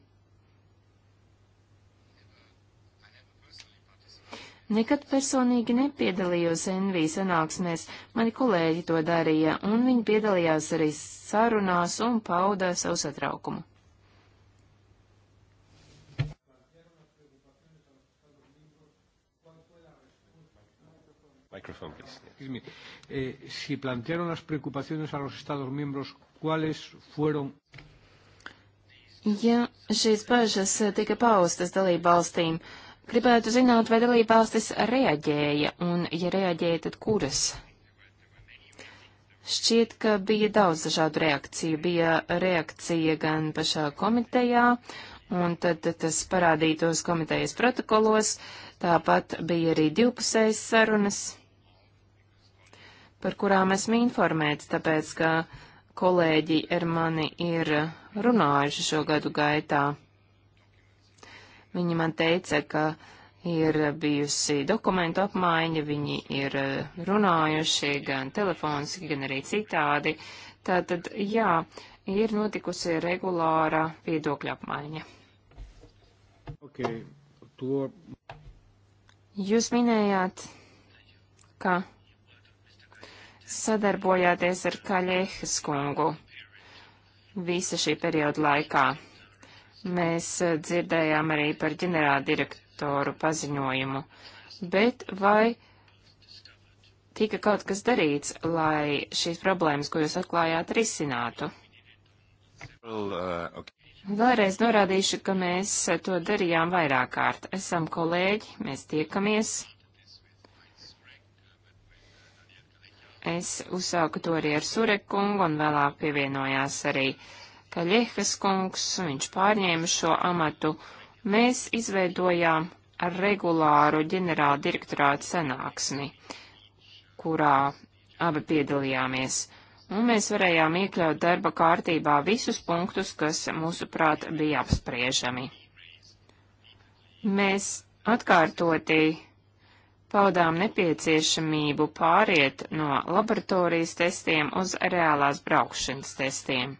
Nekad personīgi nepiedalījos NV sanāksmēs, mani kolēģi to darīja, un viņi piedalījās arī sarunās un pauda savu satraukumu. Microphone, please. Eh, si plantearon las preocupaciones a los Estados miembros, ¿cuáles fueron? Ja šīs bažas tika paustas dalību valstīm, uh, Gribētu zināt, vai dalībvalstis reaģēja, un, ja reaģēja, tad kuras? Šķiet, ka bija daudz dažādu reakciju. Bija reakcija gan pašā komitejā, un tad tas parādītos komitejas protokolos, tāpat bija arī divpusējas sarunas, par kurām esmu informēts, tāpēc, ka kolēģi ar mani ir runājuši šo gadu gaitā. Viņi man teica, ka ir bijusi dokumentu apmaiņa, viņi ir eh, runājuši gan telefoniski, gan arī citādi. Tātad, jā, ir notikusi regulāra viedokļa apmaiņa. Okay, to... Jūs minējāt, ka sadarbojāties ar Kaļehas kungu visa šī perioda laikā. Mēs eh, dzirdējām arī par ģenerāldirektoru paziņojumu, bet vai tika kaut kas darīts, lai šīs problēmas, ko jūs atklājāt, risinātu? Well, uh, okay. Vēlreiz norādīšu, ka mēs eh, to darījām vairāk kārt. Esam kolēģi, mēs tiekamies. Es uzsāku to arī ar Surekungu un vēlāk pievienojās arī uh, Kaļehas kungs, viņš pārņēma šo amatu, mēs izveidojām regulāru ģenerāla direktorāta sanāksmi, kurā abi piedalījāmies, un mēs varējām iekļaut darba kārtībā visus punktus, kas mūsuprāt bija apspriežami. Mēs atkārtotī paudām nepieciešamību pāriet no laboratorijas testiem uz reālās braukšanas testiem.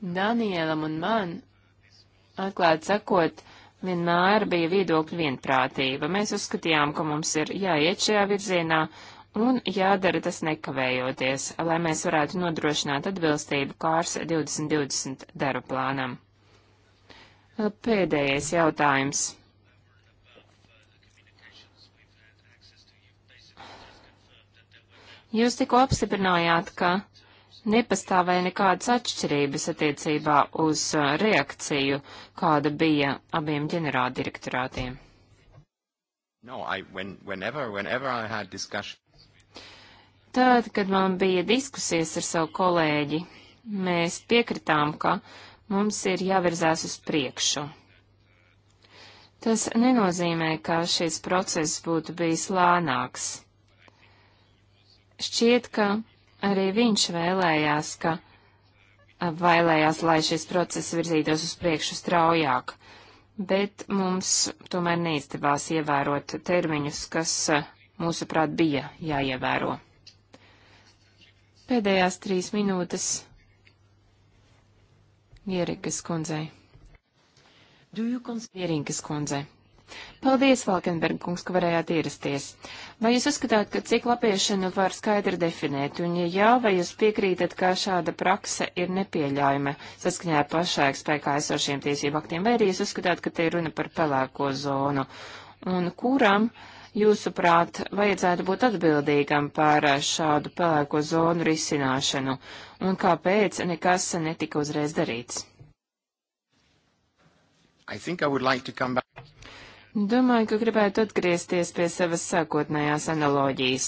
Danielam un man, atklāt sakot, vienmēr bija viedokļu vienprātība. Mēs uzskatījām, ka mums ir jāiet šajā virzienā un jādara tas nekavējoties, lai mēs varētu nodrošināt atbilstību kārs 2020 darba plānam. Pēdējais jautājums. Jūs tikko apstiprinājāt, ka nepastāvēja nekādas atšķirības attiecībā uz reakciju, kāda bija abiem ģenerāldirektorātiem. No, I, when, whenever, whenever I had discussion... Tad, kad man bija diskusijas ar savu kolēģi, mēs piekritām, ka mums ir jāvirzās uz priekšu. Tas nenozīmē, ka šis process būtu bijis lēnāks. Šķiet, ka Arī viņš vēlējās, ka vēlējās, lai šis process virzītos uz priekšu straujāk, bet mums tomēr neizdevās ievērot termiņus, kas mūsuprāt bija jāievēro. Pēdējās trīs minūtes Ierikas kundzei. Ierinkas kundzei. Paldies, Valkenberg kungs, ka varējāt ierasties. Vai jūs uzskatāt, ka cik lapiešanu var skaidri definēt, un ja jā, vai jūs piekrītat, ka šāda prakse ir nepieļaujama saskaņā ar pašlaik spēkā esošiem tiesību aktiem, vai arī jūs uzskatāt, ka te ir runa par pelēko zonu, un kuram, jūsuprāt, vajadzētu būt atbildīgam par šādu pelēko zonu risināšanu, un kāpēc nekas netika uzreiz darīts? I think I would like to come back. Domāju, ka gribētu atgriezties pie savas sākotnējās analoģijas.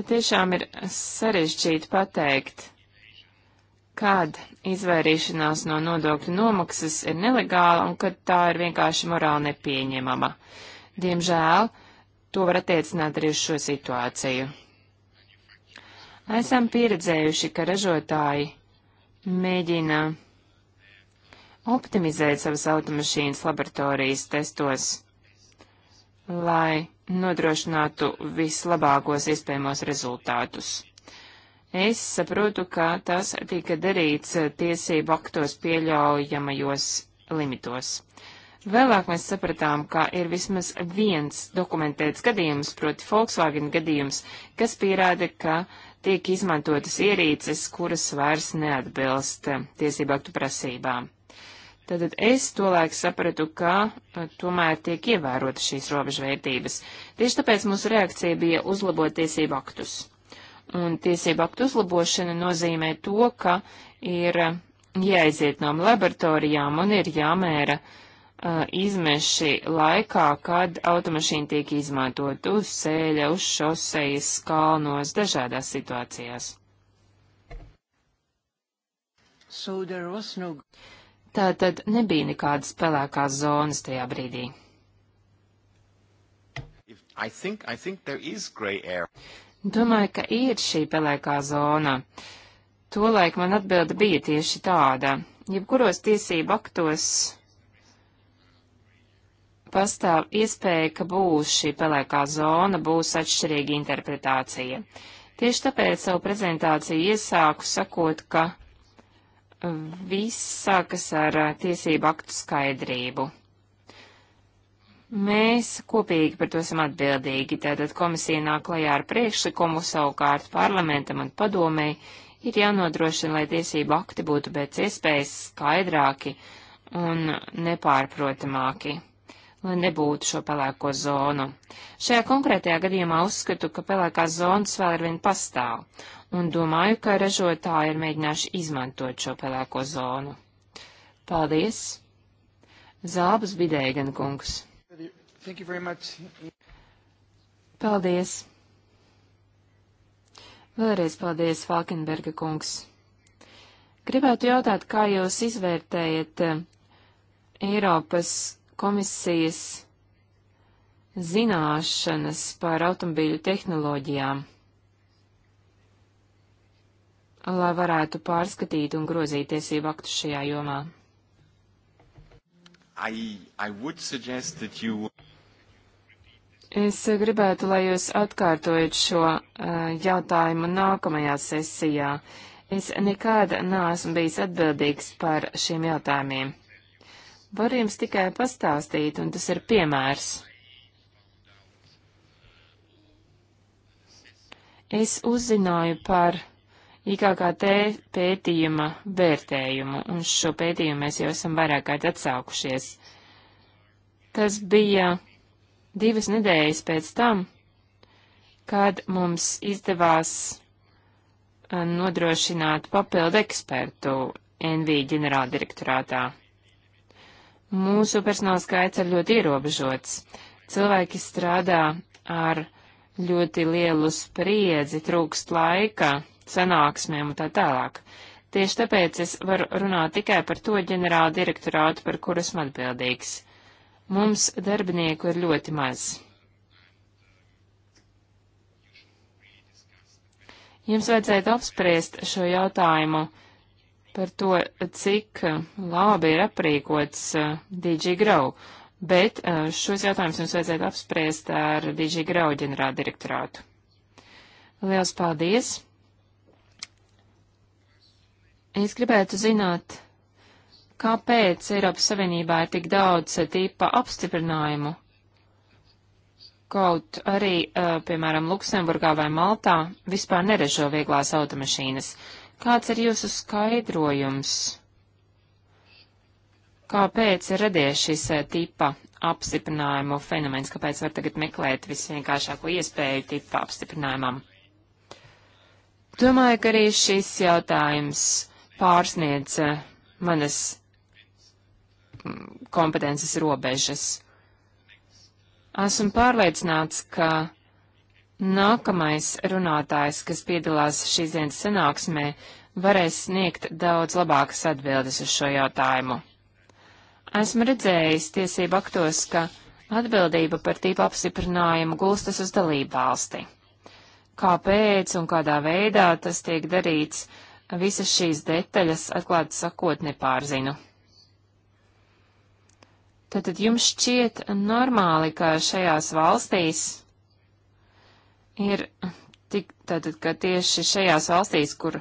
Patiešām ir sarežģīti pateikt, kad izvairīšanās no nodokļu nomaksas ir nelegāla un kad tā ir vienkārši morāli nepieņemama. Diemžēl to var attiecināt arī uz šo situāciju. Esam pieredzējuši, ka ražotāji mēģina optimizēt savas automašīnas laboratorijas testos, lai nodrošinātu vislabākos iespējamos rezultātus. Es saprotu, ka tas tika darīts tiesību aktos pieļaujamajos limitos. Vēlāk mēs sapratām, ka ir vismaz viens dokumentēts gadījums, proti Volkswagen gadījums, kas pierāda, ka tiek izmantotas ierīces, kuras vairs neatbilst tiesību aktu prasībām. Tātad es tolaik sapratu, ka e, tomēr tiek ievērota šīs robežvērtības. Tieši tāpēc mūsu reakcija bija uzlabot tiesību aktus. Un tiesību aktu uzlabošana nozīmē to, ka ir jāiziet no laboratorijām un ir jāmēra uh, izmeši laikā, kad automašīna tiek izmantot uz sēļa, uz šosejas, kalnos, dažādās situācijās. So there was no... Tātad nebija nekādas pelēkās zonas tajā brīdī. I think, I think Domāju, ka ir šī pelēkā zona. Tolaik man atbilde bija tieši tāda. Jebkuros tiesību aktos pastāv iespēja, ka būs šī pelēkā zona, būs atšķirīga interpretācija. Tieši tāpēc savu prezentāciju iesāku sakot, ka viss sākas ar eh, tiesību aktu skaidrību. Mēs kopīgi par to esam atbildīgi, tātad komisija nāk klajā ar priekšlikumu, savukārt parlamentam un padomēji ir jānodrošina, lai tiesību akti būtu pēc iespējas skaidrāki un nepārprotamāki, lai nebūtu šo pelēko zonu. Šajā konkrētajā gadījumā uzskatu, ka pelēkās zonas vēl ar vien pastāv, un domāju, ka ražotāji ir mēģinājuši izmantot šo pelēko zonu. Paldies! Zābas Bidēgan kungs. Paldies! Vēlreiz paldies, Falkenberga kungs. Gribētu jautāt, kā jūs izvērtējat eh, Eiropas komisijas zināšanas par automobīļu tehnoloģijām? lai varētu pārskatīt un grozīt tiesību aktu šajā jomā. I, I you... Es gribētu, lai jūs atkārtojat šo uh, jautājumu nākamajā sesijā. Es nekad neesmu bijis atbildīgs par šiem jautājumiem. Varu jums tikai pastāstīt, un tas ir piemērs. Es uzzināju par IKKT pētījuma vērtējumu, un šo pētījumu mēs jau esam vairāk kārt atsaukušies. Tas bija divas nedēļas pēc tam, kad mums izdevās uh, nodrošināt papildu ekspertu NV ģenerāldirektorātā. Mūsu personāla skaits ir ļoti ierobežots. Cilvēki strādā ar ļoti lielu spriedzi, trūkst laika sanāksmēm un tā tālāk. Tieši tāpēc es varu runāt tikai par to ģenerālu direktorātu, par kuru esmu atbildīgs. Mums darbinieku ir ļoti maz. Jums vajadzētu apspriest šo jautājumu par to, cik labi ir aprīkots uh, DG Grau, bet uh, šos jautājumus jums vajadzētu apspriest ar DG Grau ģenerāldirektorātu. Liels paldies! Es gribētu zināt, kāpēc Eiropas Savienībā ir tik daudz tipa apstiprinājumu. Kaut arī, eh, piemēram, Luksemburgā vai Maltā vispār neražo vieglās automašīnas. Kāds ir jūsu skaidrojums? Kāpēc ir radies šis eh, tipa apstiprinājumu fenomens, kāpēc var tagad meklēt visvienkāršāko iespēju tipa apstiprinājumam? Domāju, ka arī šis jautājums pārsniedz eh, manas mm, kompetences robežas. Esmu pārliecināts, ka nākamais runātājs, kas piedalās šīs dienas sanāksmē, varēs sniegt daudz labākas atbildes uz šo jautājumu. Esmu redzējis tiesību aktos, ka atbildība par tīpa apsiprinājumu gulstas uz dalību valsti. Kāpēc un kādā veidā tas tiek darīts, visas šīs detaļas, atklāti sakot, nepārzinu. Tātad jums šķiet normāli, ka šajās valstīs ir tik, tātad, ka tieši šajās valstīs, kur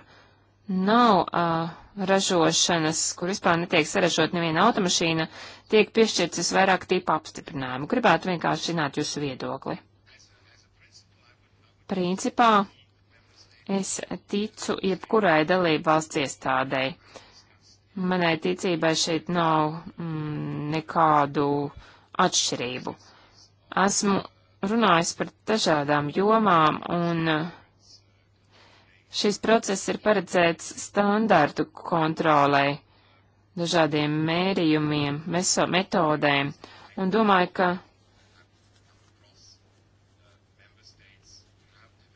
nav uh, ražošanas, kur vispār netiek saražot neviena automašīna, tiek piešķirts visvairāk tipa apstiprinājumu. Gribētu vienkārši zināt jūsu viedokli. Principā Es ticu jebkurai dalību valsts iestādēji. Manai ticībai šeit nav mm, nekādu atšķirību. Esmu runājis par dažādām jomām, un šis process ir paredzēts standārtu kontrolai, dažādiem mērījumiem, meso metodēm, un domāju, ka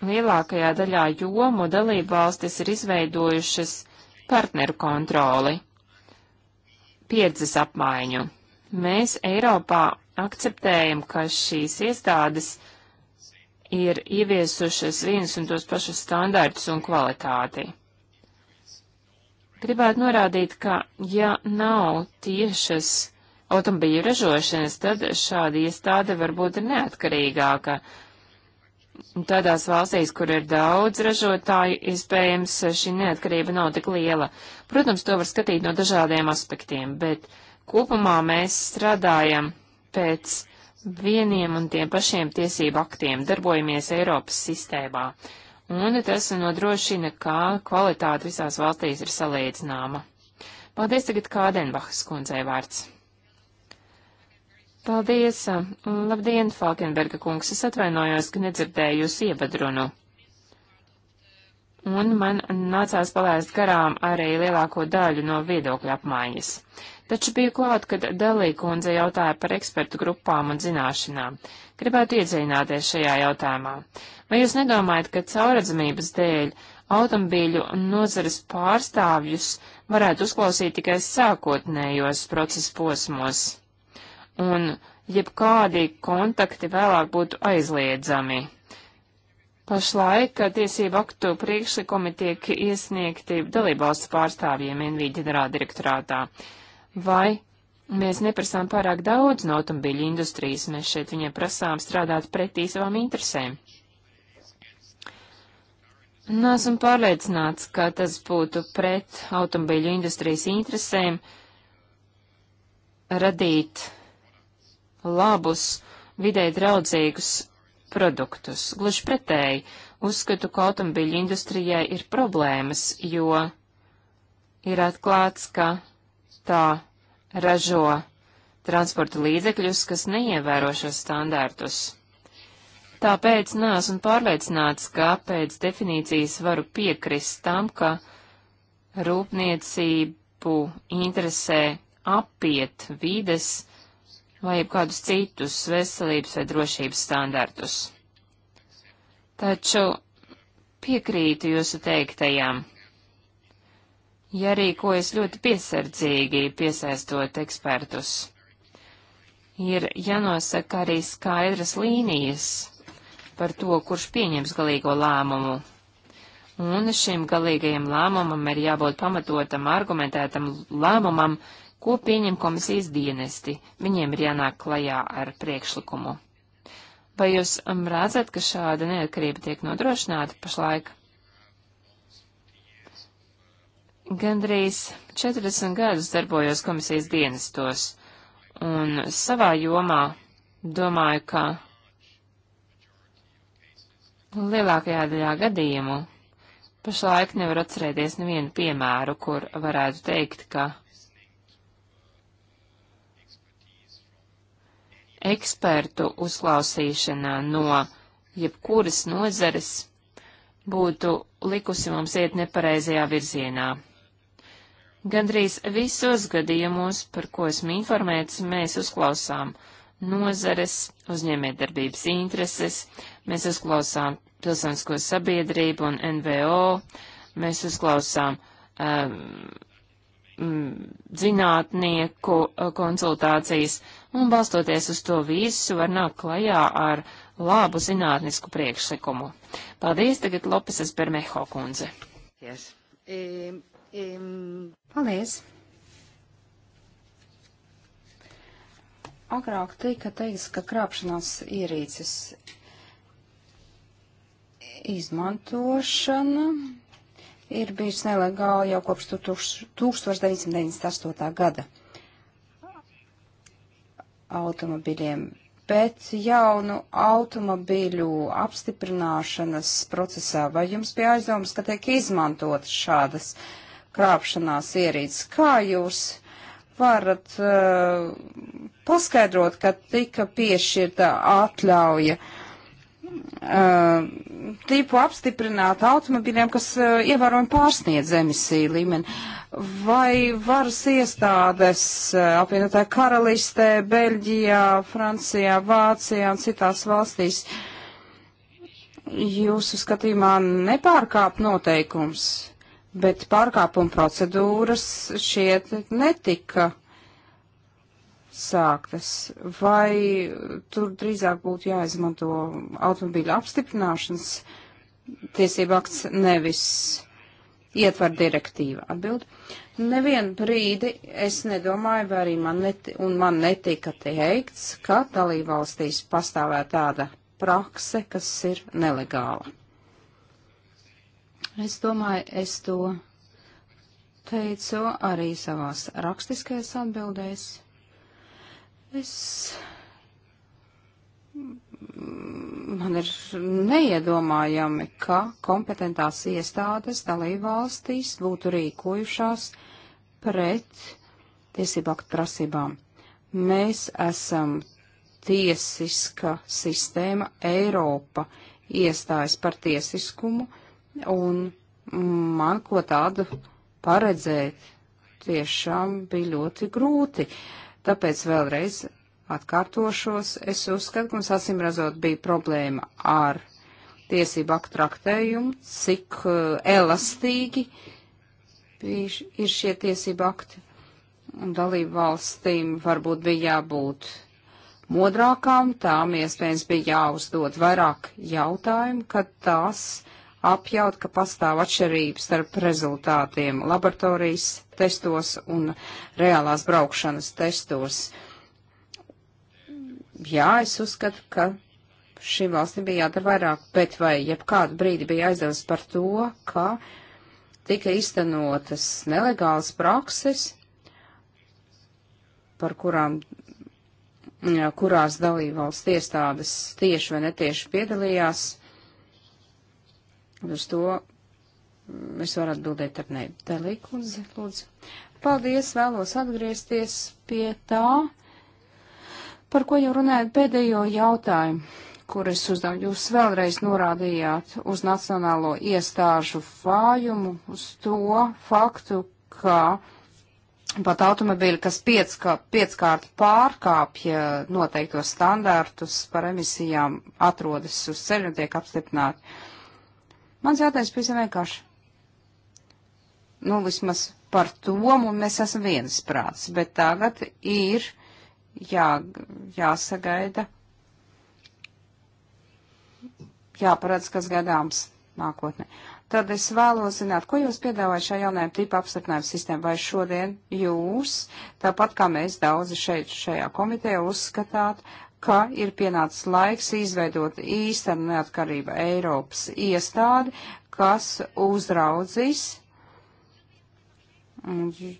lielākajā daļā jomu dalību valstis ir izveidojušas partneru kontroli, pieredzes apmaiņu. Mēs Eiropā akceptējam, ka šīs iestādes ir ieviesušas viens un tos pašus standārtus un kvalitāti. Gribētu norādīt, ka ja nav tiešas automobīļu ražošanas, tad šāda iestāde varbūt ir neatkarīgāka Tādās valstīs, kur ir daudz ražotāju, iespējams, šī neatkarība nav tik liela. Protams, to var skatīt no dažādiem aspektiem, bet kopumā mēs strādājam pēc vieniem un tiem pašiem tiesību aktiem, darbojamies Eiropas sistēmā. Un tas nodrošina, ka kvalitāte visās valstīs ir salīdzināma. Paldies tagad Kādenbachas kundzei vārds. Paldies! Labdien, Falkenberga kungs! Es atvainojos, ka nedzirdēju jūs ievadrunu. Un man nācās palaist garām arī lielāko daļu no viedokļa apmaiņas. Taču biju klāt, kad Dalī kundze jautāja par ekspertu grupām un zināšanām. Gribētu iedziļināties šajā jautājumā. Vai jūs nedomājat, ka caurredzamības dēļ automobīļu nozares pārstāvjus varētu uzklausīt tikai sākotnējos procesa posmos? un jebkādi kontakti vēlāk būtu aizliedzami. Pašlaik tiesību aktu priekšlikumi tiek iesniegti dalībvalsts pārstāvjiem NV ģenerāldirektorātā. Vai Mēs neprasām pārāk daudz no automobiļu industrijas, mēs šeit viņiem prasām strādāt pretī savām interesēm. Nesmu pārliecināts, ka tas būtu pret automobiļu industrijas interesēm radīt labus, vidē draudzīgus produktus. Gluži pretēji, uzskatu, ka automobīļu industrijai ir problēmas, jo ir atklāts, ka tā ražo transporta līdzekļus, kas neievēro šos standārtus. Tāpēc neesmu pārliecināts, ka pēc definīcijas varu piekrist tam, ka rūpniecību interesē apiet vides vai kādus citus veselības vai drošības standartus. Taču piekrītu jūsu teiktajām. Ja rīkojas ļoti piesardzīgi, piesaistot ekspertus, ir jānosaka arī skaidras līnijas par to, kurš pieņems galīgo lēmumu. Un šim galīgajam lēmumam ir jābūt pamatotam, argumentētam lēmumam, Ko pieņem komisijas dienesti? Viņiem ir jānāk klajā ar priekšlikumu. Vai jūs um, redzat, ka šāda neatkarība tiek nodrošināta pašlaik? Gandrīz 40 gadus darbojos komisijas dienestos, un savā jomā domāju, ka lielākajā daļā gadījumu pašlaik nevar atcerēties nevienu piemēru, kur varētu teikt, ka ekspertu uzklausīšana no jebkuras nozares būtu likusi mums iet nepareizajā virzienā. Gandrīz visos gadījumos, par ko esmu informēts, mēs uzklausām nozares, uzņēmējdarbības intereses, mēs uzklausām pilsonisko sabiedrību un NVO, mēs uzklausām um, mm, zinātnieku eh, konsultācijas, un balstoties uz to visu var nākt klajā ar labu zinātnisku priekšlikumu. Paldies tagad Lopeses Bermeho kundze. Yes. Um, um... Paldies. Agrāk tika teiks, ka krāpšanās ierīces izmantošana ir bijis nelegāli jau kopš 1998. gada automobiļiem, bet jaunu automobīļu apstiprināšanas procesā vai jums bija aizdomas, ka tiek izmantot šādas krāpšanās ierīces? Kā jūs varat uh, paskaidrot, ka tika piešķirta atļauja uh, Uh, tipu apstiprināt automobiļiem, kas uh, ievērojami pārsniedz emisiju līmeni. Vai varas iestādes uh, apvienotā karalistē, Beļģijā, Francijā, Vācijā un citās valstīs jūsu skatījumā nepārkāp noteikums, bet pārkāpuma procedūras šiet netika uh, sāktas, vai tur drīzāk būtu jāizmanto automobīļa apstiprināšanas tiesība akts nevis ietver direktīva atbild. Nevienu brīdi es nedomāju, vai arī man, neti, un man netika teikts, ka dalībvalstīs pastāvē tāda prakse, kas ir nelegāla. Es domāju, es to teicu arī savās rakstiskajās atbildēs. Es. Man ir neiedomājami, ka kompetentās iestādes dalībvalstīs būtu rīkojušās pret tiesību aktu prasībām. Mēs esam tiesiska sistēma, Eiropa iestājas par tiesiskumu, un man ko tādu paredzēt tiešām bija ļoti grūti. Uh, Tāpēc vēlreiz atkārtošos, es uzskatu, ka mums acīmredzot bija problēma ar tiesību aktu traktējumu, cik uh, elastīgi bija, ir šie tiesību akti. Un dalību valstīm varbūt bija jābūt modrākām, tām iespējams bija jāuzdod vairāk jautājumu, kad tās uh, apjaut, ka pastāv atšķirības starp rezultātiem laboratorijas testos un reālās braukšanas testos. Jā, es uzskatu, ka šīm valstīm bija jādara vairāk, bet vai jebkādu brīdi bija aizdevis par to, ka tika iztenotas nelegālas prakses, par kurām, kurās dalībvalsts iestādes tieši vai netieši piedalījās Uz to mm, es varu atbildēt ar ne. Telīkundze, lūdzu. Paldies, vēlos atgriezties pie tā, par ko jau runājat pēdējo jautājumu, kur es uzdevu. Jūs vēlreiz norādījāt uz nacionālo iestāžu vājumu, uz to faktu, ka pat automobīļi, kas piecka, pieckārt pārkāpja noteiktos standārtus par emisijām, atrodas uz ceļa un tiek apstiprināti. Mans jautājums pavisam vienkārši. Nu, vismaz par to mēs esam vienas prāts, bet tagad ir jā, jāsagaida, jāparedz, kas gadāms nākotnē. Tad es vēlos zināt, ko jūs piedāvājat šajā jaunajā tipa apstiprinājuma sistēmā, vai šodien jūs, tāpat kā mēs daudzi šeit šajā komitejā, uzskatāt, ka ir pienācis laiks izveidot īstenu neatkarību Eiropas iestādi, kas uzraudzīs mm,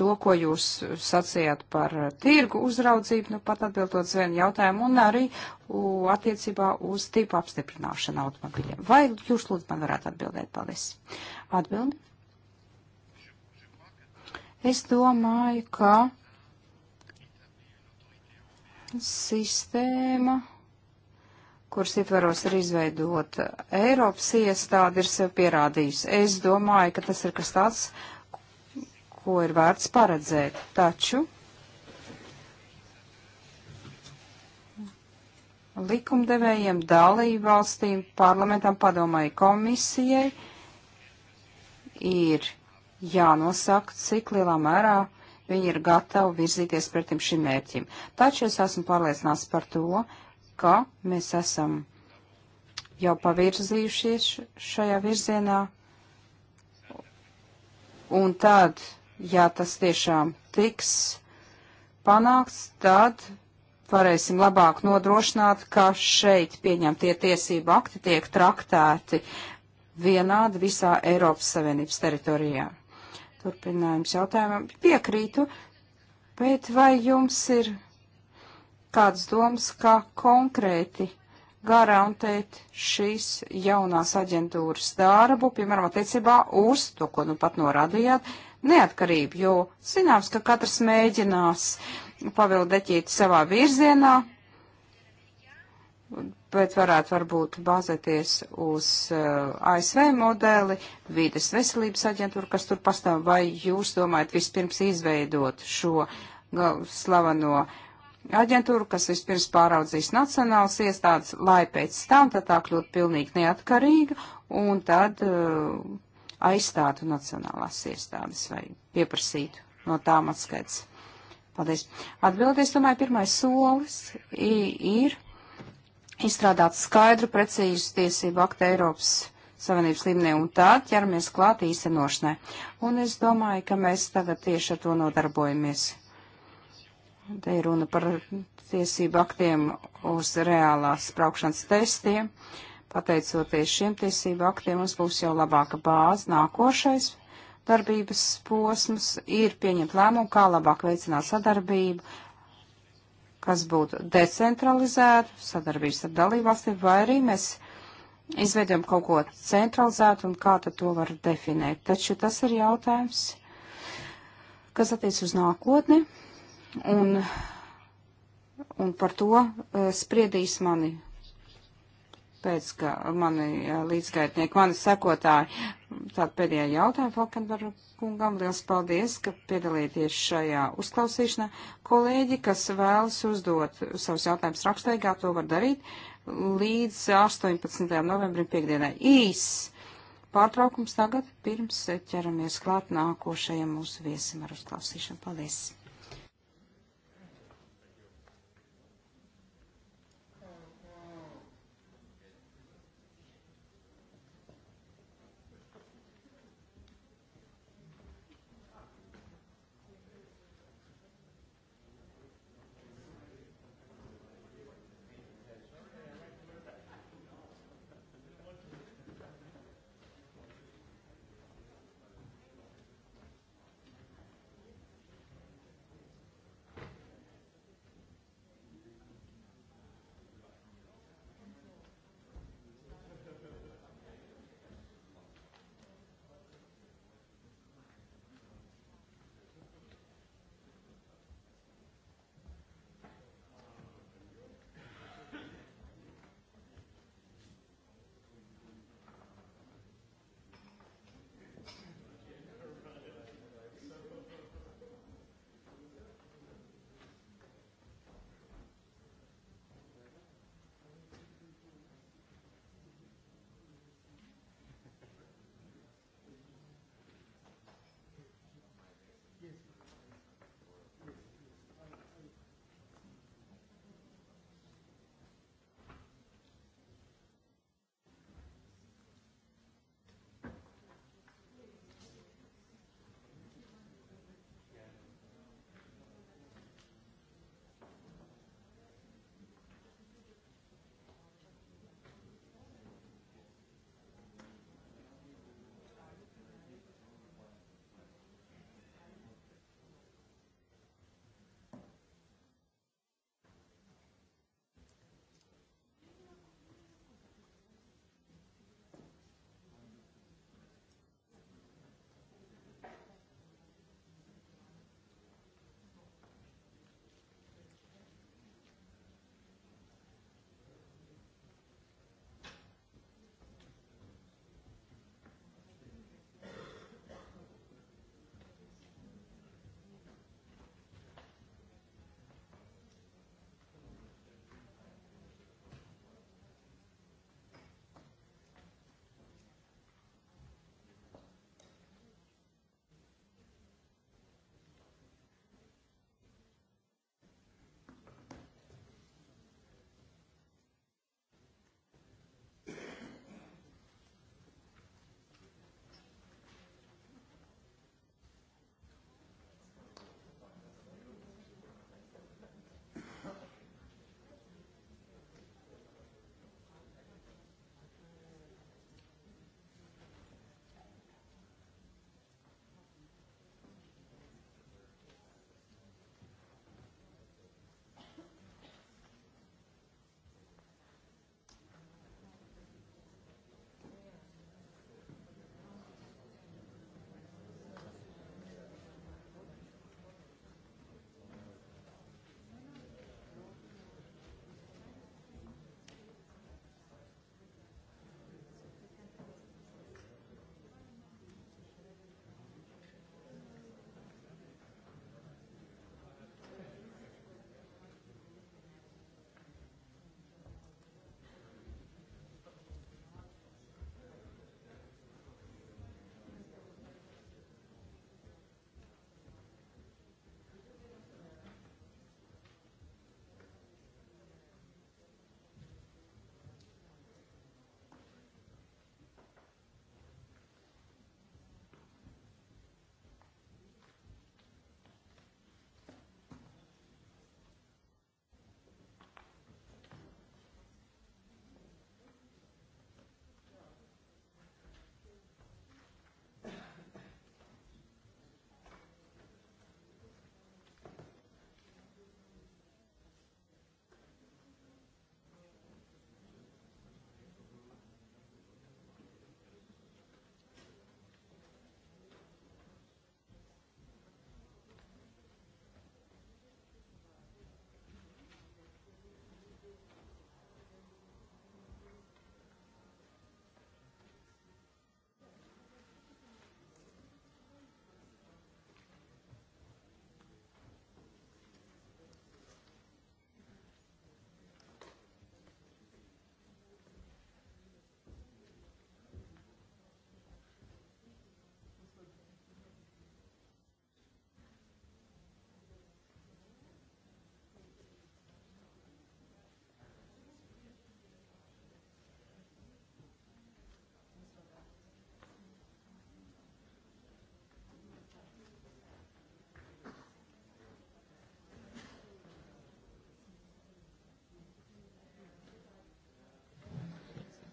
to, ko jūs sacījāt par tirgu uzraudzību, nu pat atbildot zvienu jautājumu, un arī u, attiecībā uz tipu apstiprināšanu automobiļiem. Vai jūs lūdzu man varētu atbildēt? Paldies. Atbildi. Es domāju, ka sistēma, kuras ietvaros ir izveidota Eiropas iestāde, ir sev pierādījusi. Es domāju, ka tas ir kas tāds, ko ir vērts paredzēt. Taču likumdevējiem, dalību valstīm, parlamentam, padomai komisijai ir jānosaka, cik lielā mērā viņi ir gatavi virzīties pretim šim mērķim. Taču es esmu pārliecināts par to, ka mēs esam jau pavirzījušies šajā virzienā. Un tad, ja tas tiešām tiks panākts, tad varēsim labāk nodrošināt, ka šeit pieņemtie tiesību akti tiek traktēti vienādi visā Eiropas Savienības teritorijā turpinājums jautājumam. Piekrītu, bet vai jums ir kādas domas, kā konkrēti garantēt šīs jaunās aģentūras darbu, piemēram, attiecībā uz to, ko nu pat norādījāt, neatkarību, jo zināms, ka katrs mēģinās pavildetīt savā virzienā, bet varētu varbūt bāzēties uz uh, eh, ASV modeli, vīdes veselības aģentūru, kas tur pastāv, vai jūs domājat vispirms izveidot šo slaveno aģentūru, kas vispirms pāraudzīs nacionālas iestādes, lai pēc tam tad tā kļūtu pilnīgi neatkarīga un tad uh, aizstātu nacionālās iestādes vai pieprasītu no tām atskaits. Paldies. Atbildies, domāju, pirmais solis ir izstrādāt skaidru, precīzu tiesību aktu Eiropas Savienības līmenī un tā ķeramies klāt īstenošanai. Un es domāju, ka mēs tagad tieši ar to nodarbojamies. Te ir runa par tiesību aktiem uz reālās braukšanas testiem. Pateicoties šiem tiesību aktiem, mums būs jau labāka bāze nākošais darbības posms ir pieņemt lēmumu, kā labāk veicināt sadarbību kas būtu decentralizēta, sadarbības ar dalībvalstīm, vai arī mēs izveidojam kaut ko centralizētu un kā tad to var definēt. Taču tas ir jautājums, kas attiec uz nākotni, un, un par to uh, spriedīs mani pēc, ka mani eh, līdzgaitnieki, mani sekotāji, tāda pēdējā jautājuma Falkenberga kungam. Liels paldies, ka piedalīties šajā uzklausīšanā. Kolēģi, kas vēlas uzdot savus jautājumus rakstveigā, to var darīt līdz 18. novembrim piekdienai. Īs pārtraukums tagad, pirms ķeramies klāt nākošajam mūsu viesim ar uzklausīšanu. Paldies!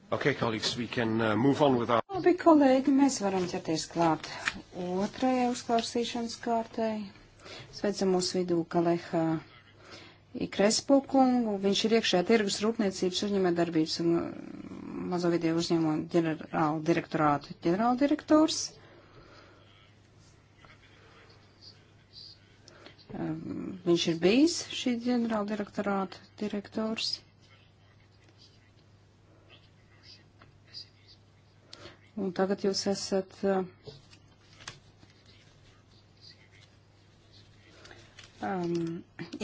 Okay, colleagues, we can uh, move on with our... Labi, kolēģi, mēs varam ķerties klāt otrajai uzklausīšanas kārtai. Sveicam mūsu vidū Kaleha Ikrespo kungu. Viņš ir iekšējā tirgus rūpniecības uzņēmē darbības un uh, mazo video uzņēmumu ģenerāla direktorātu ģenerāldirektors. Um, viņš ir bijis šī ģenerāla direktorāta direktors. Un tagad jūs esat um,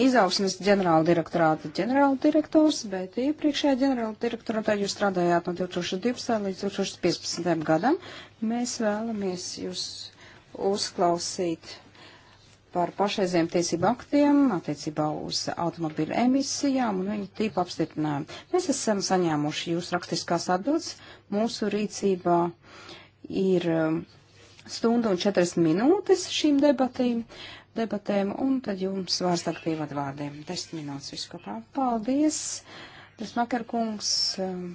izaugsmes ģenerāla direktorāta ģenerāla direktors, bet iepriekšējā ģenerāla direktorātā jūs strādājāt no 2012. līdz 2015. gadam. Mēs vēlamies jūs uzklausīt par pašreiziem tiesību aktiem attiecībā uz automobiļu emisijām un viņu tīpa apstiprinājumu. Mēs esam saņēmuši jūsu rakstiskās atbildes. Mūsu rīcībā ir um, stunda un 40 minūtes šīm debatīm, debatēm, un tad jums vārds tagad pievadvārdiem. 10 minūtes viskopā. Paldies! Tas makarkungs, um,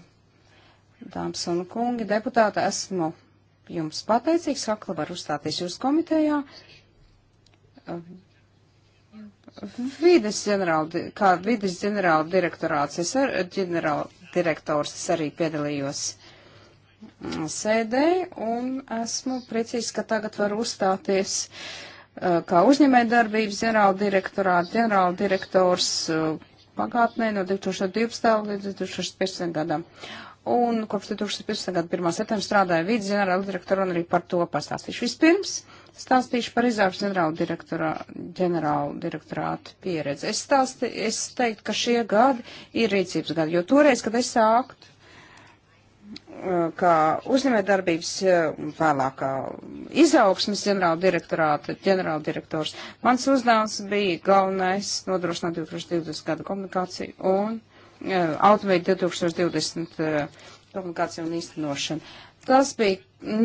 dāmas un kungi, deputāti, esmu jums pateicīgs, akla var uzstāties jūsu komitejā vides ģenerāla, kā vides ģenerāla direktorāts, es ar, ģenerāla direktors, es arī piedalījos mm, sēdē un esmu priecīgs, ka tagad var uzstāties uh, kā uzņēmējdarbības ģenerāla direktorāta, ģenerāla direktors uh, pagātnē no 2012. līdz 2015. gadam. Un kopš 2015. gada 1. septembra strādāja vidas ģenerāla direktora un arī par to pastāstīšu. Vispirms stāstīšu par izaugs ģenerāla direktorā, ģenerāla direktorāta pieredzi. Es, stāsti, es teiktu, ka šie gadi ir rīcības gadi, jo toreiz, kad es sāktu, eh, kā uzņēmējdarbības eh, vēlākā izaugsmes ģenerāla direktorāta ģenerāla direktors, mans uzdevums bija galvenais nodrošināt 2020 gada komunikāciju un eh, automēt 2020 komunikāciju un īstenošanu. Tas bija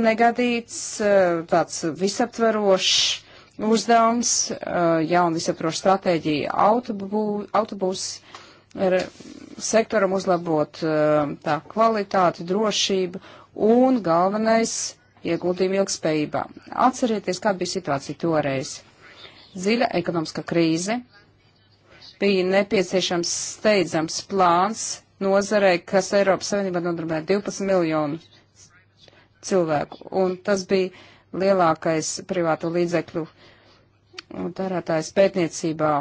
negadīts, eh, tāds visaptverošs uzdevums, eh, jauna visaptveroša stratēģija autobū, autobūs er, sektoram uzlabot eh, tā kvalitāti, drošību un galvenais ieguldījumu ilgspējībā. Atcerieties, kāda bija situācija toreiz. Dziļa ekonomiskā krīze, bija nepieciešams steidzams plāns nozarei, kas Eiropas Savienībā nodarbināja 12 miljonu cilvēku. Un tas bija lielākais privāto līdzekļu darētājs pētniecībā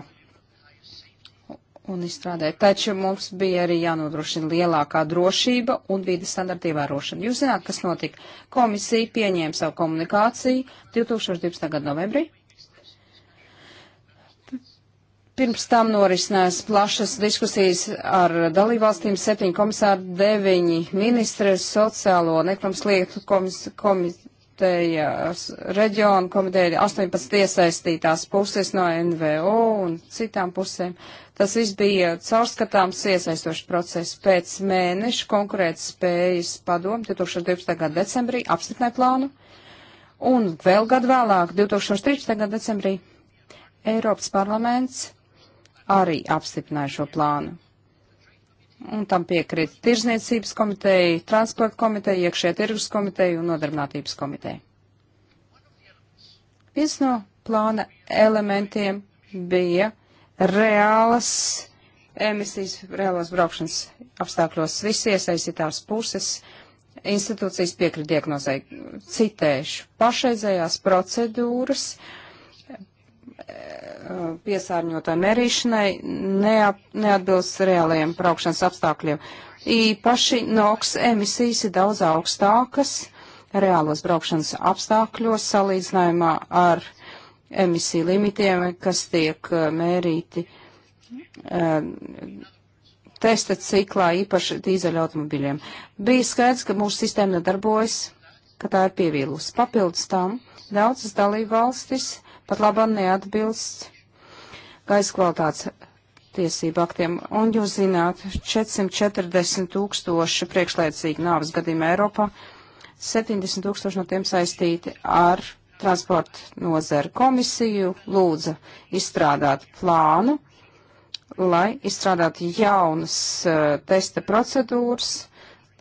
un izstrādē. Taču mums bija arī jānodrošina lielākā drošība un vīdes standarta ievērošana. Jūs zināt, kas notika? Komisija pieņēma savu komunikāciju 2012. gada novembrī Pirms tam norisinājās plašas diskusijas ar dalībvalstīm, septiņi komisāri, deviņi ministri, sociālo un ekonomikas lietu komis, komiteja, reģionu komiteja, 18 iesaistītās puses no NVO un citām pusēm. Tas viss bija caurskatāms iesaistošs process. Pēc mēneša konkurētas spējas padomu 2012. gada decembrī apstiprināja plānu un vēl gadu vēlāk, 2013. gada decembrī, Eiropas parlaments arī apstiprināja šo plānu. Un tam piekrīt Tirzniecības komiteja, Transporta komiteja, iekšē tirgus komiteja un Nodarbinātības komiteja. Viens no plāna elementiem bija reālas emisijas, reālās braukšanas apstākļos. Visi iesaistītās puses institūcijas piekrīt diagnozē. Citēšu, pašreizējās procedūras. Uh, piesārņotāju mērīšanai neatbilst reālajiem braukšanas apstākļiem. Īpaši NOX emisijas ir daudz augstākas reālos braukšanas apstākļos salīdzinājumā ar emisiju limitiem, kas tiek eh, mērīti eh, testa ciklā, īpaši dīzeļa automobiļiem. Bija skaidrs, ka mūsu sistēma nedarbojas, ka tā ir pievīlus. Papildus tam daudzas dalībvalstis valstis pat labam neatbilst gaisa kvalitātes tiesību aktiem. Un jūs zināt, 440 tūkstoši priekšlaicīgi nāves gadījumā Eiropā, 70 tūkstoši no tiem saistīti ar transporta nozara komisiju, lūdza izstrādāt plānu, lai izstrādātu jaunas uh, testa procedūras,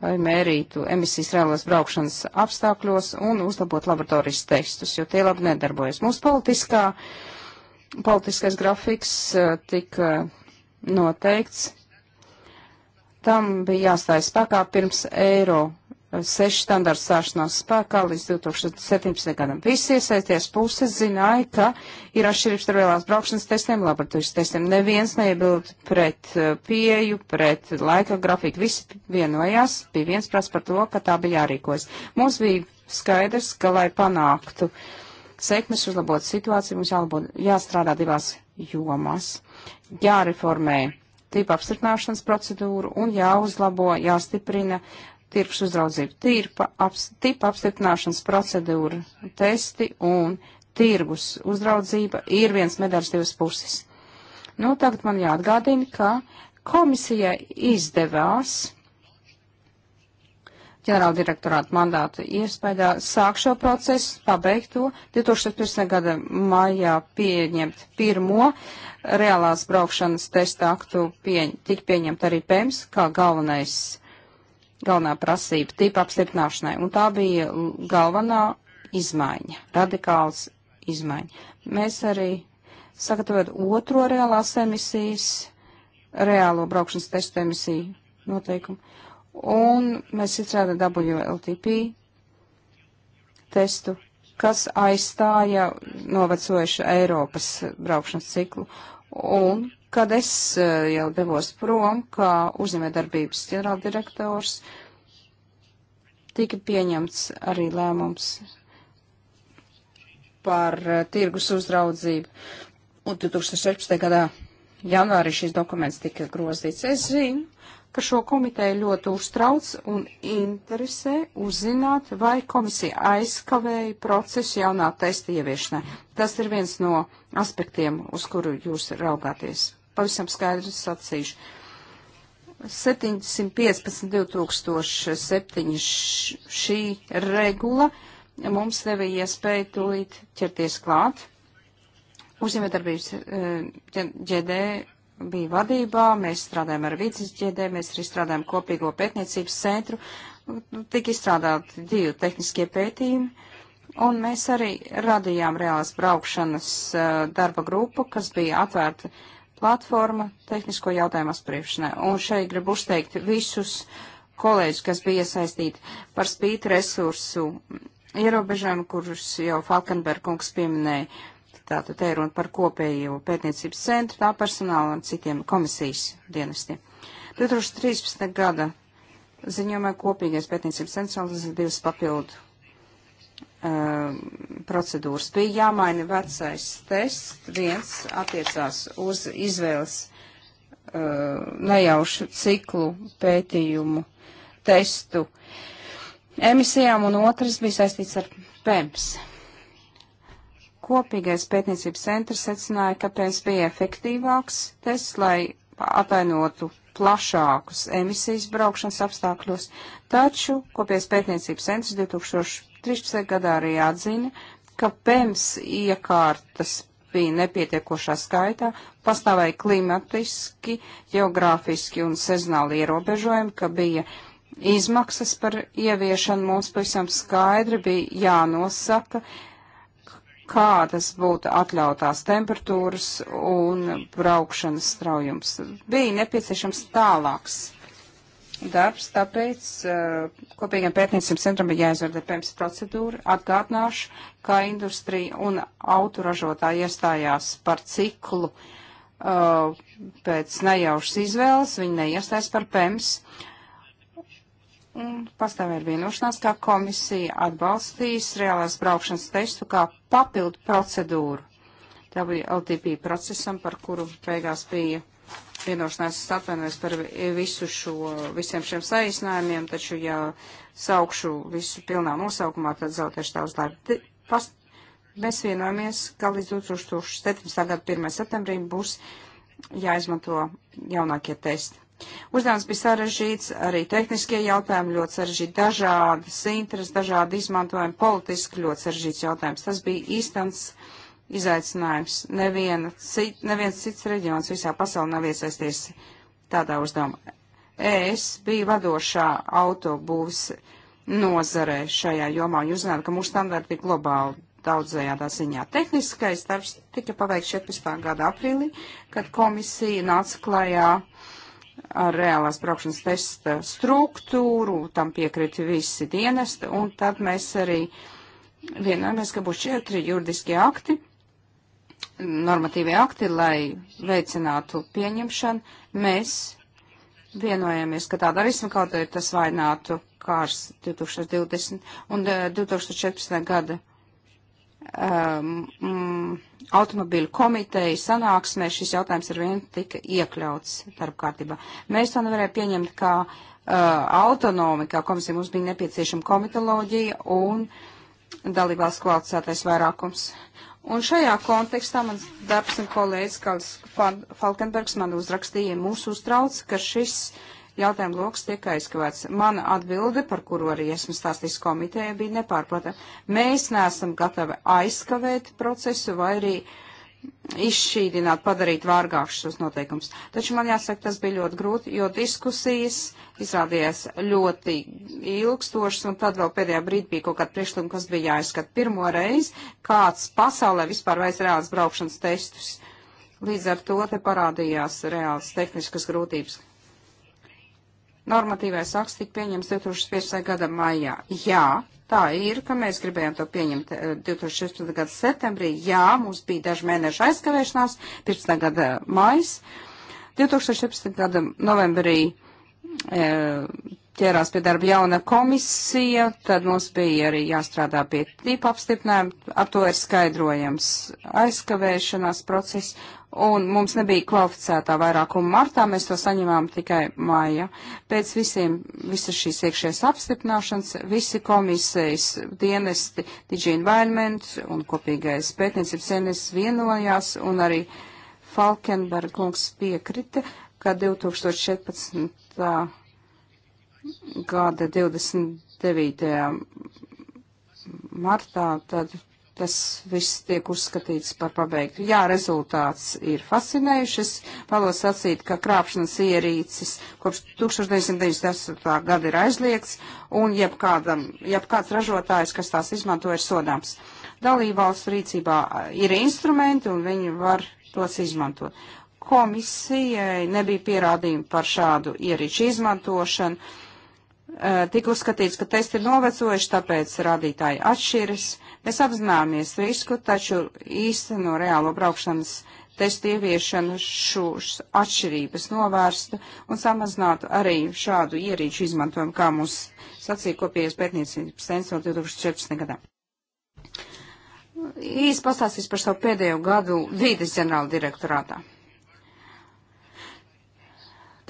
lai mērītu emisijas reālos braukšanas apstākļos un uzlabot laboratorijas testus, jo tie labi nedarbojas. Mūsu politiskā, politiskais grafiks eh, tika noteikts. Tam bija jāstājas spēkā pirms eiro seši standarti stāšanās spēkā līdz 2017. gadam. Visi iesaisties puses zināja, ka ir atšķirības starp lielās braukšanas testiem, laboratorijas testiem. Neviens neiebild pret uh, pieju, pret laika grafiku. Visi vienojās, bija viens prasa par to, ka tā bija jārīkojas. Mums bija skaidrs, ka, lai panāktu sekmes uzlabot situāciju, mums jālabot, jāstrādā divās jomās. Jāreformē tīpa apstiprināšanas procedūru un jāuzlabo, jāstiprina tirpus uzraudzība, tirpa, aps, tipa apstiprināšanas procedūra, testi un tirgus uzraudzība ir viens medaļas divas puses. Nu, tagad man jāatgādina, ka komisijai izdevās ģenerāla direktorāta mandāta iespējā sāk šo procesu, pabeigt to, 2015. gada maijā pieņemt pirmo reālās braukšanas testa aktu, pieņ, tik pieņemt arī PEMS kā galvenais galvenā prasība tipa apstiprināšanai, un tā bija galvenā izmaiņa, radikāls izmaiņa. Mēs arī sagatavot otro reālās emisijas, reālo braukšanas testu emisiju noteikumu, un mēs izstrādājam WLTP testu, kas aizstāja novecojušu Eiropas braukšanas ciklu, un Kad es eh, jau devos prom, kā uzņēmējdarbības ģenerāldirektors, tika pieņemts arī lēmums par eh, tirgus uzraudzību. Un 2016. gadā janvārī šis dokuments tika grozīts. Es zinu, ka šo komiteju ļoti uztrauc un interesē uzzināt, vai komisija aizkavēja procesu jaunā testa ieviešanai. Tas ir viens no aspektiem, uz kuru jūs raugāties pavisam skaidri sacīšu. 715.2007 šī regula mums deva iespēju tūlīt ķerties klāt. Uzņēmējdarbības eh, ģēdē bija vadībā, mēs strādājam ar vidas ģēdē, mēs arī strādājam kopīgo pētniecības centru, nu, tika izstrādāti divi tehniskie pētījumi, un mēs arī radījām reālas braukšanas eh, darba grupu, kas bija atvērta platforma tehnisko jautājumu aspriešanai. Un šeit gribu uzteikt visus kolēģus, kas bija iesaistīti par spīti resursu ierobežojumu, kurus jau Falkenbergs pieminēja. Tātad te ir runa par kopējo pētniecības centru, tā personāla un citiem komisijas dienestiem. 2013. gada ziņojumā kopīgais pētniecības centrs vēl divas papildu Um, procedūras. Bija jāmaina vecais tests, viens attiecās uz izvēles uh, nejaušu ciklu pētījumu testu emisijām, un otrs bija saistīts ar PEMS. Kopīgais pētniecības centrs secināja, ka PEMS bija efektīvāks tests, lai atainotu plašākus emisijas braukšanas apstākļos, taču kopējais pētniecības centrs 2000. 13. gadā arī atzina, ka PEMS iekārtas bija nepietiekošā skaitā, pastāvēja klimatiski, geogrāfiski un sezonāli ierobežojumi, ka bija izmaksas par ieviešanu mums pavisam skaidri bija jānosaka, kādas būtu atļautās temperatūras un braukšanas straujums. Bija nepieciešams tālāks darbs, tāpēc uh, kopīgiem pētniecības centram ir jāizvērtē PEMS procedūra. Atgādināšu, kā industrija un autoražotāji iestājās par ciklu uh, pēc nejaušas izvēles, viņi neiestājas par PEMS. Un pastāv ir vienošanās, kā komisija atbalstīs reālās braukšanas testu kā papildu procedūru. Tā bija LTP procesam, par kuru beigās bija vienošanās es atvainojos par visu šo, visiem šiem saīsinājumiem, taču, ja saukšu visu pilnā nosaukumā, tad zaudēšu daudz laika. Pas, mēs vienojamies, ka līdz 2017. gada 1. septembrim būs jāizmanto jaunākie testi. Uzdevums bija sarežģīts, arī tehniskie jautājumi ļoti sarežģīti, dažādas intereses, dažādi izmantojumi, politiski ļoti sarežģīts jautājums. Tas bija īstens izaicinājums. Neviena, cit, neviens cits reģions visā pasaulē nav iesaisties tādā uzdevumā. Es biju vadošā autobūvas nozarē šajā jomā un uzzināju, ka mūsu standarti ir globāli daudzējādā ziņā. Tehniskais darbs tika paveikts 14. gada aprīlī, kad komisija nāca klajā ar reālās braukšanas testa struktūru, tam piekrita visi dienesti, un tad mēs arī vienojāmies, ka būs četri juridiskie akti, normatīvie akti, lai veicinātu pieņemšanu, mēs vienojamies, ka tā darīsim, kaut arī tas vainātu kārs 2020 un 2014. Eh, gada um, automobīļu komiteja sanāksmē šis jautājums ar vienu tika iekļauts darba kārtībā. Mēs to nevarējām pieņemt kā uh, autonomi, kā komisija mums bija nepieciešama komitoloģija un dalībās kvalificētais vairākums. Un šajā kontekstā mans darbs un kolēģis Kalis Falkenbergs man uzrakstīja, mūs uztrauc, ka šis jautājumu lokus tiek aizskavēts. Mana atbilde, par kuru arī esmu stāstījis komitēja, bija nepārprotama. Mēs neesam gatavi aizskavēt procesu vai arī uh, izšķīdināt, padarīt vārgākus šos noteikumus. Taču man jāsaka, tas bija ļoti grūti, jo diskusijas izrādījās ļoti ilgstošas, un tad vēl pēdējā brīdī bija kaut kāda priekšlikuma, kas bija jāizskata pirmo reizi, kāds pasaulē vispār vairs reāls braukšanas testus. Līdz ar to te parādījās reāls tehniskas grūtības normatīvais akts tika pieņems 2015. gada maijā. Jā, tā ir, ka mēs gribējām to pieņemt 2016. Eh, gada septembrī. Jā, mums bija daži mēneši aizkavēšanās, 15. gada mājas. 2017. gada novembrī e, ķērās pie darba jauna komisija, tad mums bija arī jāstrādā pie tīpa apstiprinājuma, ar to ir skaidrojams aizkavēšanās process, un mums nebija kvalificētā vairākuma martā, mēs to saņemām tikai māja. Pēc visiem, visas šīs iekšējās apstiprināšanas, visi komisijas dienesti, DG Environment un kopīgais pētniecības dienests vienojās, un arī Falkenberg kungs piekrita, ka 2014 gada 29. martā, tad tas viss tiek uzskatīts par pabeigtu. Jā, rezultāts ir fascinējušas. Vēlos sacīt, ka krāpšanas ierīces kopš 1998. gada ir aizliegts, un jebkādam, jebkāds ražotājs, kas tās izmanto, ir sodāms. Dalībvalstu rīcībā ir instrumenti, un viņi var tos izmantot. Komisijai nebija pierādījumi par šādu ierīču izmantošanu Eh, tika uzskatīts, ka testi ir novecojuši, tāpēc radītāji atšķiras. Mēs apzināmies risku, taču īsteno reālo braukšanas testu ieviešanu šos atšķirības novērstu un samazinātu arī šādu ierīču izmantojumu, kā mums sacīja kopējais pētniecības centrs no 2014. gadā. Īsti pastāstīs par savu pēdējo gadu vīdes ģenerāla direktorātā.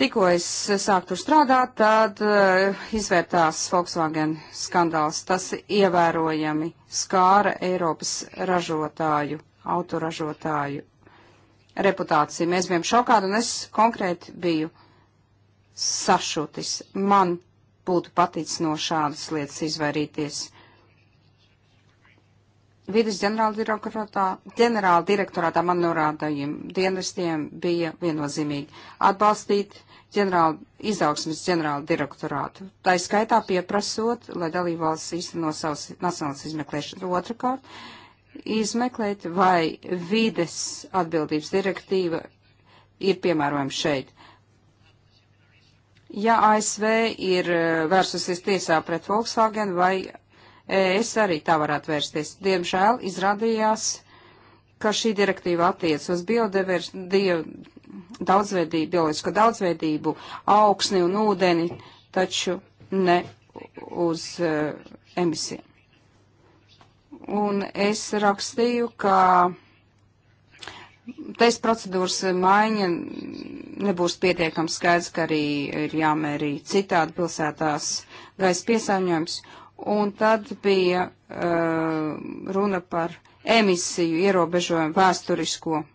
Tikko es sāku tur strādāt, tad uh, izvērtās Volkswagen skandāls. Tas ievērojami skāra Eiropas ražotāju, autoražotāju reputāciju. Mēs bijām šokā, un es konkrēti biju sašutis. Man būtu paticis no šādas lietas izvairīties. Vides ģenerāla direktorātā man norādījumi dienestiem bija viennozīmīgi atbalstīt ģenerāla, izaugsmes ģenerāla direktorātu. Tā skaitā pieprasot, lai dalībvalsts īsteno savas nacionālas izmeklēšanas otrakārt, izmeklēt, vai vides atbildības direktīva ir piemērojama šeit. Ja ASV ir e, vērsusies tiesā pret Volkswagen, vai es arī tā varētu vērsties. Diemžēl izrādījās, ka šī direktīva attiec uz biodiversitāti, daudzveidību, bioloģisko daudzveidību, augsni un ūdeni, taču ne uz uh, emisijām. Un es rakstīju, ka teiks procedūras maiņa nebūs pietiekams skaidrs, ka arī ir jāmērī citādi pilsētās gaisa piesārņojums. Un tad bija uh, runa par emisiju ierobežojumu vēsturisko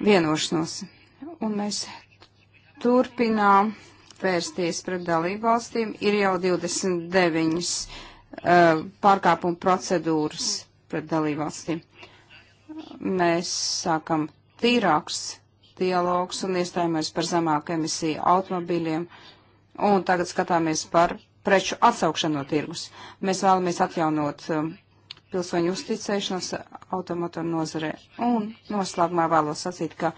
vienošanos. Un mēs turpinām vērsties pret dalībvalstīm. Ir jau 29 uh, eh, pārkāpuma procedūras pret dalībvalstīm. Mēs sākam tīrāks dialogs un iestājamies par zemāku emisiju automobīļiem. Un tagad skatāmies par preču atsaukšanu no tirgus. Mēs vēlamies atjaunot um, pilsoņu uzticēšanos automotoru nozarē. Un noslēgumā vēlos sacīt, ka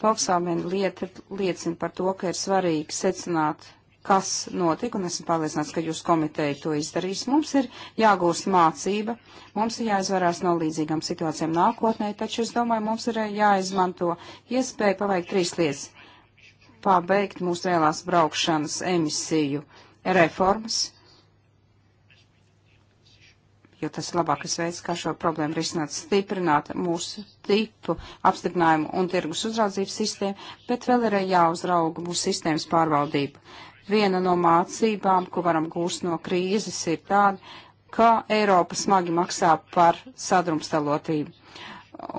Volkswagen lieta liecina par to, ka ir svarīgi secināt, kas notika, un esmu pārliecināts, ka jūs komiteja to izdarīs. Mums ir jāgūst mācība, mums ir jāizvarās no līdzīgām situācijām nākotnē, taču es domāju, mums ir jāizmanto iespēja paveikt trīs lietas. Pabeigt mūsu vēlās braukšanas emisiju reformas, jo tas ir labākais veids, kā šo problēmu risināt, stiprināt mūsu tipu apstiprinājumu un tirgus uzraudzības sistēmu, bet vēl ir jāuzrauga mūsu sistēmas pārvaldība. Viena no mācībām, ko varam gūst no krīzes, ir tāda, ka Eiropa smagi maksā par sadrumstalotību.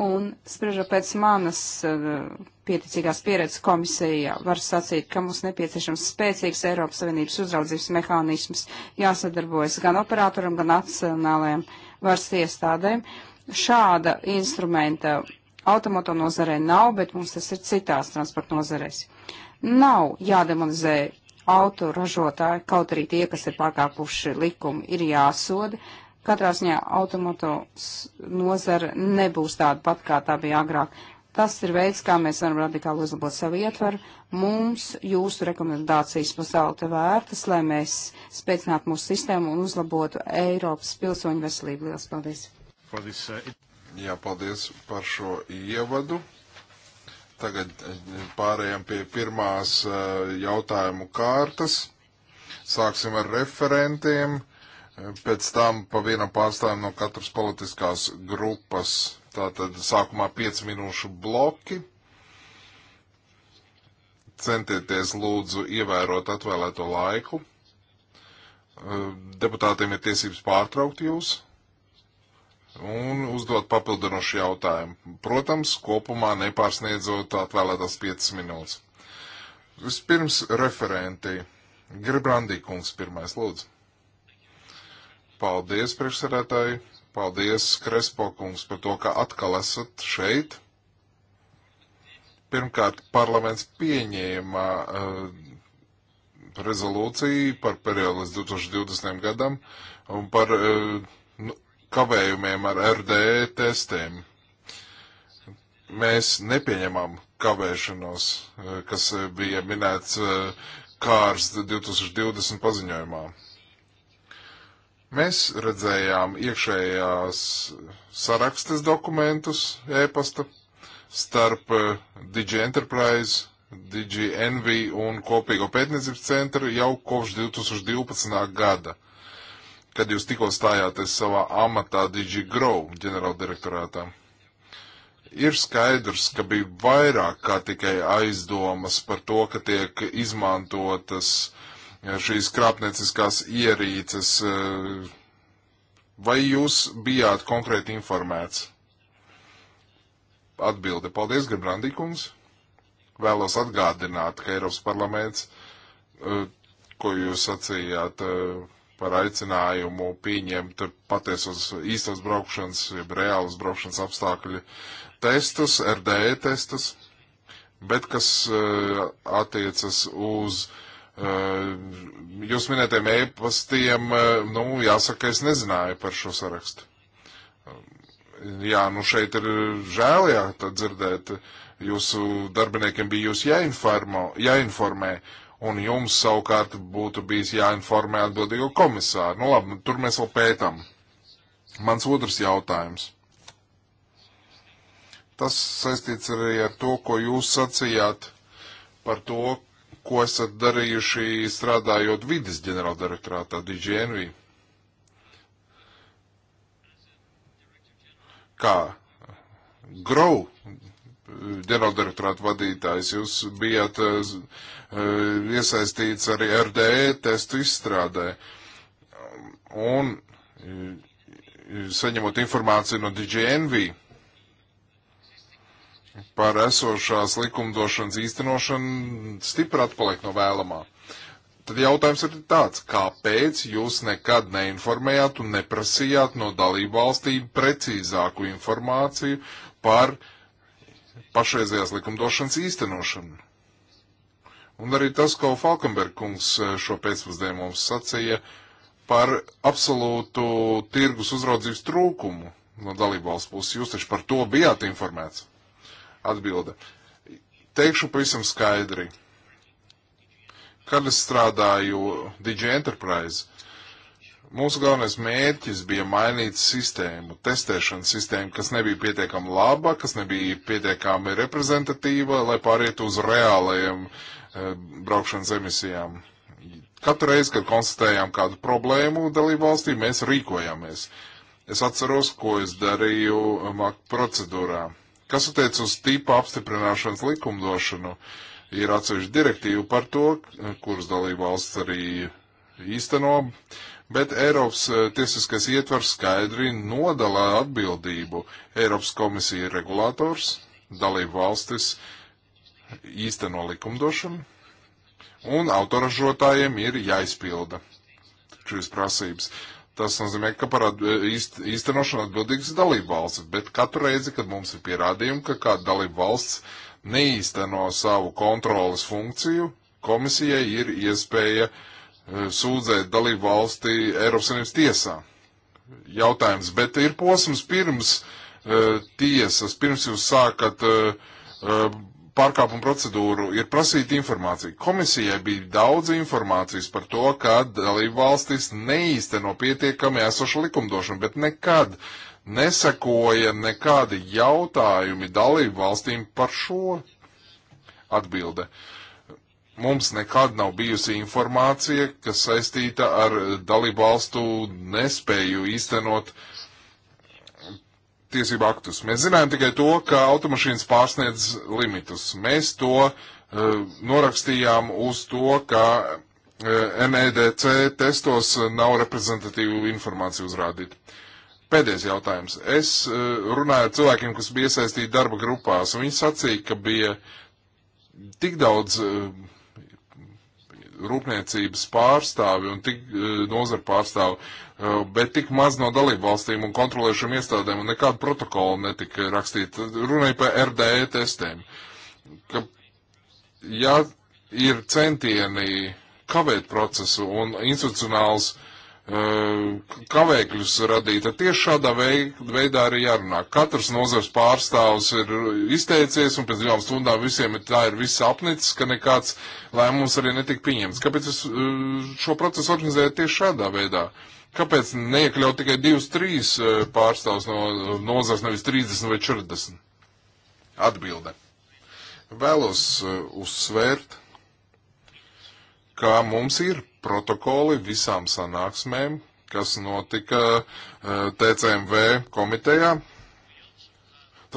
Un spriežot pēc manas uh, pieticīgās pieredzes komisija var sacīt, ka mums nepieciešams spēcīgs Eiropas Savienības uzraudzības mehānisms jāsadarbojas gan operatoram, gan nacionālajiem varas iestādēm. Šāda instrumenta automoto nozarē nav, bet mums tas ir citās transporta nozarēs. Nav jādemonizē autoražotāji, kaut arī tie, kas ir pārkāpuši likumu, ir jāsoda. Katrā ziņā automoto nozara nebūs tāda pat, kā tā bija agrāk. Tas ir veids, kā mēs varam radikāli uzlabot savu ietvaru. Mums jūsu rekomendācijas pasauli vērtas, lai mēs spēcinātu mūsu sistēmu un uzlabotu Eiropas pilsoņu veselību. Lielas paldies! paldies. Uh, Jā, paldies par šo ievadu. Tagad eh, pārējām pie pirmās eh, jautājumu kārtas. Sāksim ar referentiem, eh, pēc tam pa vienam pārstāvim no katras politiskās grupas Tātad sākumā 5 minūšu bloki. Centieties lūdzu ievērot atvēlēto laiku. Deputātiem ir tiesības pārtraukt jūs un uzdot papildinošu jautājumu. Protams, kopumā nepārsniedzot atvēlētās 5 minūtes. Vispirms referenti. Gribrandī kungs pirmais lūdzu. Paldies, priekšsarētāji. Paldies, Krespo kungs, par to, ka atkal esat šeit. Pirmkārt, parlaments pieņēma uh, rezolūciju par periodu līdz 2020. gadam un par uh, nu, kavējumiem ar RDE testiem. Mēs nepieņemam kavēšanos, uh, kas uh, bija minēts uh, Kārs 2020 paziņojumā. Mēs redzējām iekšējās sarakstes dokumentus e-pasta starp eh, Digi Enterprise, Digi Envy un Kopīgo pētniecības centru jau kopš 2012. gada, kad jūs tikko stājāties savā amatā Digi Grow ģenerāldirektorātā ir skaidrs, ka bija vairāk kā tikai aizdomas par to, ka tiek izmantotas šīs krāpnieciskās ierīces. Eh, vai jūs bijāt konkrēti informēts? Atbilde. Paldies, Gerbrandī kungs. Vēlos atgādināt, ka Eiropas parlaments, eh, ko jūs sacījāt eh, par aicinājumu pieņemt patiesos īstos braukšanas, jeb reālus braukšanas apstākļu testus, RDE testus, bet kas attiecas uz uh, Eh, jūs minētajiem e-pastiem, eh, nu, jāsaka, es nezināju par šo sarakstu. Eh, jā, nu šeit ir žēl, jā, tad dzirdēt, jūsu darbiniekiem bija jūs jāinformo, jāinformē, un jums savukārt būtu bijis jāinformē atbildīgo komisāru. Nu labi, nu, tur mēs vēl pētam. Mans otrs jautājums. Tas saistīts arī ar to, ko jūs sacījāt par to, ko esat darījuši strādājot vidas ģenerāldirektorātā DGNV? Kā? Grow ģenerāldirektorāta vadītājs, jūs bijāt uh, iesaistīts arī RDE testu izstrādē. Un eh, saņemot informāciju no DGNV, par esošās likumdošanas īstenošanu stipri atpaliek no vēlamā. Tad jautājums ir tāds, kāpēc jūs nekad neinformējāt un neprasījāt no dalību valstīm precīzāku informāciju par pašreizējās likumdošanas īstenošanu? Un arī tas, ko Falkenberg kungs eh, šo pēcpusdienu mums sacīja par absolūtu tirgus uzraudzības trūkumu no dalību valsts puses. Jūs taču par to bijāt informēts? Atbilde. Teikšu pavisam skaidri. Kad es strādāju DJ Enterprise, mūsu galvenais mērķis bija mainīt sistēmu, testēšanas sistēmu, kas nebija pietiekami laba, kas nebija pietiekami reprezentatīva, lai pārietu uz reālajiem e, braukšanas emisijām. Katru reizi, kad konstatējām kādu problēmu dalību valstī, mēs rīkojāmies. Es atceros, ko es darīju MAK procedūrā. Kas attiec uz tīpa apstiprināšanas likumdošanu, ir atsevišķa direktīva par to, kuras dalība valsts arī īsteno, bet Eiropas eh, tiesiskais ietvars skaidri nodalē atbildību. Eiropas komisija ir regulators, dalība valstis īsteno likumdošanu, un autoražotājiem ir jāizpilda šīs prasības. Tas nozīmē, ka par e, īst, īstenošanu atbildīgs dalību valsts, bet katru reizi, kad mums ir pierādījumi, ka kāda dalību valsts neīsteno savu kontrolas funkciju, komisijai ir iespēja e, sūdzēt dalību valsti Eiropas Savienības tiesā. Jautājums, bet ir posms pirms uh, tiesas, pirms jūs sākat uh, uh, pārkāpumu procedūru ir prasīt informāciju. Komisijai bija daudz informācijas par to, ka dalību valstis neīsteno pietiekami esošu likumdošanu, bet nekad nesekoja nekādi jautājumi dalību valstīm par šo atbilde. Mums nekad nav bijusi informācija, kas saistīta ar dalību valstu nespēju īstenot uh, tiesību aktus. Mēs zinājām tikai to, ka automašīnas pārsniedz limitus. Mēs to uh, norakstījām uz to, ka uh, eh, NEDC testos nav reprezentatīvu informāciju uzrādīt. Pēdējais jautājums. Es uh, runāju ar cilvēkiem, kas bija iesaistīti darba grupās, un viņi sacīja, ka bija tik daudz rūpniecības pārstāvi un tik nozara pārstāvi, Eh, bet tik maz no dalību valstīm un kontrolējušiem iestādēm un nekādu protokolu netika rakstīt. Runāja par RDE testēm. Ka, ja ir centieni kavēt procesu un institucionāls uh, kavēkļus radīt, tad tieši šādā veidā arī jārunā. Katrs nozars pārstāvs ir izteicies un pēc divām stundām visiem ir tā ir viss apnicis, ka nekāds lēmums arī netika pieņemts. Kāpēc es uh, šo procesu organizēju tieši šādā veidā? Uh, Kāpēc neiekļaut tikai divus, trīs eh, pārstāvus no nozars, nevis 30 vai 40? Atbilde. Vēlos eh, uzsvērt, kā mums ir protokoli visām sanāksmēm, kas notika eh, TCMV komitejā,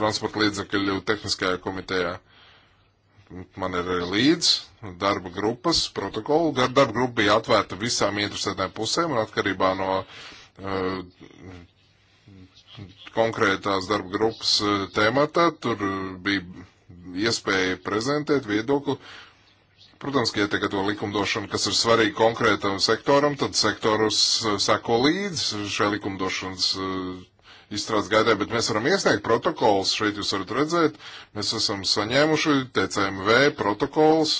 transporta līdzakļu tehniskajā komitejā man ir līdz darba grupas protokolu. Darba grupa bija atvērta visām interesētām pusēm un atkarībā no uh, konkrētās darba grupas eh, tēmatā. Tur bija iespēja prezentēt viedokli. Protams, ka ietekmē to likumdošanu, kas ir svarīga konkrētam sektoram, tad sektorus eh, sako līdz šai likumdošanas uh, izstrādes gaitā, bet mēs varam iesniegt protokols. Šeit jūs varat redzēt, mēs esam saņēmuši TCMV protokols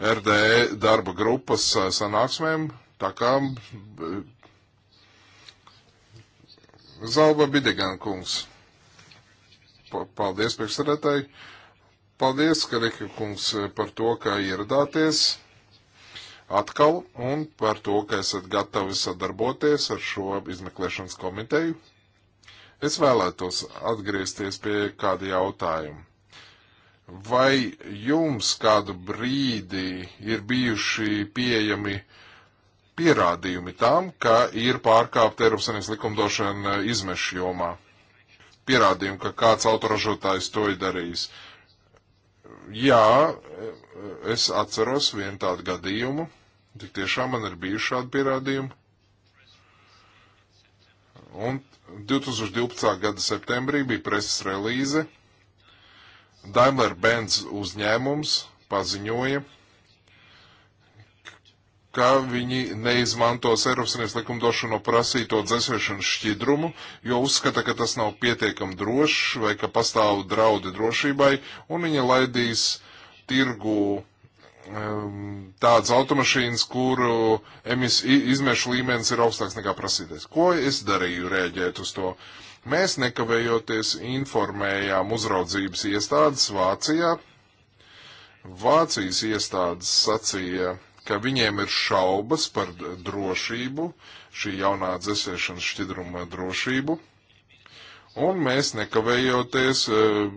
RDE darba grupas sanāksmēm. Tā kā Zalba Bidegan kungs. Paldies, priekšsarētāji. Paldies, Karika kungs, par to, ka ieradāties atkal un par to, ka esat gatavi sadarboties ar šo izmeklēšanas komiteju. Es vēlētos atgriezties pie kāda jautājuma. Vai jums kādu brīdi ir bijuši pieejami pierādījumi tam, ka ir pārkāpta Eiropas Savienības likumdošana izmešu jomā? Pierādījumi, ka kāds autoražotājs to ir darījis. Jā, es atceros vienu tādu gadījumu. Tik tiešām man ir bijuši šādi pierādījumi. Un 2012. gada septembrī bija preses relīze. Daimler Benz uzņēmums paziņoja, ka viņi neizmantos Eiropas Savienības likumdošanu prasīto dzēsēšanas šķidrumu, jo uzskata, ka tas nav pietiekam drošs vai ka pastāv draudi drošībai, un viņa laidīs tirgu tādas automašīnas, kuru emis, izmešu līmenis ir augstāks nekā prasītais. Ko es darīju rēģēt uz to? Mēs nekavējoties informējām uzraudzības iestādes Vācijā. Vācijas iestādes sacīja, ka viņiem ir šaubas par drošību, šī jaunā dzēsēšanas šķidruma drošību. Un mēs nekavējoties eh,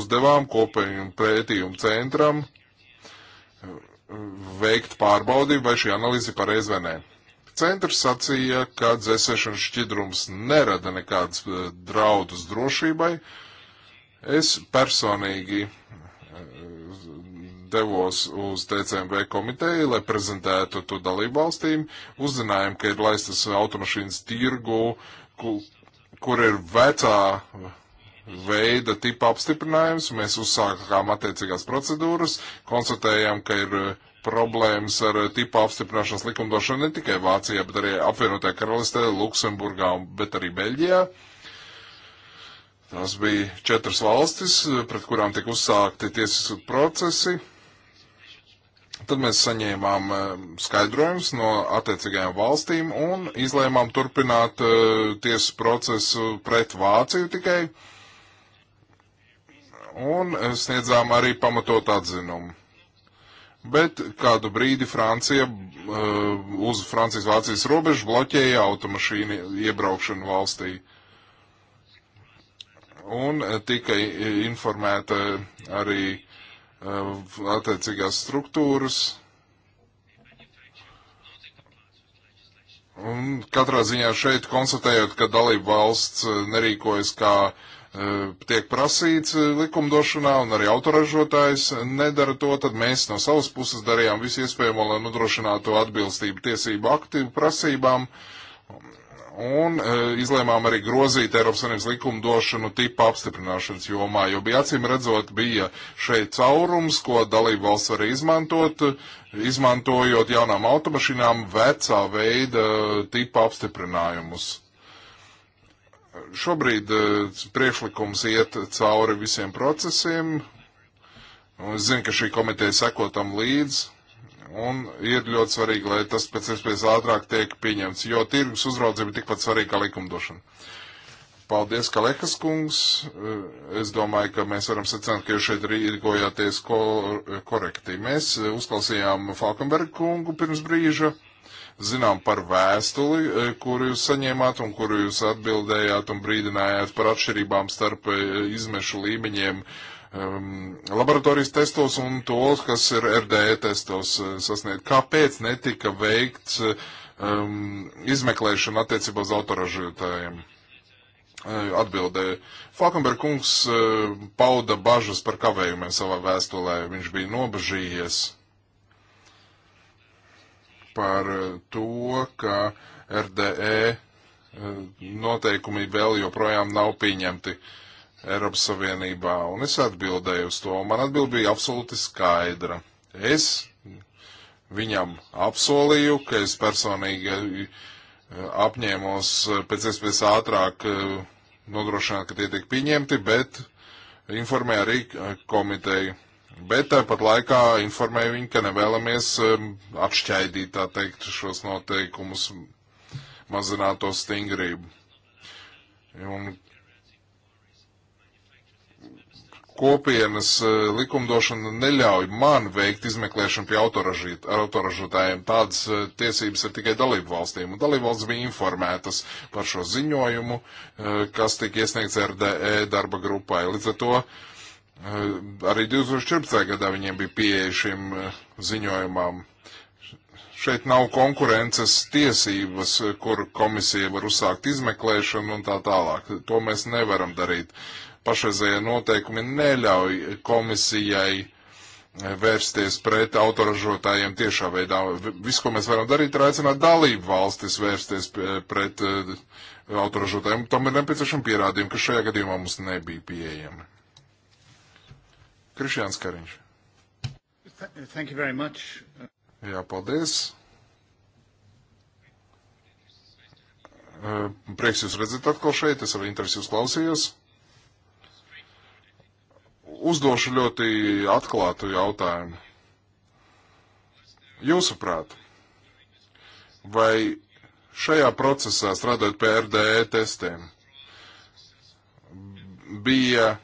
uzdevām kopējumu pētījumu centram veikt pārbaudību, vai šī analīze ir pareiza vai nē. Centrs sacīja, ka dzēsēšanas šķidrums nerada nekādas eh, draudus drošībai. Es personīgi eh, devos uz TCMV komiteju, lai prezentētu to dalību valstīm. Uzzinājām, ka ir laistas automašīnas tirgu, kur ir vecā veida tipa apstiprinājums, mēs uzsākām attiecīgās procedūras, konstatējām, ka ir eh, problēmas ar eh, tipa apstiprināšanas likumdošanu ne tikai Vācijā, bet arī apvienotajā karalistē, Luksemburgā, bet arī Beļģijā. Tās bija četras valstis, eh, pret kurām tika uzsākti tiesas procesi. Tad mēs saņēmām skaidrojumus no attiecīgajām valstīm un izlēmām turpināt tiesas procesu pret Vāciju tikai. Uh, un sniedzām arī pamatot atzinumu. Bet kādu brīdi Francija uh, uz Francijas-Vācijas robežu bloķēja automašīnu iebraukšanu valstī. Un tika informēta arī uh, attiecīgās struktūras, Un katrā ziņā šeit konstatējot, ka dalība valsts nerīkojas kā uh, tiek prasīts likumdošanā un arī autoražotājs nedara to, tad mēs no savas puses darījām visu iespējamo, lai nodrošinātu atbilstību tiesību aktīvu prasībām. Un e, izlēmām arī grozīt Eiropas Savienības likumdošanu tipa apstiprināšanas jomā, jo bija acīm redzot, bija šeit caurums, ko dalību valsts var izmantot, izmantojot jaunām automašīnām vecā veida tipa apstiprinājumus Šobrīd eh, priekšlikums iet cauri visiem procesiem. Es zinu, ka šī komiteja sekotam līdzi. Un ir ļoti svarīgi, lai tas pēc iespējas ātrāk tiek pieņemts, jo tirgus uzraudzība ir tikpat svarīga kā likumdošana. Paldies, Kalekas kungs. Eh, es domāju, ka mēs varam secināt, ka jūs šeit rīkojāties ko korekti. Mēs eh, uzklausījām Falkenbergu kungu pirms brīža zinām par vēstuli, e, kuru jūs saņēmāt un kuru jūs atbildējāt un brīdinājāt par atšķirībām starp e, izmešu līmeņiem um, laboratorijas testos un tos, kas ir RDE testos e, sasniegt. Kāpēc netika veikts um, izmeklēšana attiecībā uz autoražotājiem? Atbildēja. Falkenberg kungs pauda bažas par kavējumiem savā vēstulē. Viņš bija nobažījies par eh, to, ka RDE eh, noteikumi vēl joprojām nav pieņemti Eiropas Savienībā. Un es atbildēju uz to. Man atbild bija absolūti skaidra. Es viņam apsolīju, ka es personīgi eh, apņēmos pēc iespējas ātrāk nodrošināt, ka tie tiek pieņemti, bet informēju arī komiteju bet tāpat laikā informēju viņu, ka nevēlamies atšķaidīt, tā teikt, šos noteikumus, mazināt to stingrību. Un kopienas eh, likumdošana neļauj man veikt izmeklēšanu pie autoražotājiem. Tādas eh, tiesības ir tikai dalību valstīm. Un dalību valsts bija informētas par šo ziņojumu, eh, kas tika iesniegts RDE darba grupai. Līdz ar to uh, Eh, arī 2014. gadā viņiem bija pieeja šim eh, ziņojumam. Šeit nav konkurences tiesības, eh, kur komisija var uzsākt izmeklēšanu un tā tālāk. To mēs nevaram darīt. Pašreizējie noteikumi neļauj komisijai vērsties pret autoražotājiem tiešā veidā. Viss, ko mēs varam darīt, ir aicināt dalību valstis vērsties pret autoražotājiem. Tam ir nepieciešami pierādījumi, kas šajā gadījumā mums nebija pieejami. Krišjāns Kariņš. Thank you very much. Jā, paldies. Eh, prieks jūs redzēt atkal šeit, es ar interesi jūs klausījos. Uzdošu ļoti atklātu jautājumu. Jūsuprāt, vai šajā procesā strādājot pie RDE testiem bija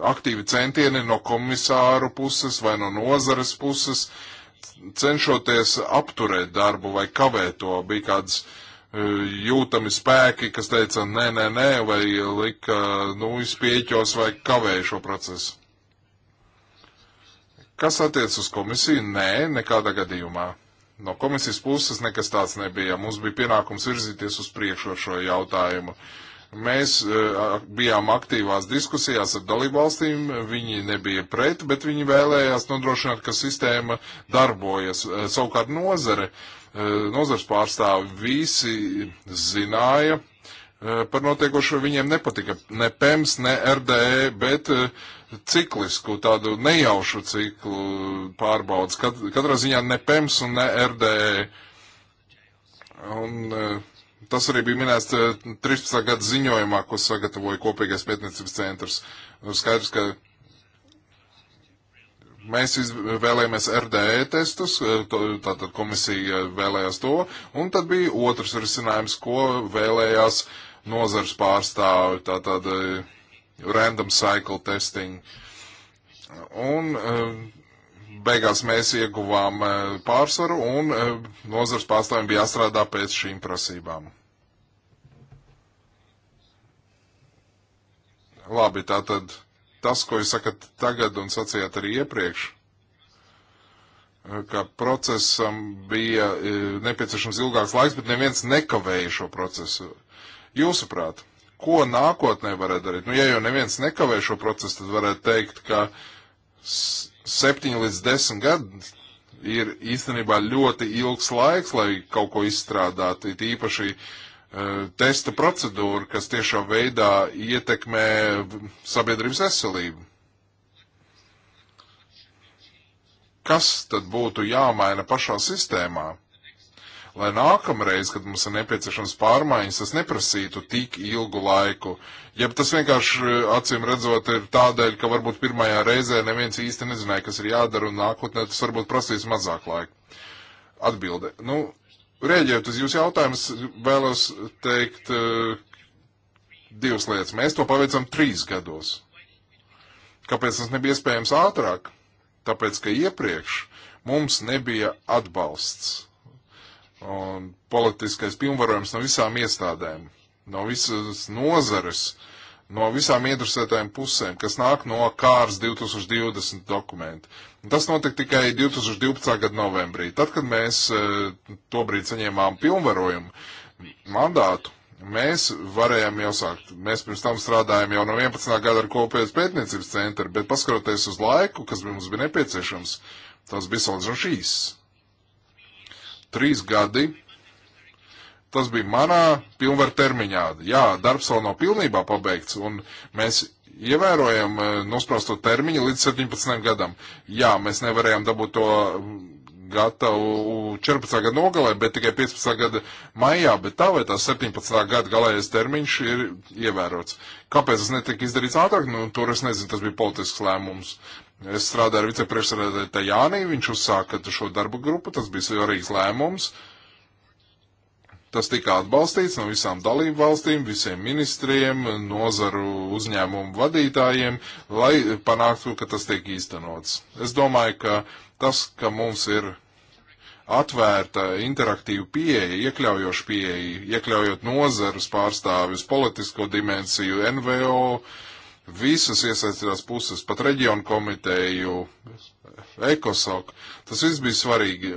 aktīvi centieni no komisāru puses vai no nozares puses, cenšoties apturēt darbu vai kavēt to. Bija kāds e, jūtami spēki, kas teica nē, nē, nē, vai lika, nu, izpieķos vai kavēju šo procesu. Kas attiec uz komisiju? Nē, nekādā gadījumā. No komisijas puses nekas tāds nebija. Mums bija pienākums virzīties uz priekšu ar šo jautājumu. Uh, Mēs eh, bijām aktīvās diskusijās ar dalībvalstīm, viņi nebija pret, bet viņi vēlējās nodrošināt, ka sistēma darbojas. Eh, savukārt nozare, eh, nozars pārstāvi visi zināja par notiekošo, viņiem nepatika ne PEMS, ne RDE, bet ciklisku, tādu nejaušu ciklu pārbaudas. Katrā ziņā ne PEMS un ne RDE. Un, uh, Tas arī bija minēts 13. Eh, gada ziņojumā, ko sagatavoja kopīgais pētniecības centrs. Nu, skaidrs, ka mēs vēlējāmies RDE testus, eh, tātad komisija eh, vēlējās to, un tad bija otrs risinājums, ko vēlējās nozars pārstāvi, tātad random cycle testing. Un beigās mēs ieguvām pārsvaru un nozars pārstāvjiem bija jāstrādā pēc šīm prasībām. Labi, tātad tas, ko jūs sakat tagad un sacījāt arī iepriekš, ka procesam bija e, nepieciešams ilgāks laiks, bet neviens nekavēja šo procesu. Jūsuprāt, ko nākotnē varētu darīt? Nu, ja jau neviens nekavē šo procesu, tad varētu teikt, ka septiņi līdz desmit gadi ir īstenībā ļoti ilgs laiks, lai kaut ko izstrādātu, it īpaši uh, testa procedūru, kas tiešā veidā ietekmē sabiedrības veselību. Kas tad būtu jāmaina pašā sistēmā? lai nākamreiz, kad mums ir nepieciešams pārmaiņas, tas neprasītu tik ilgu laiku. Ja tas vienkārši, acīm redzot, ir tādēļ, ka varbūt pirmajā reizē neviens īsti nezināja, kas ir jādara, un nākotnē tas varbūt prasīs mazāk laika. Atbilde. Nu, Rēģējot uz jūsu jautājumu, vēlos teikt uh, divas lietas. Mēs to paveicam trīs gados. Kāpēc tas nebija iespējams ātrāk? Tāpēc, ka iepriekš mums nebija atbalsts un politiskais pilnvarojums no visām iestādēm, no visas nozares uh, no visām interesētajām pusēm, kas nāk no kārs 2020 dokumentu. Tas notika tikai 2012. gada novembrī. Tad, kad mēs eh, to brīdi saņēmām pilnvarojumu mandātu, mēs varējām jau sākt. Mēs pirms tam strādājām jau no 11. gada ar kopējas pētniecības centru, bet paskaroties uz laiku, kas mums bija nepieciešams, tas bija salīdzinoši īss. Trīs gadi Tas bija manā pilnvaru termiņā. Jā, darbs vēl nav pilnībā pabeigts, un mēs ievērojam eh, nosprosto termiņu līdz 17 gadam. Jā, mēs nevarējām dabūt to gatavu 14. gada nogalē, bet tikai 15. gada maijā, bet tā vai tā 17. gada galējais termiņš ir ievērots. Kāpēc tas netika izdarīts ātrāk? Nu, tur es nezinu, tas bija politisks lēmums. Es strādāju ar vicepriekšsēdētāju Jānī, viņš uzsāka šo darbu grupu, tas bija svarīgs lēmums. Uh, Tas tika atbalstīts no visām dalību valstīm, visiem ministriem, nozaru uzņēmumu vadītājiem, lai panāktu, ka tas tiek īstenots. Es domāju, ka tas, ka mums ir atvērta, interaktīva pieeja, iekļaujoša pieeja, iekļaujot nozares pārstāvis, politisko dimensiju, NVO, visas iesaistītās puses, pat reģionu komiteju, ekosok, tas viss bija svarīgi,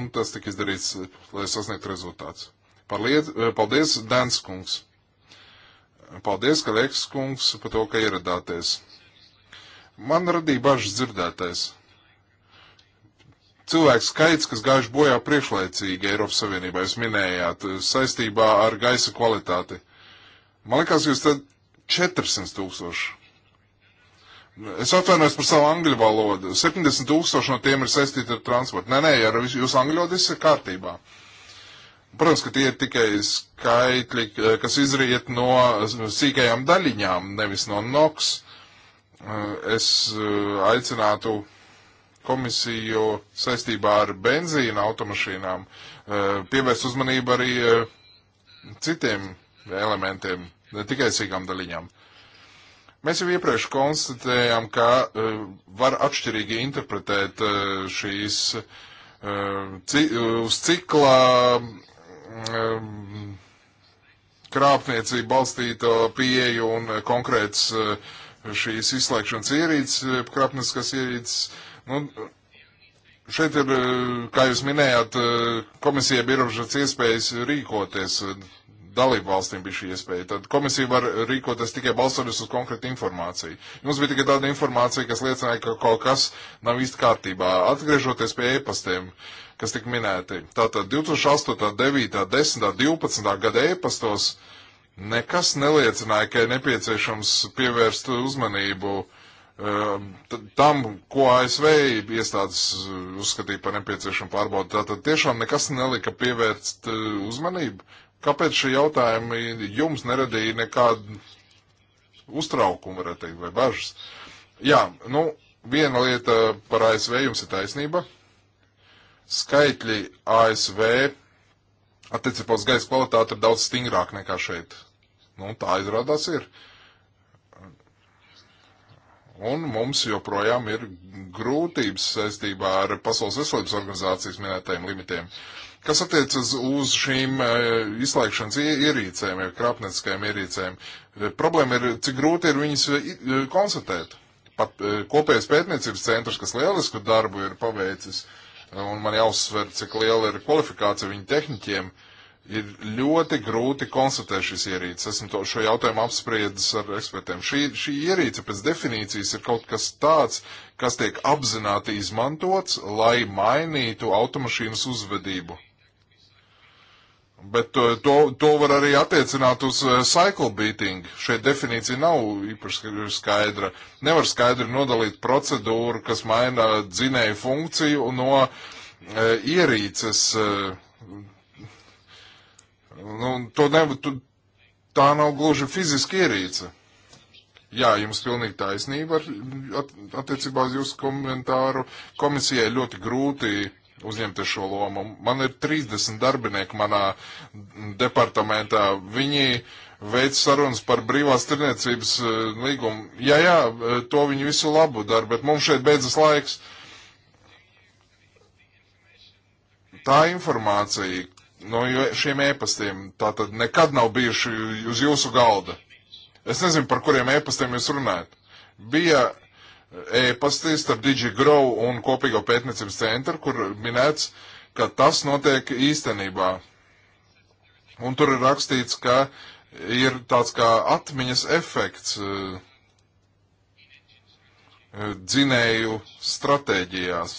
un tas tika izdarīts, lai sasniegtu rezultāts. Eh, paldies, paldies Dēns kungs. Paldies, ka Reks kungs par to, ka ieradāties. Man radīja bažas dzirdētais. Cilvēks skaits, kas gājuši bojā priekšlaicīgi Eiropas Savienībā, jūs minējāt, saistībā ar gaisa kvalitāti. Man liekas, jūs tad 400 tūkstoši. Es atvainojos par savu angļu valodu. 70 tūkstoši no tiem ir saistīti ar transportu. Nē, nē, ar jūs angļu valodu viss ir kārtībā. Uh, Protams, ka tie ir tikai skaitļi, eh, kas izriet eh, no sīkajām daļiņām, nevis no NOX. Eh, es aicinātu komisiju saistībā ar benzīna automašīnām pievērst uzmanību arī citiem elementiem, ne tikai sīkām daļiņām. Mēs jau iepriekš konstatējām, ka var atšķirīgi interpretēt šīs uz cikla krāpniecību balstīto pieeju un konkrēts e, šīs izslēgšanas ierīces, e, krāpnieciskas ierīces. Nu, šeit ir, e, kā jūs minējāt, komisija birožas iespējas rīkoties. Dalību valstīm bija šī iespēja. Tad komisija var rīkoties tikai balstoties uz konkrētu informāciju. Jums bija tikai tāda informācija, kas liecināja, ka kaut kas nav īsti kārtībā. Atgriežoties pie e-pastiem, uh, kas tika minēti. Tātad 2008, 9, 10, 12 gada ēpastos nekas neliecināja, ka ir nepieciešams pievērst uzmanību um, tam, ko ASV iestādes uh, uzskatīja par nepieciešamu pārbaudi. Tātad tiešām nekas nelika pievērst uh, uzmanību. Kāpēc šie jautājumi jums neradīja nekādu uztraukumu, varētu teikt, vai bažas? Jā, nu, viena lieta par ASV jums ir taisnība. Skaitļi ASV attiecībā uz gaisa kvalitāti ir daudz stingrāk nekā šeit. Nu, tā izrādās ir. Un mums joprojām ir grūtības saistībā ar Pasaules veselības organizācijas minētajiem limitiem. Kas attiecas uz šīm e, izslēgšanas ierīcēm, jau krāpnieciskajām ierīcēm, e, problēma ir, cik grūti ir viņas e, e konstatēt. Pat e, kopējais pētniecības centrs, kas lielisku darbu ir paveicis, uh, un man jāuzsver, cik liela ir kvalifikācija viņu tehniķiem, ir ļoti grūti konstatēt šīs ierīces. Esmu to, šo jautājumu apspriedis ar ekspertiem. Šī, šī ierīce pēc definīcijas ir kaut kas tāds, kas tiek apzināti izmantots, lai mainītu automašīnas uzvedību bet eh, to, to var arī attiecināt uz eh, cycle beating. Šeit definīcija nav īpaši skaidra. Nevar skaidri nodalīt procedūru, kas maina dzinēju funkciju no e, ierīces. E, nu, to ne, tu, tā nav gluži fiziski ierīce. Jā, jums pilnīgi taisnība at, attiecībā uz jūsu komentāru. Komisijai ļoti grūti uzņemties šo lomu. Man ir 30 darbinieki manā departamentā. Viņi veic sarunas par brīvās tirniecības e, līgumu. Jā, jā, e, to viņi visu labu dara, bet mums šeit beidzas laiks. Tā informācija no šiem ēpastiem, tā tad nekad nav bijuši uz jūsu galda. Es nezinu, par kuriem ēpastiem jūs runājat. Bija e-pastīs starp DigiGrow un kopīgo pētniecības centru, kur minēts, ka tas notiek īstenībā. Un tur ir rakstīts, ka ir tāds kā atmiņas efekts e, dzinēju stratēģijās.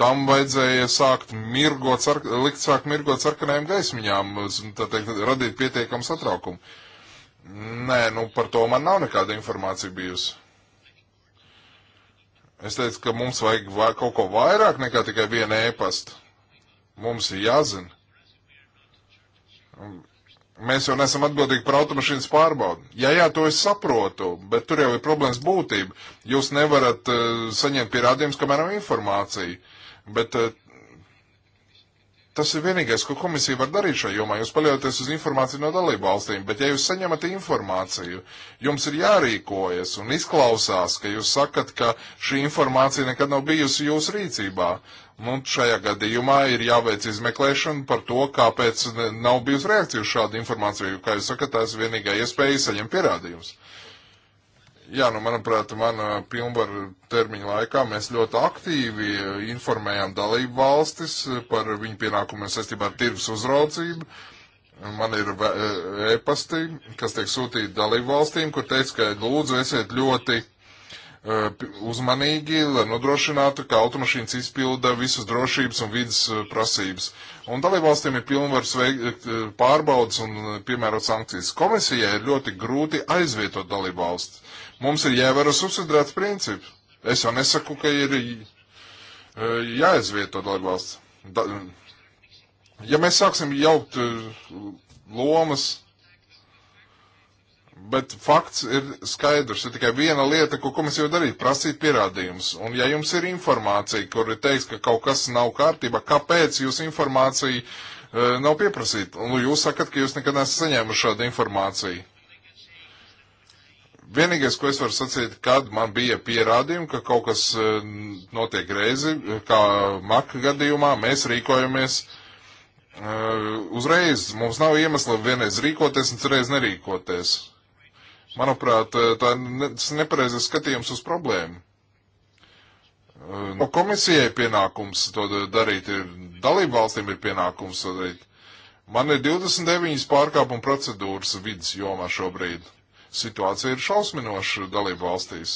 Tam vajadzēja sākt mirgot, likt sākt mirgot sarkanajām gaismiņām, tā teikt, radīt pietiekamu satraukumu. Nē, nu par to man nav nekāda informācija bijusi. Es teicu, ka mums vajag kaut ko vairāk nekā tikai vienu ēpastu. Mums ir jāzina. Mēs jau nesam atbildīgi par automašīnas pārbaudi. Jā, jā, to es saprotu, bet tur jau ir problēmas būtība. Jūs nevarat uh, saņemt pierādījumus, kamēr nav informācija. Bet uh, Tas ir vienīgais, ko komisija var darīt šajā jomā. Jūs paļaujaties uz informāciju no dalību valstīm, bet ja jūs saņemat informāciju, jums ir jārīkojas un izklausās, ka jūs sakat, ka šī informācija nekad nav bijusi jūsu rīcībā. Nu, šajā gadījumā ir jāveic izmeklēšana par to, kāpēc nav bijusi reakcija uz šādu informāciju, jo, kā jūs sakat, tas ir vienīgā iespēja saņemt pierādījumus. Jā, nu, manuprāt, mana pilnvaru termiņa laikā mēs ļoti aktīvi eh, informējām dalību valstis eh, par viņu pienākumiem saistībā ar tirgus uzraudzību. Man ir eh, e-pasti, kas tiek sūtīti dalību valstīm, kur teica, ka lūdzu esiet ļoti uh, uzmanīgi, lai nodrošinātu, ka automašīnas izpilda visas drošības un vidas prasības. Un dalību valstīm ir pilnvars veikt pārbaudas un piemērot sankcijas. Komisijai ir ļoti grūti aizvietot dalību valsts Mums ir jāievēro subsidētas princips. Es jau nesaku, ka ir e, jāizvieto dalībvalsts. Da, ja mēs sāksim jaukt e, lomas, bet fakts ir skaidrs, ir tikai viena lieta, ko komisija var darīt, prasīt pierādījumus. Un ja jums ir informācija, kur ir teiks, ka kaut kas nav kārtībā, kāpēc jūs informāciju uh, nav pieprasīta? Un nu, jūs sakat, ka jūs nekad nesat saņēmuši šādu informāciju. Vienīgais, ko es varu sacīt, kad man bija pierādījumi, ka kaut kas e, notiek reizi, kā maka gadījumā, mēs rīkojamies e, uzreiz. Mums nav iemesla vienreiz rīkoties un citreiz nerīkoties. Manuprāt, e, tā ir nepareizes skatījums uz problēmu. No nu, komisijai pienākums to darīt, ir dalību valstīm ir pienākums to darīt. Man ir 29 pārkāpuma procedūras vidas jomā šobrīd situācija ir šausminoša dalību valstīs.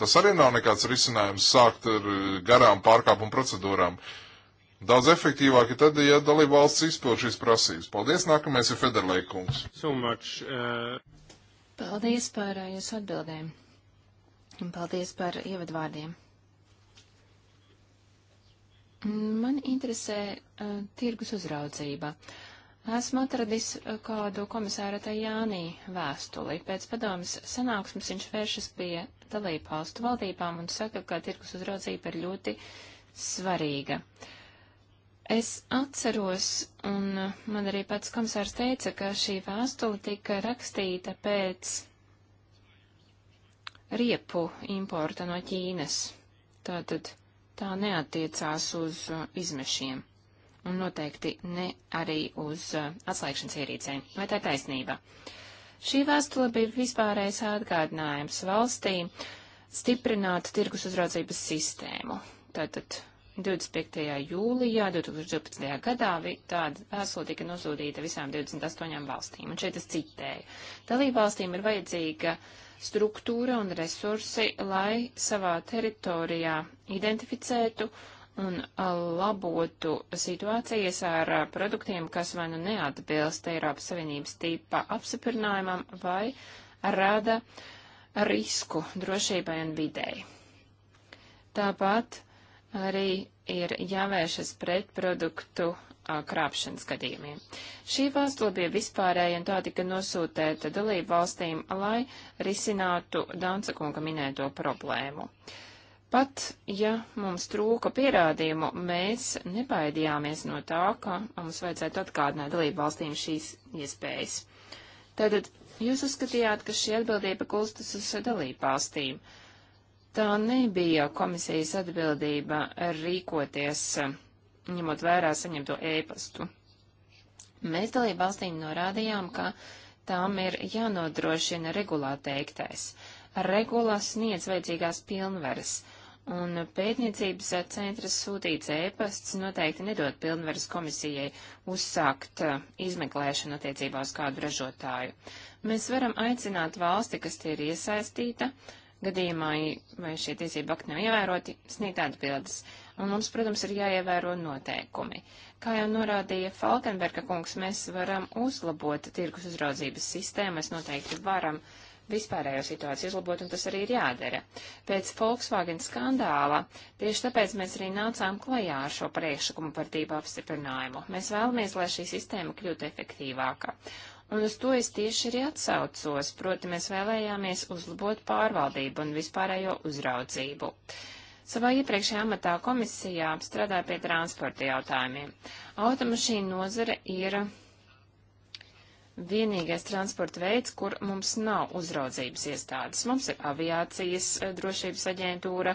Tas arī nav nekāds risinājums sākt ar eh, garām pārkāpumu procedūrām. Daudz efektīvāk ir tad, ja dalību valsts izpild šīs prasības. Paldies, nākamais ir Federlaikungs. So much, uh... Paldies par uh, jūsu atbildēm. Un paldies par ievadvārdiem. Man interesē uh, tirgus uzraudzība. Uh, Esmu atradis eh, kādu komisāra Tajānī vēstuli. Pēc padomas sanāksmes viņš vēršas pie dalību valstu valdībām un saka, ka tirkus uzraudzība ir ļoti svarīga. Es atceros, un man arī pats komisārs teica, ka šī vēstule tika rakstīta pēc riepu importa no Ķīnas. Tātad tā neatiecās uz eh, izmešiem un noteikti ne arī uz uh, atslēgšanas ierīcēm. Vai tā ir taisnība? Šī vēstule bija vispārējais atgādinājums valstī stiprināt tirgus uzraudzības sistēmu. Tātad 25. jūlijā 2012. gadā tāda vēstule tika nosūtīta visām 28 valstīm. Un šeit es citēju. Dalībvalstīm ir vajadzīga struktūra un resursi, lai savā teritorijā identificētu uh, un labotu situācijas ar produktiem, kas vai nu neatbilst Eiropas Savienības tipa apsiprinājumam vai rada risku drošībai un videi. Tāpat arī ir jāvēršas pret produktu a, krāpšanas gadījumiem. Šī vēstule bija vispārēja un tā tika nosūtēta dalību valstīm, lai risinātu Dansa kunga minēto problēmu. Uh, Pat, ja mums trūka pierādījumu, mēs nebaidījāmies no tā, ka mums vajadzētu atgādināt dalību valstīm šīs iespējas. Tātad jūs uzskatījāt, ka šī atbildība kulstas uz dalību valstīm. Tā nebija komisijas atbildība rīkoties, ņemot vērā saņemto ēpastu. Mēs dalību valstīm norādījām, ka tām ir jānodrošina regulā teiktais. Regulā sniedz vajadzīgās pilnveres, un pētniecības centra sūtīts ēpasts noteikti nedod pilnvaras komisijai uzsākt uh, izmeklēšanu attiecībā uz kādu ražotāju. Mēs varam aicināt valsti, kas tie ir iesaistīta, gadījumā, vai šie tiesība akti nav ievēroti, sniegt atbildes. Un mums, protams, ir jāievēro noteikumi. Kā jau norādīja Falkenberga kungs, mēs varam uzlabot tirgus uzraudzības sistēmu, mēs noteikti varam uh, vispārējo situāciju uzlabot, un tas arī ir jādara. Pēc Volkswagen skandāla tieši tāpēc mēs arī nācām klajā ar šo priekšlikumu par tīpa apstiprinājumu. Mēs vēlamies, lai šī sistēma kļūtu efektīvāka. Un uz to es tieši arī atsaucos, proti mēs vēlējāmies uzlabot pārvaldību un vispārējo uzraudzību. Savā iepriekšējā amatā komisijā strādāja pie transporta jautājumiem. Automašīna nozare ir vienīgais transporta veids, kur mums nav uzraudzības iestādes. Mums ir aviācijas eh, drošības aģentūra,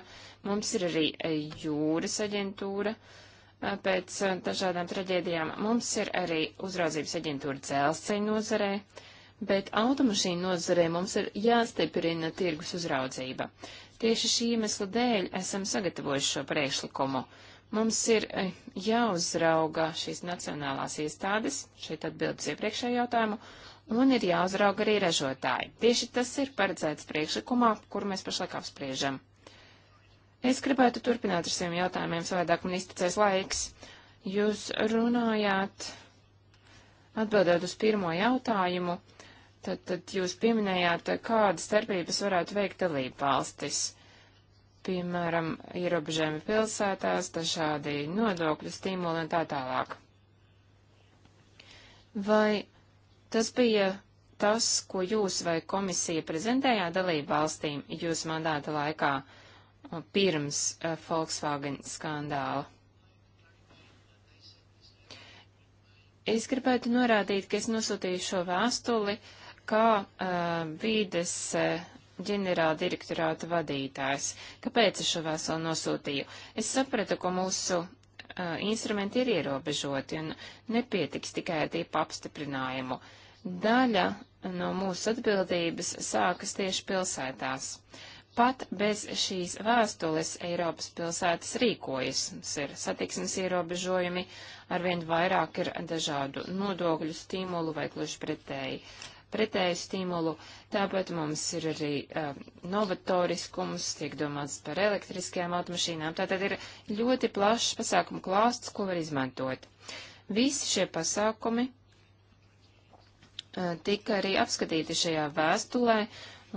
mums ir arī eh, jūras aģentūra eh, pēc dažādām traģēdijām. Mums ir arī uzraudzības aģentūra dzelzceļa nozarē, bet automašīnu nozarē mums ir jāstiprina tirgus uzraudzība. Tieši šī iemesla dēļ esam sagatavojuši šo priekšlikumu. Mums ir eh, jāuzrauga šīs nacionālās iestādes, šeit atbildes iepriekšējo jautājumu, un ir jāuzrauga arī ražotāji. Tieši tas ir paredzēts priekšlikumā, kur mēs pašlaik apspriežam. Es gribētu turpināt ar saviem jautājumiem, savādāk man izticēs laiks. Jūs runājāt, atbildot uz pirmo jautājumu, Tad, tad jūs pieminējāt, kādas starpības varētu veikt dalību valstis. Piemēram, ierobežojumi pilsētās, dažādi nodokļu stimuli un tā tālāk. Vai tas bija tas, ko jūs vai komisija prezentējāt dalību valstīm jūsu mandāta laikā uh, pirms uh, Volkswagen skandāla? Es gribētu norādīt, ka es nosūtīju šo vēstuli uh, kā uh, vīdes uh, ģenerāla direktorāta vadītājs. Kāpēc es šo vēstuli nosūtīju? Es sapratu, ka mūsu uh, instrumenti ir ierobežoti un nepietiks tikai ar tīpa apstiprinājumu. Daļa no mūsu atbildības sākas tieši pilsētās. Pat bez šīs vēstules Eiropas pilsētas rīkojas. Mums ir satiksmes ierobežojumi, arvien vairāk ir dažādu nodokļu stimulu vai gluži pretēji. Uh, pretēju stimulu. Tāpat mums ir arī uh, novatoriskums, tiek domāts par elektriskajām automašīnām. Tātad ir ļoti plašs pasākumu klāsts, ko var izmantot. Visi šie pasākumi uh, tika arī apskatīti šajā vēstulē,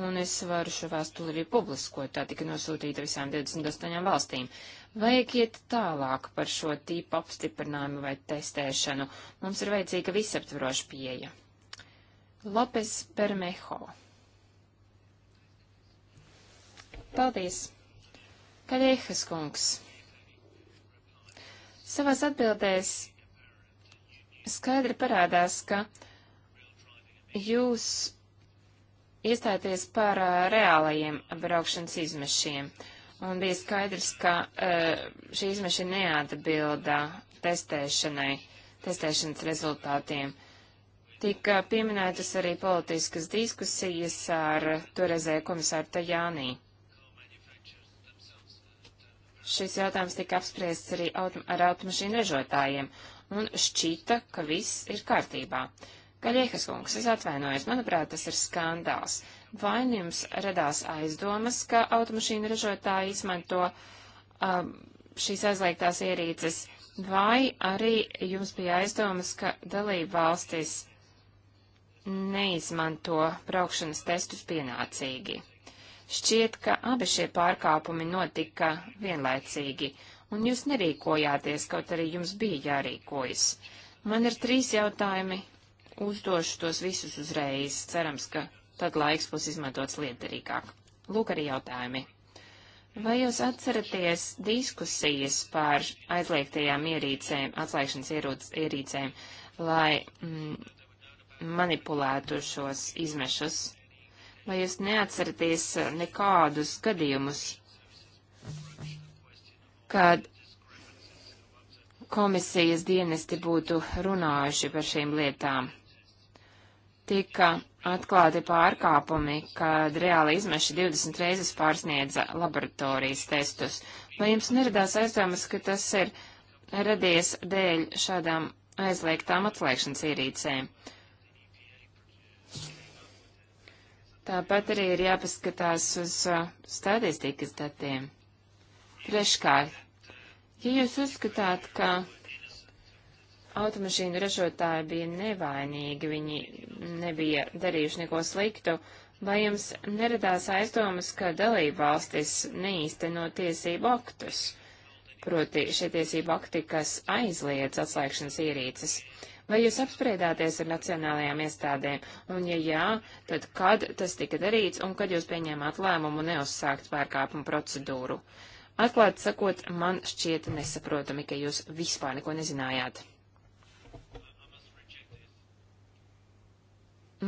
un es varu šo vēstuli arī publiskot. Tā tika nosūtīta visām 28 valstīm. Vajag iet tālāk par šo tīpu apstiprinājumu vai testēšanu. Mums ir vajadzīga visaptvaroša pieeja. Lopes Bermeho. Paldies! Kaļēhas kungs. Savās atbildēs skaidri parādās, ka jūs iestāties par uh, reālajiem braukšanas izmešiem. Un bija skaidrs, ka uh, šī izmeša neatbilda testēšanai, testēšanas rezultātiem. Tika pieminētas arī politiskas diskusijas ar toreizēju komisāru Tajānī. Šis jautājums tika apspriests arī autom ar automašīnu ražotājiem, un šķita, ka viss ir kārtībā. Gaļiekas kungs, es atvainojos, manuprāt, tas ir skandāls. Vai nu jums radās aizdomas, ka automašīnu ražotāji izmanto um, šīs aizliegtās ierīces, vai arī jums bija aizdomas, ka dalība valstis neizmanto braukšanas testus pienācīgi. Šķiet, ka abi šie pārkāpumi notika vienlaicīgi, un jūs nerīkojāties, kaut arī jums bija jārīkojas. Man ir trīs jautājumi, uzdošu tos visus uzreiz, cerams, ka tad laiks būs izmantots liederīgāk. Lūk arī jautājumi. Vai jūs atceraties diskusijas par aizliegtajām ierīcēm, atslēgšanas ierūc, ierīcēm, lai mm, manipulētu šos izmešus? Vai jūs neatceraties nekādus gadījumus, kad komisijas dienesti būtu runājuši par šīm lietām? Tika atklāti pārkāpumi, kad reāli izmeši 20 reizes pārsniedza laboratorijas testus. Vai jums neradās aizdomas, ka tas ir radies dēļ šādām aizliegtām atslēgšanas ierīcēm? Tāpat arī ir jāpaskatās uz uh, statistikas datiem. Treškārt, ja jūs uzskatāt, ka automašīnu ražotāji bija nevainīgi, viņi nebija darījuši neko sliktu, vai jums neradās aizdomas, ka dalība valstis neīsteno tiesību aktus, proti šie tiesību akti, kas aizliedz atslēgšanas ierīces? Vai jūs apspriedāties ar nacionālajām iestādēm? Un, ja jā, tad kad tas tika darīts un kad jūs pieņēmāt lēmumu neuzsākt pārkāpumu procedūru? Atklāti sakot, man šķiet nesaprotami, ka jūs vispār neko nezinājāt.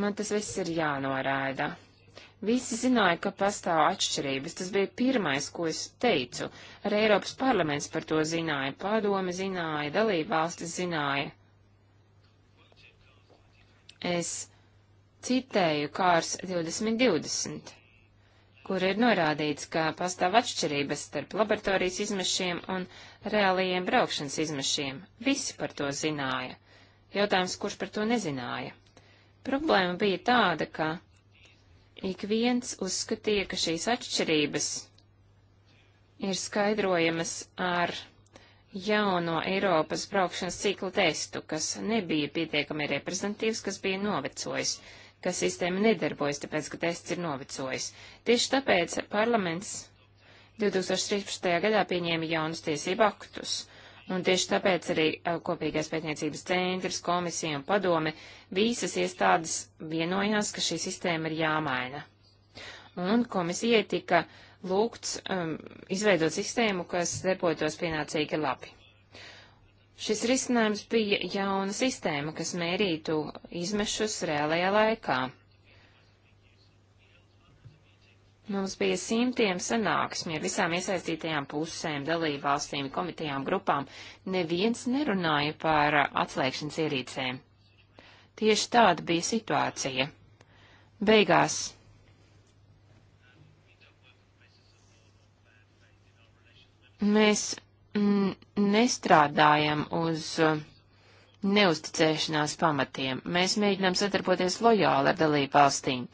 Man tas viss ir jānorāda. Visi zināja, ka pastāv atšķirības. Tas bija pirmais, ko es teicu. Arī Eiropas parlaments par to zināja, padome zināja, dalībvalstis zināja. Es citēju kārs 2020, kur ir norādīts, ka pastāv atšķirības starp laboratorijas izmešiem un reālajiem braukšanas izmešiem. Visi par to zināja. Jautājums, kurš par to nezināja? Problēma bija tāda, ka ik viens uzskatīja, ka šīs atšķirības ir skaidrojamas ar jauno Eiropas braukšanas ciklu testu, kas nebija pietiekami reprezentīvs, kas bija novecojis, ka sistēma nedarbojas, tāpēc, ka tests ir novecojis. Tieši tāpēc parlaments 2013. gadā pieņēma jaunus tiesību aktus, un tieši tāpēc arī kopīgais pētniecības centrs, komisija un padome visas iestādes vienojās, ka šī sistēma ir jāmaina. Un komisijai tika uh, lūgts um, izveidot sistēmu, kas darbotos pienācīgi labi. Šis risinājums bija jauna sistēma, kas mērītu izmešus reālajā laikā. Mums bija simtiem sanāksmi ar visām iesaistītajām pusēm, dalībvalstīm, komitejām, grupām. Neviens nerunāja par atslēgšanas ierīcēm. Tieši tāda bija situācija. Beigās Mēs mm, nestrādājam uz uh, neusticēšanās pamatiem. Mēs mēģinām sadarboties lojāli ar dalību valstīm.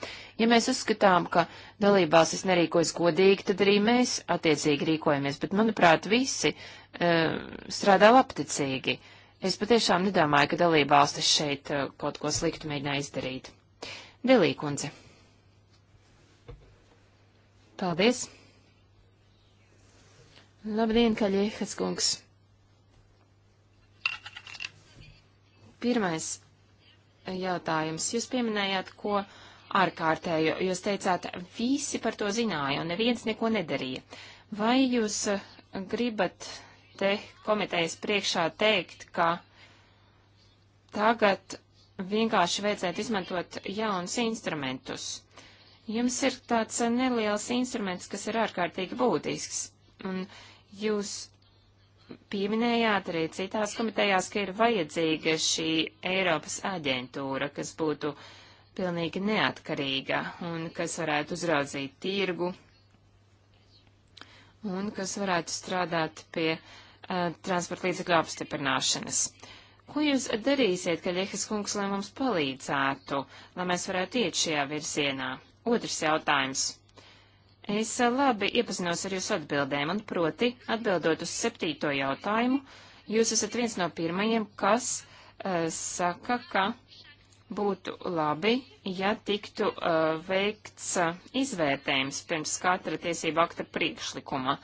Ja mēs uzskatām, ka dalību valstis nerīkojas godīgi, tad arī mēs attiecīgi rīkojamies, bet, manuprāt, visi uh, strādā labticīgi. Es patiešām nedomāju, ka dalību valstis šeit uh, kaut ko sliktu mēģināja izdarīt. Delīkundze. Paldies! Labdien, Kaļiehas kungs! Pirmais jautājums. Jūs pieminējāt, ko ārkārtējo. Jūs teicāt, visi par to zināja un neviens neko nedarīja. Vai jūs eh, gribat te komitejas priekšā teikt, ka tagad vienkārši vajadzētu izmantot jaunus instrumentus. Jums ir tāds neliels instruments, kas ir ārkārtīgi būtisks. Un jūs pieminējāt arī citās komitejās, ka ir vajadzīga šī Eiropas aģentūra, kas būtu pilnīgi neatkarīga un kas varētu uzraudzīt tirgu un kas varētu strādāt pie uh, transporta līdzekļu apstiprināšanas. Ko jūs darīsiet, ka Ļehas kungs, lai mums palīdzētu, lai mēs varētu iet šajā virzienā? Otrs jautājums. Es labi iepazinos ar jūsu atbildēm, un proti, atbildot uz septīto jautājumu, jūs esat viens no pirmajiem, kas uh, saka, ka būtu labi, ja tiktu uh, veikts uh, izvērtējums pirms katra tiesība akta priekšlikuma.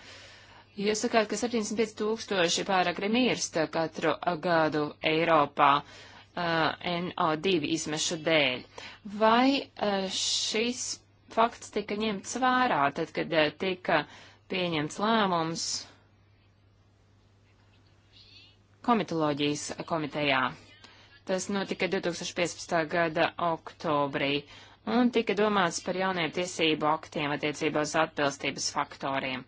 Jūs sakāt, ka 75 tūkstoši pāragri mirst katru gadu Eiropā. Uh, NO2 izmešu dēļ. Vai uh, šis fakts tika ņemts vērā, tad, kad eh, tika pieņemts lēmums komitoloģijas komitejā. Tas notika 2015. gada oktobrī un tika domāts par jauniem tiesību aktiem attiecībā uz atbilstības faktoriem.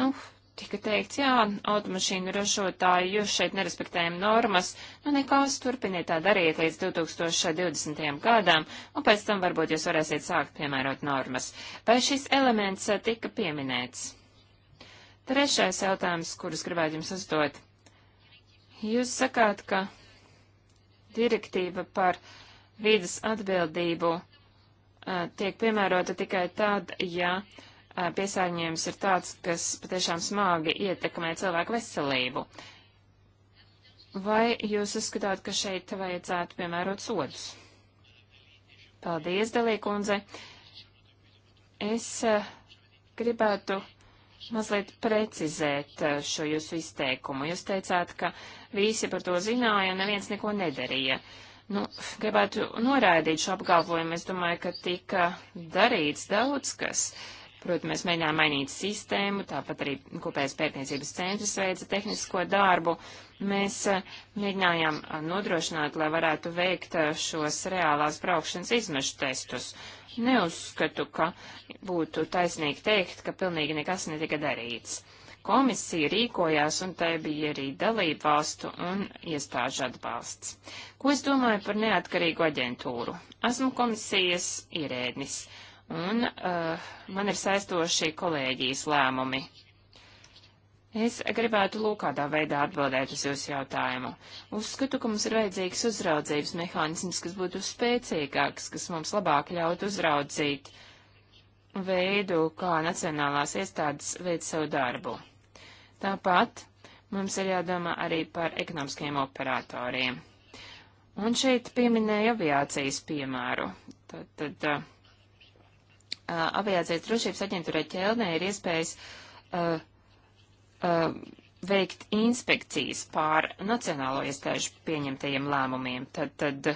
Nu, tika teikts, jā, automašīnu ražotāji, jūs šeit nerespektējam normas, nu nekās, turpiniet tā darīt līdz 2020. gadam, un pēc tam varbūt jūs varēsiet sākt piemērot normas. Vai šis elements eh, tika pieminēts? Trešais jautājums, kurus gribētu jums uzdot. Jūs sakāt, ka direktīva par vīdas atbildību uh, tiek piemērota tikai tad, ja uh, piesārņojums ir tāds, kas patiešām smagi ietekmē cilvēku veselību. Vai jūs uzskatāt, ka šeit vajadzētu piemērot sodus? Paldies, Dalīkundze. Es gribētu mazliet precizēt šo jūsu izteikumu. Jūs teicāt, ka visi par to zināja un neviens neko nedarīja. Nu, gribētu noraidīt šo apgalvojumu. Es domāju, ka tika darīts daudz kas. Uh, Protams, mēs mēģinām mainīt sistēmu, tāpat arī kopējais pētniecības centrs veica tehnisko darbu. Mēs eh, mēģinājām eh, nodrošināt, lai varētu veikt eh, šos reālās braukšanas izmešu testus. Neuzskatu, ka būtu taisnīgi teikt, ka pilnīgi nekas netika darīts. Komisija rīkojās, un tai bija arī dalību valstu un iestāžu atbalsts. Ko es domāju par neatkarīgu aģentūru? Esmu komisijas ierēdnis. Uh, un uh, man ir saistoši kolēģijas lēmumi. Es gribētu lūk kādā veidā atbildēt uz jūsu jautājumu. Uzskatu, ka mums ir vajadzīgs uzraudzības mehānisms, kas būtu spēcīgāks, kas mums labāk ļautu uzraudzīt veidu, kā nacionālās iestādes veic savu darbu. Tāpat mums ir jādomā arī par ekonomiskiem operatoriem. Un šeit pieminēja aviācijas piemēru. Tad, tad aviācijas drošības aģentūrai ķelnē ir iespējas uh, uh, veikt inspekcijas pār nacionālo iestāžu pieņemtajiem lēmumiem. Tad, tad,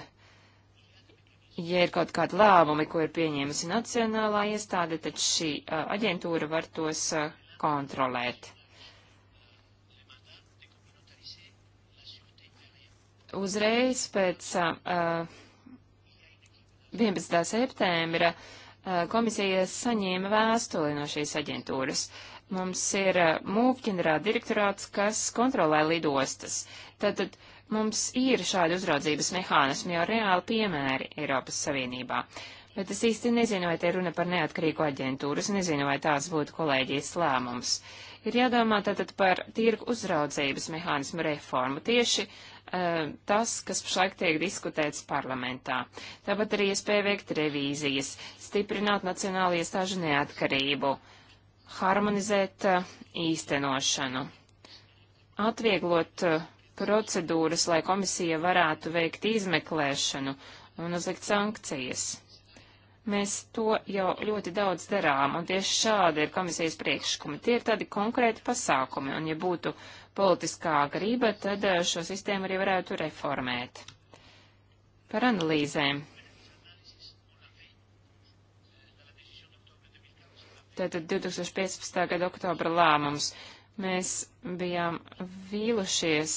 ja ir kaut kādi lēmumi, ko ir pieņēmusi nacionālā iestāde, tad šī uh, aģentūra var tos uh, kontrolēt. Uzreiz pēc uh, 11. septembra uh, Eh, komisija saņēma vēstuli no šīs aģentūras. Mums ir eh, MUP ģenerāla direktorāts, kas kontrolē lidostas. Tātad mums ir šādi uzraudzības mehānismi jau reāli piemēri Eiropas Savienībā. Bet es īsti nezinu, vai te runa par neatkarīgu aģentūru, es nezinu, vai tās būtu kolēģijas lēmums. Ir jādomā tātad par tirgu uzraudzības mehānismu reformu. Tieši uh, Eh, tas, kas pašlaik tiek diskutēts parlamentā. Tāpat arī iespēja veikt revīzijas, stiprināt nacionālu iestāžu neatkarību, harmonizēt eh, īstenošanu, atvieglot eh, procedūras, lai komisija varētu veikt izmeklēšanu un uzlikt sankcijas. Mēs to jau ļoti daudz darām, un tieši šādi ir komisijas priekšlikumi. Tie ir tādi konkrēti pasākumi, un ja būtu uh, politiskā grība, tad eh, šo sistēmu arī varētu reformēt. Par analīzēm. Tātad 2015. gada oktobra lēmums. Mēs bijām vīlušies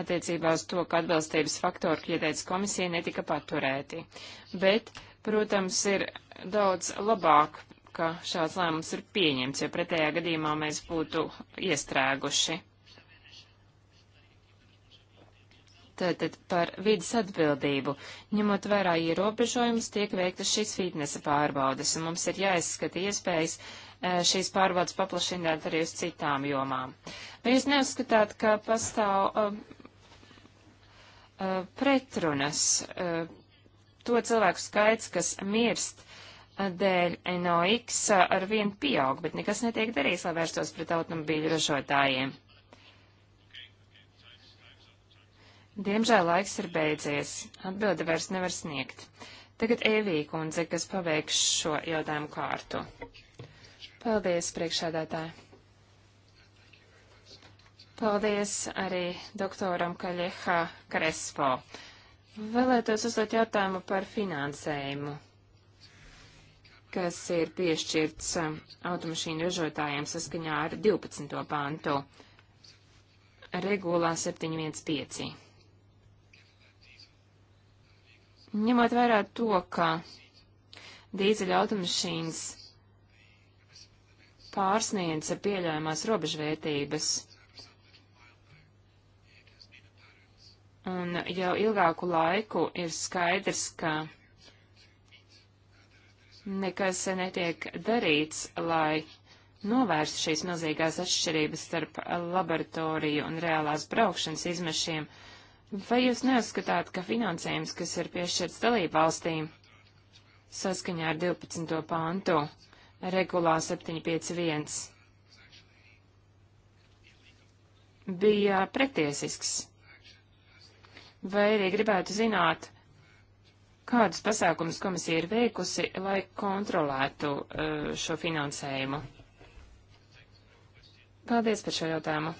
attiecībā uz to, ka atbilstības faktori, ko ieteica komisija, netika paturēti. Bet, protams, ir daudz labāk, ka šāds lēmums ir pieņemts, jo pretējā gadījumā mēs būtu iestrēguši. Tātad par vidas atbildību. Ņemot vērā ierobežojumus, tiek veiktas šīs fitnesa pārbaudas, un mums ir jāizskata iespējas e, šīs pārbaudas paplašināt arī uz citām jomām. Vai jūs neuzskatāt, ka pastāv uh, uh, pretrunas uh, to cilvēku skaits, kas mirst dēļ NOx ar vienu pieaug, bet nekas netiek darīts, lai vērstos pret automobīļu ražotājiem? Diemžēl laiks ir beidzies. Atbildi vairs nevar sniegt. Tagad Evī kundze, kas paveiks šo jautājumu kārtu. Paldies, priekšādātāji. Paldies arī doktoram Kaļeha Krespo. Vēlētos uzdot jautājumu par finansējumu kas ir piešķirts um, automašīnu ražotājiem saskaņā ar 12. pantu regulā 715. Ņemot vērā to, ka dīzeļa automašīnas pārsniedza pieļaujamās robežvērtības un jau ilgāku laiku ir skaidrs, ka nekas netiek darīts, lai novērstu šīs milzīgās atšķirības starp laboratoriju un reālās braukšanas izmešiem, uh, Vai jūs neuzskatāt, ka finansējums, kas ir piešķirts dalību valstīm, saskaņā ar 12. pāntu, regulā 751, bija pretiesisks? Vai arī gribētu zināt, kādus pasākumus komisija ir veikusi, lai kontrolētu uh, šo finansējumu? Paldies par šo jautājumu.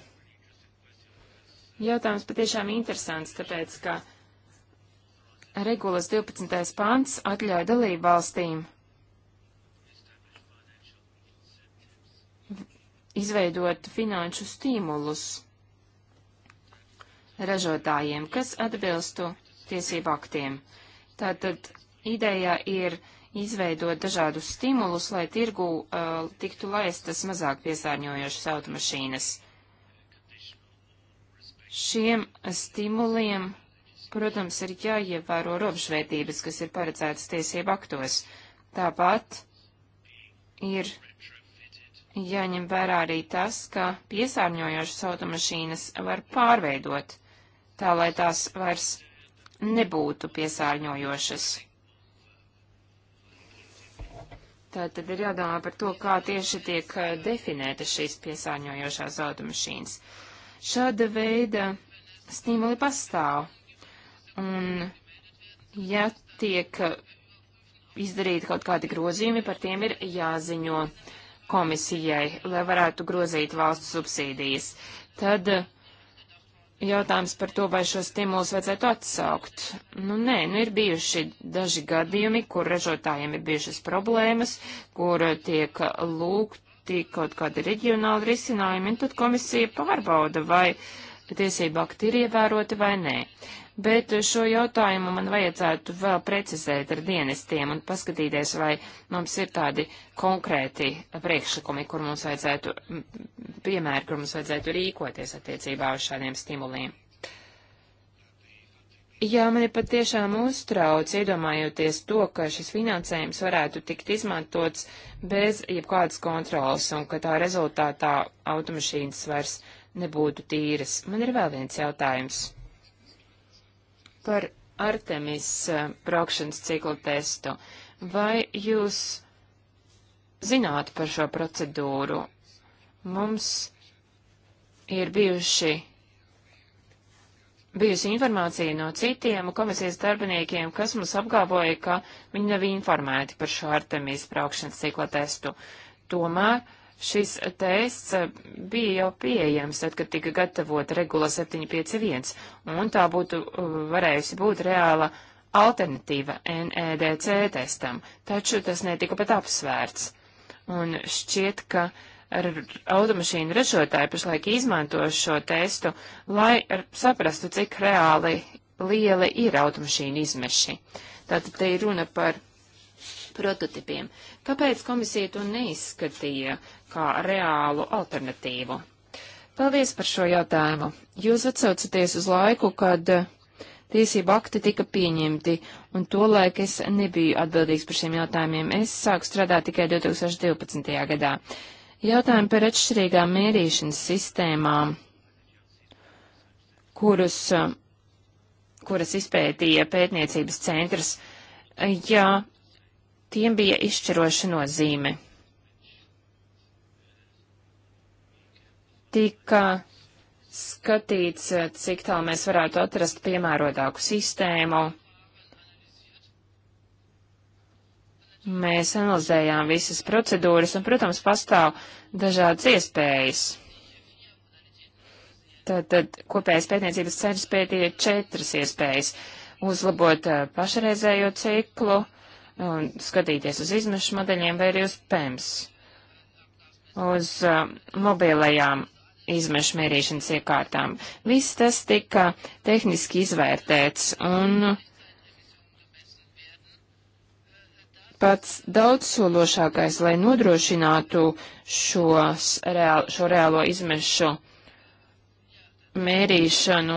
Jautājums patiešām interesants, tāpēc, ka regulas 12. pants atļauj dalību valstīm izveidot finanšu stimulus ražotājiem, kas atbilstu tiesību aktiem. Tātad ideja ir izveidot dažādus stimulus, lai tirgu uh, tiktu laistas mazāk piesārņojošas automašīnas. Šiem stimuliem, protams, ir jāievēro robežvērtības, kas ir paredzētas tiesību aktos. Tāpat ir jāņem vērā arī tas, ka piesārņojošas automašīnas var pārveidot, tā lai tās vairs nebūtu piesārņojošas. Tā tad ir jādomā par to, kā tieši tiek eh, definēta šīs piesārņojošās automašīnas. Šāda veida stimuli pastāv. Un, ja tiek izdarīti kaut kādi grozījumi, par tiem ir jāziņo komisijai, lai varētu grozīt valsts subsīdijas. Tad jautājums par to, vai šo stimulus vajadzētu atsaukt. Nu, nē, nu ir bijuši daži gadījumi, kur ražotājiem ir bijušas problēmas, kur tiek lūgt patīk kaut kādi reģionāli risinājumi, un tad komisija pārbauda, vai tiesība akti ir ievēroti vai nē. Bet šo jautājumu man vajadzētu vēl precizēt ar dienestiem un paskatīties, vai mums ir tādi konkrēti priekšlikumi, kur mums vajadzētu, piemēri, kur mums vajadzētu rīkoties attiecībā uz šādiem stimuliem. Jā, mani patiešām uztrauc, iedomājoties to, ka šis finansējums varētu tikt izmantots bez jebkādas kontrolas un ka tā rezultātā automašīnas vairs nebūtu tīras. Man ir vēl viens jautājums par Artemis uh, braukšanas ciklu testu. Vai jūs zināt par šo procedūru? Mums ir bijuši bijusi informācija no citiem komisijas darbiniekiem, kas mums apgalvoja, ka viņi nav informēti par šo Artemijas braukšanas cikla testu. Tomēr šis tests eh, bija jau pieejams, tad, kad tika gatavota regula 751, un tā būtu eh, varējusi būt reāla alternatīva NEDC testam, taču tas netika pat apsvērts. Un šķiet, ka uh, automašīnu ražotāji pašlaik izmanto šo testu, lai saprastu, cik reāli lieli ir automašīnu izmeši. Tātad te ir runa par prototipiem. Kāpēc komisija to neizskatīja kā reālu alternatīvu? Paldies par šo jautājumu. Jūs atsaucaties uz laiku, kad eh, tiesību akti tika pieņemti, un tolaik es nebiju atbildīgs par šiem jautājumiem. Es sāku strādāt tikai 2012. gadā. Jautājumi par atšķirīgām mērīšanas sistēmām, kurus, kuras izpētīja pētniecības centrs, jā, tiem bija izšķiroša nozīme. Tika skatīts, cik tālu mēs varētu atrast piemērotāku sistēmu Mēs analizējām visas procedūras un, protams, pastāv dažādas iespējas. Tad, tad kopējais pētniecības centrs pētīja četras iespējas - uzlabot eh, pašreizējo ciklu, un skatīties uz izmešu modeļiem vai arī uz PEMS, uz uh, mobilajām izmešu mērīšanas iekārtām. Viss tas tika tehniski izvērtēts, un pats daudzsološākais, lai nodrošinātu šos, reāl, šo reālo izmešu mērīšanu.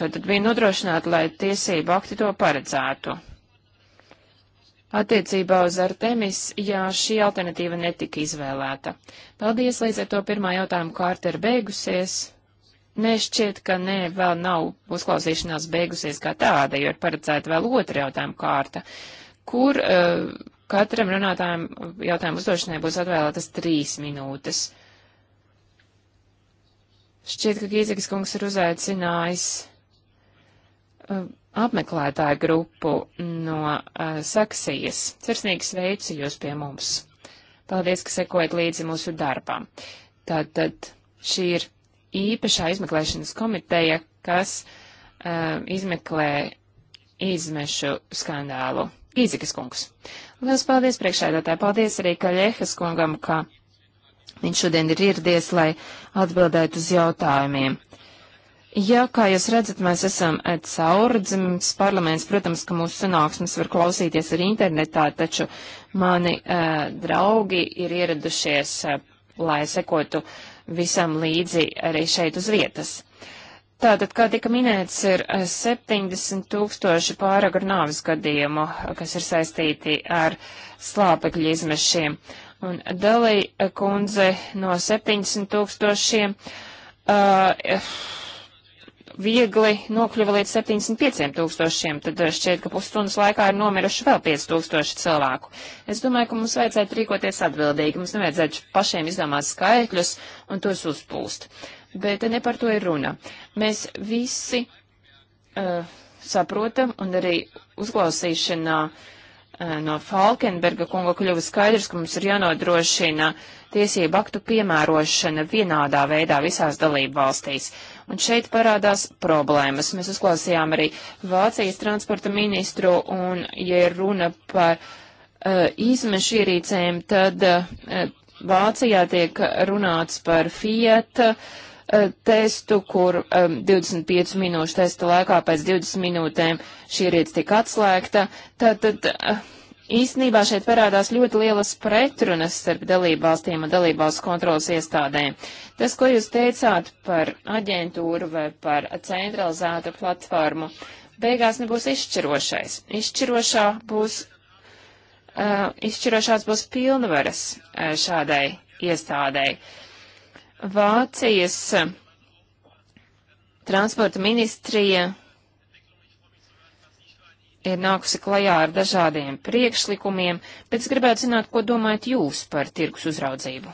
Tad bija nodrošināta, lai tiesība akti to paredzētu. Attiecībā uz Artemis, jā, šī alternatīva netika izvēlēta. Paldies, līdz ar to pirmā jautājuma kārta ir beigusies. Nešķiet, ka nē, vēl nav uzklausīšanās beigusies kā tāda, jo ir paredzēta vēl otra jautājuma kārta, kur uh, katram runātājam jautājumu uzdošanai būs atvēlētas trīs minūtes. Šķiet, ka Gīzekas kungs ir uzaicinājis uh, apmeklētāju grupu no uh, Saksijas. Sirsnīgi sveicu jūs pie mums. Paldies, ka sekojat līdzi mūsu darbām. Tātad šī ir īpašā izmeklēšanas komiteja, kas um, izmeklē izmešu skandālu. Gīzikas kungs. Lielas paldies priekšēdētāji. Paldies arī Kaļehas kungam, ka viņš šodien ir ieradies, lai atbildētu uz jautājumiem. Jā, kā jūs redzat, mēs esam eh, caurredzims parlaments. Protams, ka mūsu sanāksmes var klausīties arī internetā, taču mani uh, draugi ir ieradušies, uh, lai sekotu uh, visam līdzi arī šeit uz vietas. Tātad, kā tika minēts, ir 70 eh, tūkstoši pāragru nāvis gadījumu, kas ir saistīti ar slāpekļu izmešiem. Un Dalī eh, kundze no 70 tūkstošiem. Uh, viegli nokļuva līdz 75 tūkstošiem, tad eh, šķiet, ka pusstundas laikā ir nomiruši vēl 5 tūkstoši cilvēku. Es domāju, ka mums vajadzētu rīkoties atbildīgi, mums nevajadzētu pašiem izdomāt skaitļus un tos uzpūst. Bet ne par to ir runa. Mēs visi uh, saprotam un arī uzklausīšanā uh, no Falkenberga kunga kļuva skaidrs, ka mums ir jānodrošina tiesību aktu piemērošana vienādā veidā visās dalību valstīs. Un šeit parādās problēmas. Mēs uzklausījām arī Vācijas transporta ministru, un, ja runa par uh, eh, izmešu ierīcēm, tad uh, Vācijā tiek runāts par Fiat uh, testu, kur um, 25 minūšu testa laikā pēc 20 minūtēm šī ierīce tika atslēgta. Tad, tad, uh, Īsnībā šeit parādās ļoti lielas pretrunas starp dalībvalstīm un dalībvalsts kontrolas iestādēm. Tas, ko jūs teicāt par aģentūru vai par centralizētu platformu, beigās nebūs izšķirošais. Izšķirošā būs, uh, izšķirošās būs pilnvaras uh, šādai iestādēji. Vācijas transporta ministrija ir nākusi klajā ar dažādiem priekšlikumiem, bet es gribētu zināt, ko domājat jūs par tirgus uzraudzību.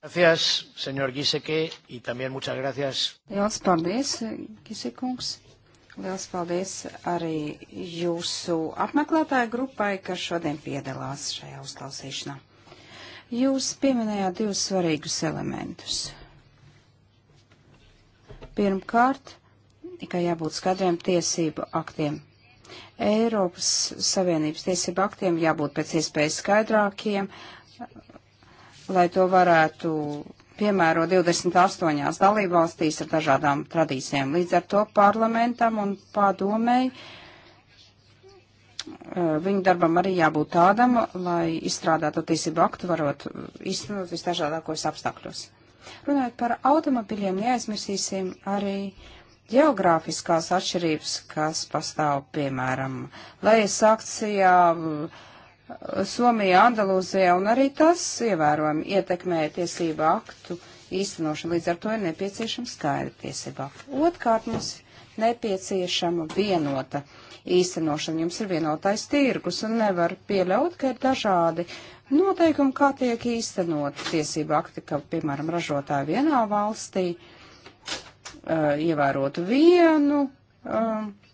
Gracias, senor Giseke, y también muchas gracias. Liels paldies, Gisekungs. Liels paldies arī jūsu apmeklētāju grupai, kas šodien piedalās šajā uzklausīšanā. Jūs pieminējāt divus svarīgus elementus. Pirmkārt, tikai jābūt skaidriem tiesību aktiem Eiropas Savienības tiesību aktiem jābūt pēc iespējas skaidrākiem, lai to varētu piemēro 28 dalībvalstīs ar dažādām tradīcijām. Līdz ar to parlamentam un padomēji eh, viņu darbam arī jābūt tādam, lai izstrādāto tiesību aktu varot iztenot visdažādākos apstākļos. Runājot par automobiļiem, neaizmirsīsim arī uh, geogrāfiskās atšķirības, kas pastāv, piemēram, lejas akcijā, Somijā, Andalūzijā, un arī tas ievērojami ietekmē tiesību aktu īstenošanu. Līdz ar to ir nepieciešama skaidra tiesība akta. Otkārt mums nepieciešama vienota īstenošana. Jums ir vienotais tirgus un nevar pieļaut, ka ir dažādi noteikumi, kā tiek īstenot tiesību akti, ka, piemēram, ražotāji vienā valstī uh, ievērotu vienu uh,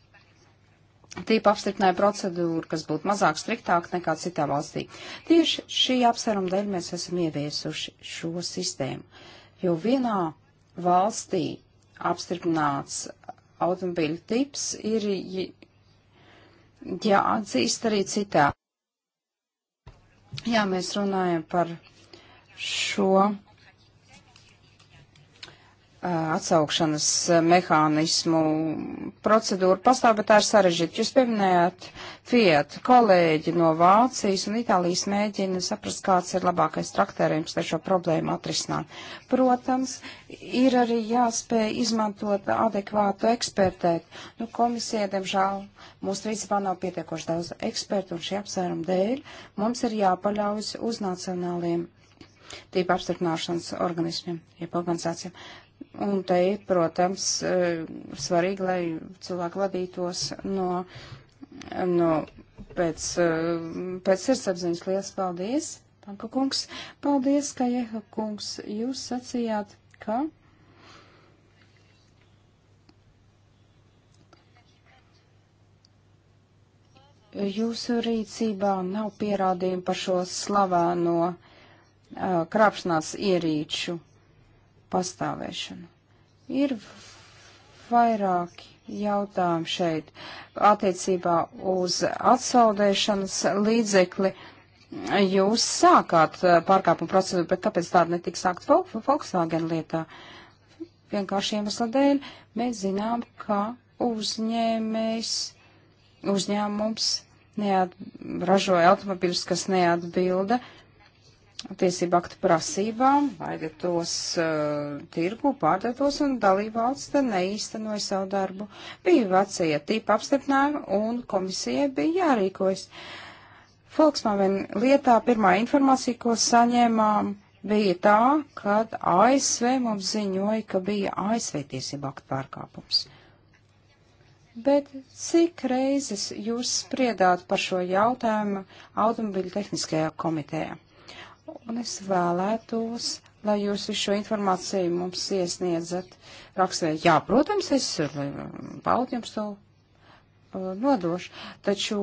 tīpa apstiprinājuma procedūru, kas būtu mazāk striktāk nekā citā valstī. Tieši šī apsveruma dēļ mēs esam ieviesuši šo sistēmu, jo vienā valstī apstiprināts automobīļu tips ir jāatzīst arī citā. Jā, mēs runājam par šo atsaukšanas mehānismu procedūru pastāv, bet tā ir sarežģīta. Jūs pieminējāt Fiat, kolēģi no Vācijas un Itālijas mēģina saprast, kāds ir labākais traktērījums, lai šo problēmu atrisināt. Protams, ir arī jāspēj izmantot adekvātu ekspertēt. Nu, komisija, diemžēl, mūsu rīcībā nav pietiekoši daudz ekspertu un šī apsvēruma dēļ mums ir jāpaļaujas uz nacionāliem tīpa apstiprināšanas organismiem, jeb organizācijām. Uh, Un te ir, protams, eh, svarīgi, lai cilvēki vadītos no, no pēc, eh, pēc sirdsapziņas. Lielas paldies, Panka kungs. Paldies, ka Jeha kungs, jūs sacījāt, ka. Jūsu rīcībā nav pierādījumi par šo slavēno uh, eh, krāpšanās ierīču pastāvēšanu. Ir vairāki jautājumi šeit attiecībā uz atsaldēšanas līdzekli. Jūs sākāt eh, pārkāpumu procedūru, bet kāpēc tāda netika sākt Volkswagen lietā? Vienkārši iemesla dēļ mēs zinām, ka uzņēmējs, uzņēmums neat, ražoja automobiļus, kas neatbilda uh, tiesību aktu prasībām, laidat tos uh, tirgu, pārdotos un dalībvalsts te neīstenoja savu darbu. Bija vecie tipa apstiprinājumi un komisijai bija jārīkojas. Volkswagen lietā pirmā informācija, ko saņēmām, bija tā, ka ASV mums ziņoja, ka bija ASV tiesību aktu pārkāpums. Bet cik reizes jūs spriedāt par šo jautājumu automobiļu tehniskajā komitejā? un es vēlētos, lai jūs visu šo informāciju mums iesniedzat rakstē. Jā, protams, es paldies jums to uh, nodošu, taču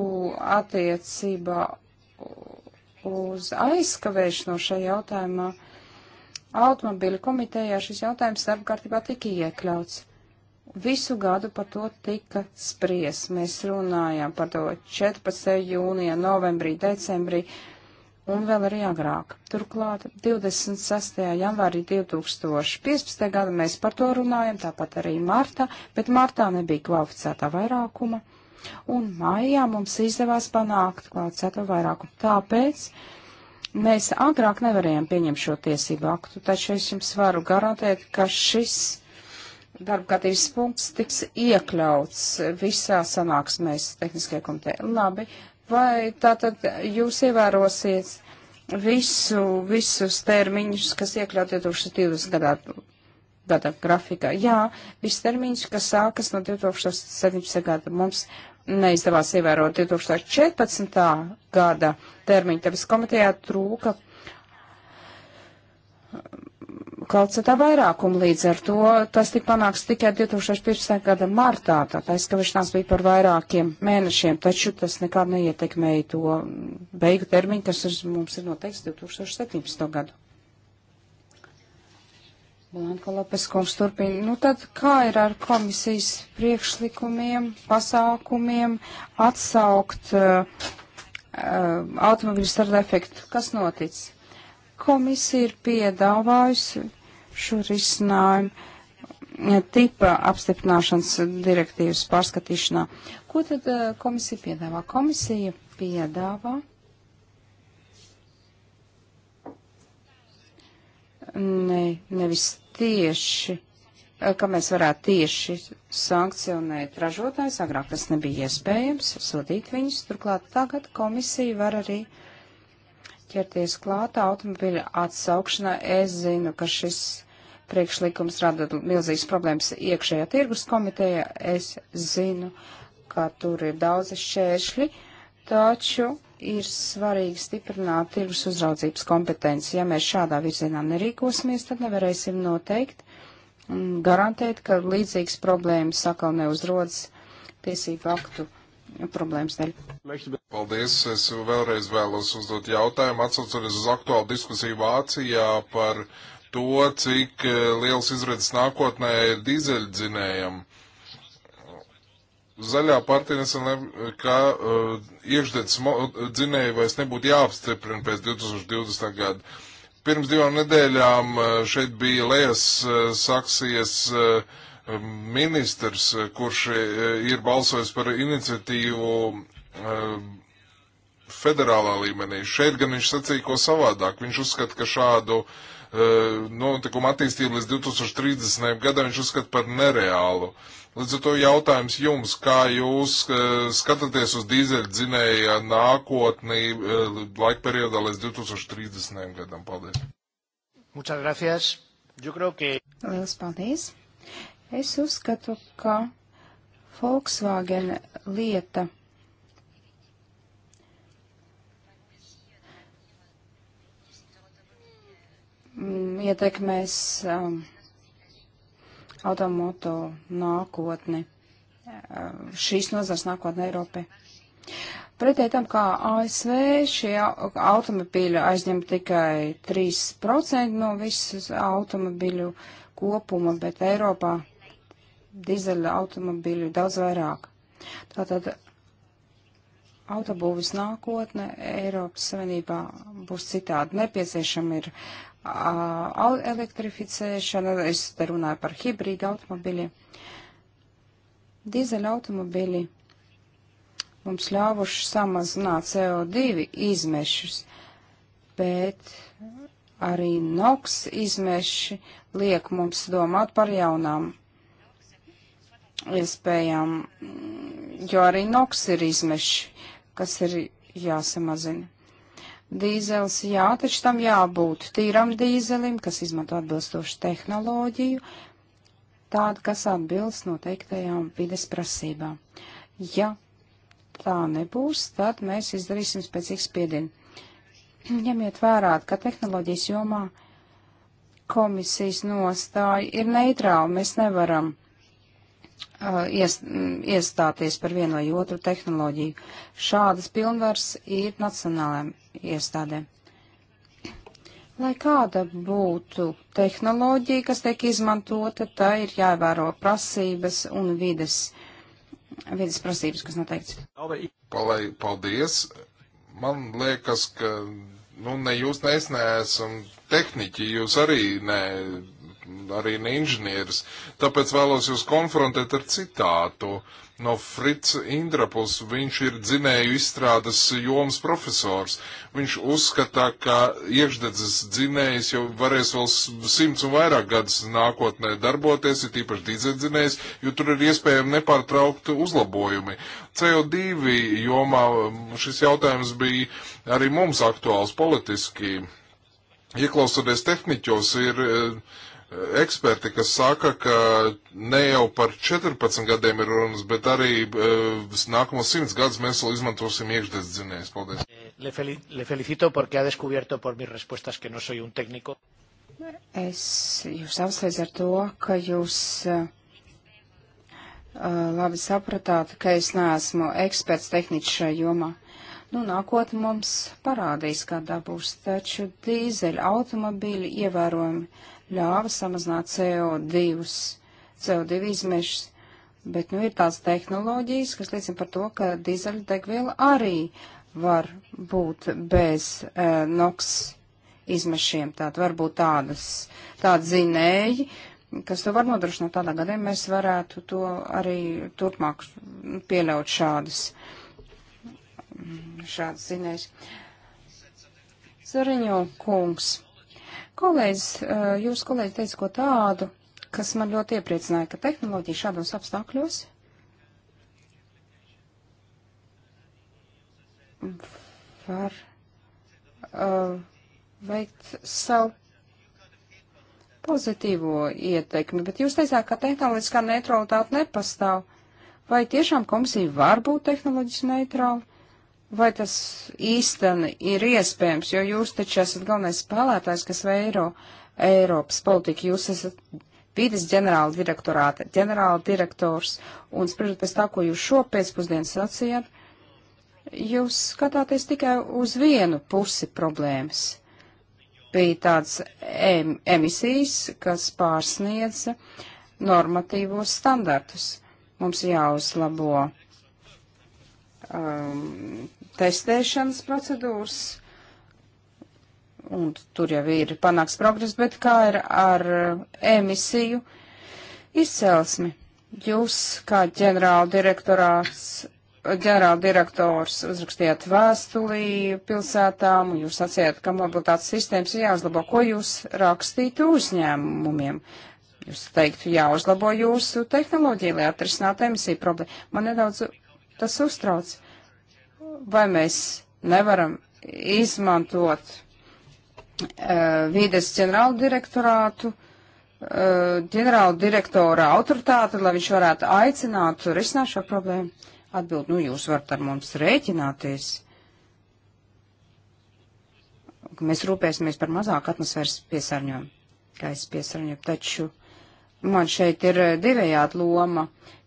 attiecībā uz aizkavēšanos šajā jautājumā automobīļu komitejā šis jautājums starpkārtībā tika iekļauts. Visu gadu par to tika spries. Mēs runājām par to 14. jūnijā, novembrī, decembrī. Uh, un vēl arī agrāk. Turklāt 26. janvārī 2015. gada mēs par to runājam, tāpat arī martā, bet martā nebija kvalificētā vairākuma, un mājā mums izdevās panākt kvalificēto vairākumu. Tāpēc mēs agrāk nevarējām pieņemt šo tiesību aktu, taču es jums varu garantēt, ka šis darbgatības punkts tiks iekļauts visā sanāksmēs tehniskajā komitē. Labi, Vai tātad jūs ievērosiet visu, visus termiņus, kas iekļaut 2020. gadā, gada grafikā? Jā, viss termiņš, kas sākas no 2017. gada. Mums neizdevās ievērot 2014. gada termiņu, tāpēc komitejā trūka kalcetā vairākumu līdz ar to. Tas tika panāks tikai 2015. gada martā, tātad aizkavēšanās bija par vairākiem mēnešiem, taču tas nekād neietekmēja to beigu termiņu, kas uz mums ir noteikts 2017. gadu. Blanka Lopes kungs turpina. Nu tad kā ir ar komisijas priekšlikumiem, pasākumiem atsaukt uh, uh, automobiļu starta efektu? Kas noticis? Komisija ir piedāvājusi šo risinājumu tipa apstiprināšanas direktīvas pārskatīšanā. Ko tad eh, komisija piedāvā? Komisija piedāvā ne, nevis tieši, eh, ka mēs varētu tieši sankcionēt ražotājus, agrāk tas nebija iespējams, sodīt viņus, turklāt tagad komisija var arī uh, ķerties klāt automobiļa atsaukšanai. Es zinu, ka šis priekšlikums rada milzīgas problēmas iekšējā tirgus komiteja. Es zinu, ka tur ir daudzi šķēršļi, taču ir svarīgi stiprināt tirgus uzraudzības kompetenci. Ja mēs šādā virzienā nerīkosimies, tad nevarēsim noteikt un garantēt, ka līdzīgas problēmas sakal neuzrodas tiesību aktu problēmas dēļ. Paldies. Es vēlreiz vēlos uzdot jautājumu, atsaucoties uz aktuālu diskusiju Vācijā par to, cik eh, liels izredzes nākotnē ir dīzeļdzinējam. Zaļā partija nesen, ka uh, iekšdedzes eh, dzinēji vairs nebūtu jāapstiprina pēc 2020. gada. Pirms divām nedēļām šeit bija Lejas Saksijas uh, ministrs, eh, kurš eh, ir balsojis par iniciatīvu eh, federālā līmenī. Šeit gan viņš sacīja ko savādāk. Viņš uzskata, ka šādu notikumu attīstību līdz 2030. gadam viņš uzskata par nereālu. Līdz ar to jautājums jums, kā jūs skatāties uz dīzeļdzinēja nākotnī laika periodā līdz 2030. gadam? Paldies! Muchas gracias. Yo creo que... Lielas paldies! Es uzskatu, ka Volkswagen lieta ietekmēs um, automoto nākotni, um, šīs nozars nākotne Eiropai. Pretēji tam, kā ASV šie automobīļi aizņem tikai 3% no visas automobīļu kopuma, bet Eiropā dizeļa automobīļu daudz vairāk. Tātad autobūvis nākotne Eiropas Savienībā būs citādi. Nepieciešama ir uh, elektrificēšana, es te runāju par hibrīdu automobili. Dizeļa automobili mums ļāvuši samazināt CO2 izmešus, bet arī NOx izmeši liek mums domāt par jaunām iespējām, jo arī NOX ir izmeši, kas ir jāsamazina. Dīzels, jā, taču tam jābūt tīram dīzelim, kas izmanto atbilstošu tehnoloģiju, tādu, kas atbilst noteiktajām vides prasībām. Ja tā nebūs, tad mēs izdarīsim spēcīgu spiedienu. Ņemiet vērā, ka tehnoloģijas jomā komisijas nostāja ir neitrāla, mēs nevaram Uh, iestāties par vienu vai otru tehnoloģiju. Šādas pilnvars ir nacionālajām iestādēm. Lai kāda būtu tehnoloģija, kas tiek izmantota, tā ir jāievēro prasības un vides, vides prasības, kas noteikts. Paldies! Man liekas, ka nu, ne jūs, ne es neesam tehniķi, jūs arī ne arī ne inženieris. Tāpēc vēlos jūs konfrontēt ar citātu no Fritz Indrapus. Viņš ir dzinēju izstrādes jomas profesors. Viņš uzskatā, ka iekšdedzes dzinējs jau varēs vēl simts un vairāk gadus nākotnē darboties, ir tīpaši dīzeļdzinējs, jo tur ir iespējami nepārtraukt uzlabojumi. CO2 jomā um, šis jautājums bija arī mums aktuāls politiski. Ieklausoties tehniķos, ir uh, eksperti, kas saka, ka ne jau par 14 gadiem ir runas, bet arī uh, nākamos 100 gadus mēs vēl izmantosim iekšdes dzinējus. Paldies. Eh, le, fel le felicito porque ha descubierto por mis respuestas que no soy un técnico. Es jūs apsveicu ar to, ka jūs uh, labi sapratāt, ka es neesmu eksperts tehniķis šajā jomā. Nu, nākotnē mums parādīs, kādā būs, taču dīzeļa automobīļi ievērojami ļāva samazināt CO2, CO2 izmešus, bet nu ir tās tehnoloģijas, kas liecina par to, ka dīzeļdegviela arī var būt bez uh, NOX izmešiem. Tātad varbūt tādas, tādas zinēji, kas to var nodrošināt tādā gadē, mēs varētu to arī turpmāk pieļaut šādas, šādas zinējas. Zariņo kungs Kolēģis, eh, jūs kolēģi teica ko tādu, kas man ļoti iepriecināja, ka tehnoloģija šādos apstākļos var uh, veikt savu pozitīvo ietekmi, bet jūs teicāt, ka tehnoloģiskā neutralitāte nepastāv. Vai tiešām komisija var būt tehnoloģiski neitrāla? vai tas īsteni ir iespējams, jo jūs taču esat galvenais spēlētājs, kas veiro Eiropas politiku. Jūs esat vides ģenerāla direktorāta, ģenerāla direktors, un spriežot pēc tā, ko jūs šo pēcpusdienu sacījāt, jūs skatāties tikai uz vienu pusi problēmas. Bija tāds em, emisijas, kas pārsniedza normatīvos standartus. Mums jāuzlabo um, testēšanas procedūras, un tur jau ir panāks progress, bet kā ir ar emisiju izcelsmi? Jūs, kā ģenerāla direktorāts, ģenerāla direktors uzrakstījāt vēstulī pilsētām, jūs atsījāt, ka mobilitātes sistēmas ir jāuzlabo. Ko jūs rakstītu uzņēmumiem? Jūs teiktu, jāuzlabo jūsu tehnoloģija, lai atrisinātu emisiju problēmu. Man nedaudz tas uztrauc vai mēs nevaram izmantot uh, eh, vīdes ģenerālu direktorātu, uh, eh, ģenerālu direktora autoritāti, lai viņš varētu aicināt risināt šo problēmu? Atbild, nu jūs varat ar mums rēķināties. Mēs rūpēsimies par mazāku atmosfēras piesārņojumu, gaisa piesārņojumu, taču man šeit ir divējāda loma,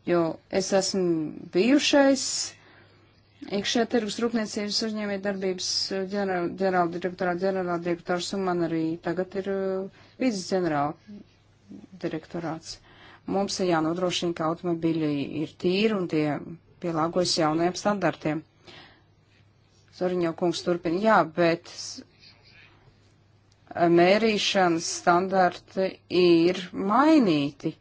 jo es esmu bijušais uh, Iekšējā tirgus rūpniecības uzņēmē darbības eh, ģenerāla direktorā, ģenerāla direktors un man arī tagad ir eh, vidas ģenerāla direktorāts. Mums ir jānodrošina, ka automobiļi ir tīri un tie pielāgojas jaunajiem standartiem. Zoriņo kungs turpina, jā, bet mērīšanas standarti ir mainīti,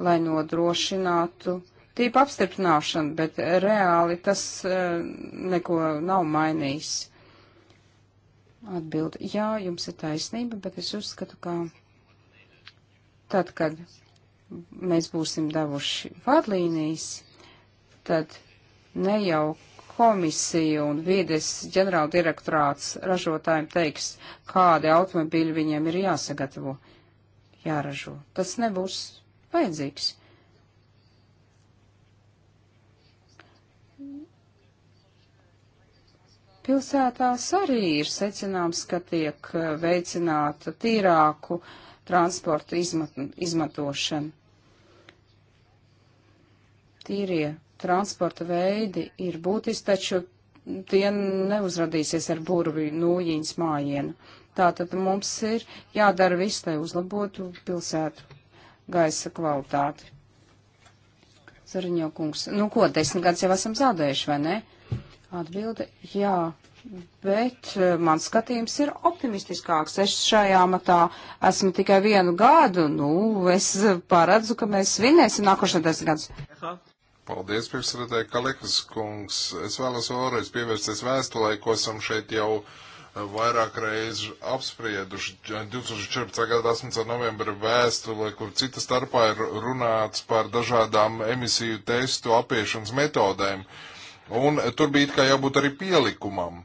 lai nodrošinātu tīpa apstiprināšana, bet reāli tas e, neko nav mainījis. Atbildi, jā, jums ir taisnība, bet es uzskatu, ka tad, kad mēs būsim devuši vadlīnijas, tad ne jau komisija un vides ģenerāla direktorāts ražotājiem teiks, kādi automobīļi viņiem ir jāsagatavo, jāražo. Tas nebūs vajadzīgs. Pilsētās arī ir secināms, ka tiek eh, veicināta tīrāku transportu izmat izmantošana. Tīrie transporta veidi ir būtiski, taču tie neuzradīsies ar burvju nūjiņas mājienu. Tātad mums ir jādara viss, lai uzlabotu pilsētu gaisa kvalitāti. Zariņo kungs, nu ko, desmit gadus jau esam zaudējuši, vai ne? Uh, Atbilde - jā, bet eh, mans skatījums ir optimistiskāks. Es šajā matā esmu tikai vienu gadu, nu, es paredzu, ka mēs svinēsim nākošā desmit gadus. Paldies, priekšsredētāji Kalekas kungs. Es vēlos vēlreiz pievērsties vēstulē, ko esam šeit jau eh, vairāk reizi apsprieduši. 2014. gada 18. novembra vēstulē, kur cita starpā ir runāts par dažādām emisiju testu apiešanas metodēm. Uh, Un tur bija kā jābūt arī pielikumam